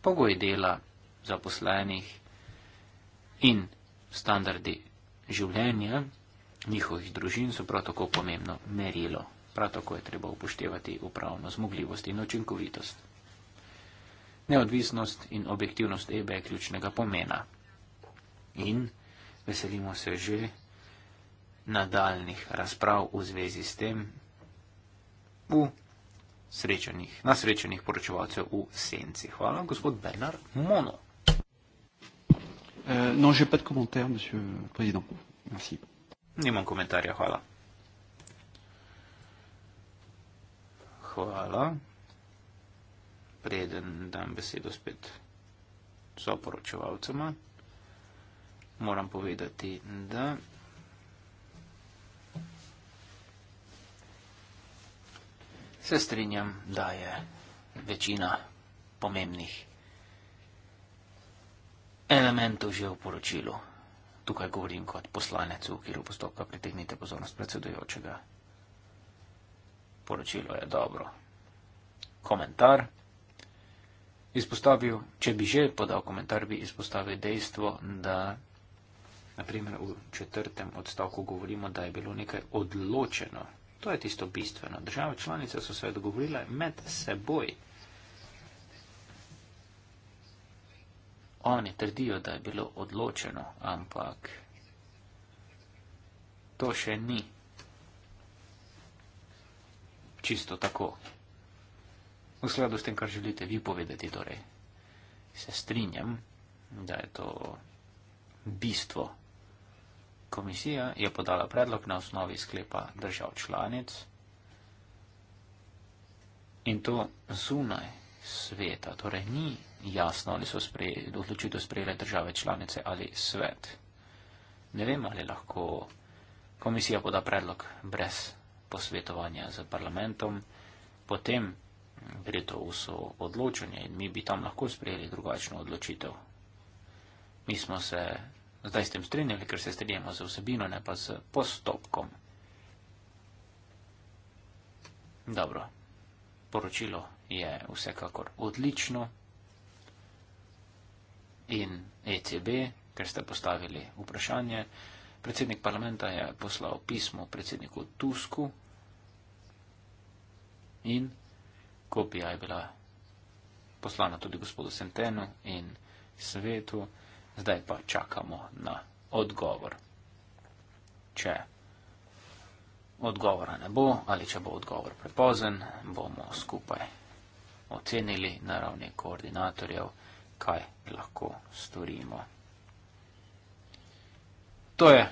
Pogoji dela zaposlenih in standardi življenja njihovih družin so prav tako pomembno merilo Prav tako je treba upoštevati upravno zmogljivost in očinkovitost. Neodvisnost in objektivnost EBE je ključnega pomena. In veselimo se že nadaljnih razprav v zvezi s tem v srečanih, na srečanih poročevalcev v senci. Hvala, gospod Bernard Mono. Euh, non, je pas de commentaire, monsieur le président. Merci. Nimam komentarja, hvala. pričakovala, preden dam besedo spet soporočevalcema, moram povedati, da se strinjam, da je večina pomembnih elementov že v poročilu. Tukaj govorim kot poslanec v okviru postopka, pritegnite pozornost predsedujočega poročilo je dobro. Komentar. Izpostavil, če bi že podal komentar, bi izpostavil dejstvo, da naprimer v četrtem odstavku govorimo, da je bilo nekaj odločeno. To je tisto bistveno. Države članice so se dogovorile med seboj. Oni trdijo, da je bilo odločeno, ampak to še ni čisto tako. V skladu s tem, kar želite vi povedati, torej se strinjam, da je to bistvo. Komisija je podala predlog na osnovi sklepa držav članic in to zunaj sveta. Torej ni jasno, ali so odločitev sprejele države članice ali svet. Ne vem, ali lahko komisija poda predlog brez posvetovanja z parlamentom, potem gre to vso odločanje in mi bi tam lahko sprejeli drugačno odločitev. Mi smo se zdaj s tem strinjali, ker se strinjamo z vsebino, ne pa s postopkom. Dobro, poročilo je vsekakor odlično in ECB, ker ste postavili vprašanje, Predsednik parlamenta je poslal pismo predsedniku Tusku in kopija je bila poslana tudi gospodu Sentenu in svetu. Zdaj pa čakamo na odgovor. Če odgovora ne bo ali če bo odgovor prepozen, bomo skupaj ocenili na ravni koordinatorjev, kaj lahko storimo. To je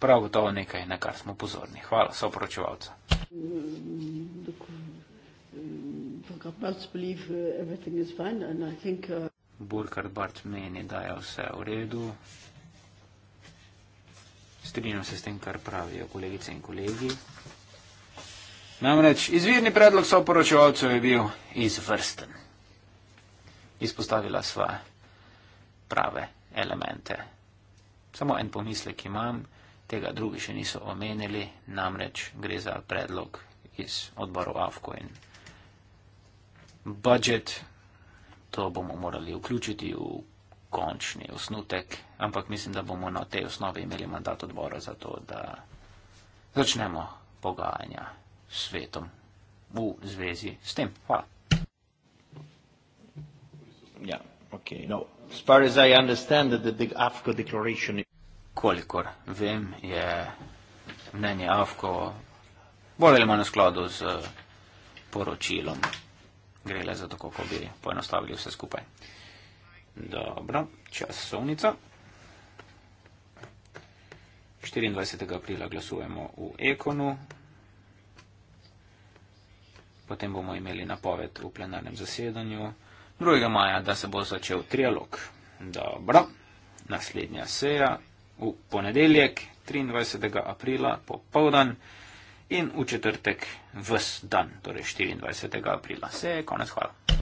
prav gotovo nekaj, na kar smo pozorni. Hvala, soporočevalca. Burkhard Bart meni, da je vse v redu. Strinjam se s tem, kar pravijo kolegice in kolegi. Namreč izvirni predlog soporočevalcev je bil izvrsten. Izpostavila sva prave elemente Samo en pomislek imam, tega drugi še niso omenili, namreč gre za predlog iz odborov AFKO in budget. To bomo morali vključiti v končni osnutek, ampak mislim, da bomo na tej osnovi imeli mandat odbora za to, da začnemo pogajanja s svetom v zvezi s tem. Hvala. Yeah. Ja. Okay, no. As far as I understand, the, the AFCO declaration. Kolikor vem, je mnenje AFCO bolj ali manj v skladu z poročilom. Gre le za to, kako bi poenostavili vse skupaj. Dobro, časovnica. 24. aprila glasujemo v Ekonu. Potem bomo imeli napoved v plenarnem zasedanju. 2. maja, da se bo začel trialog. Dobro, naslednja seja v ponedeljek, 23. aprila popovdan in v četrtek vs dan, torej 24. aprila. Seje, konec hvala.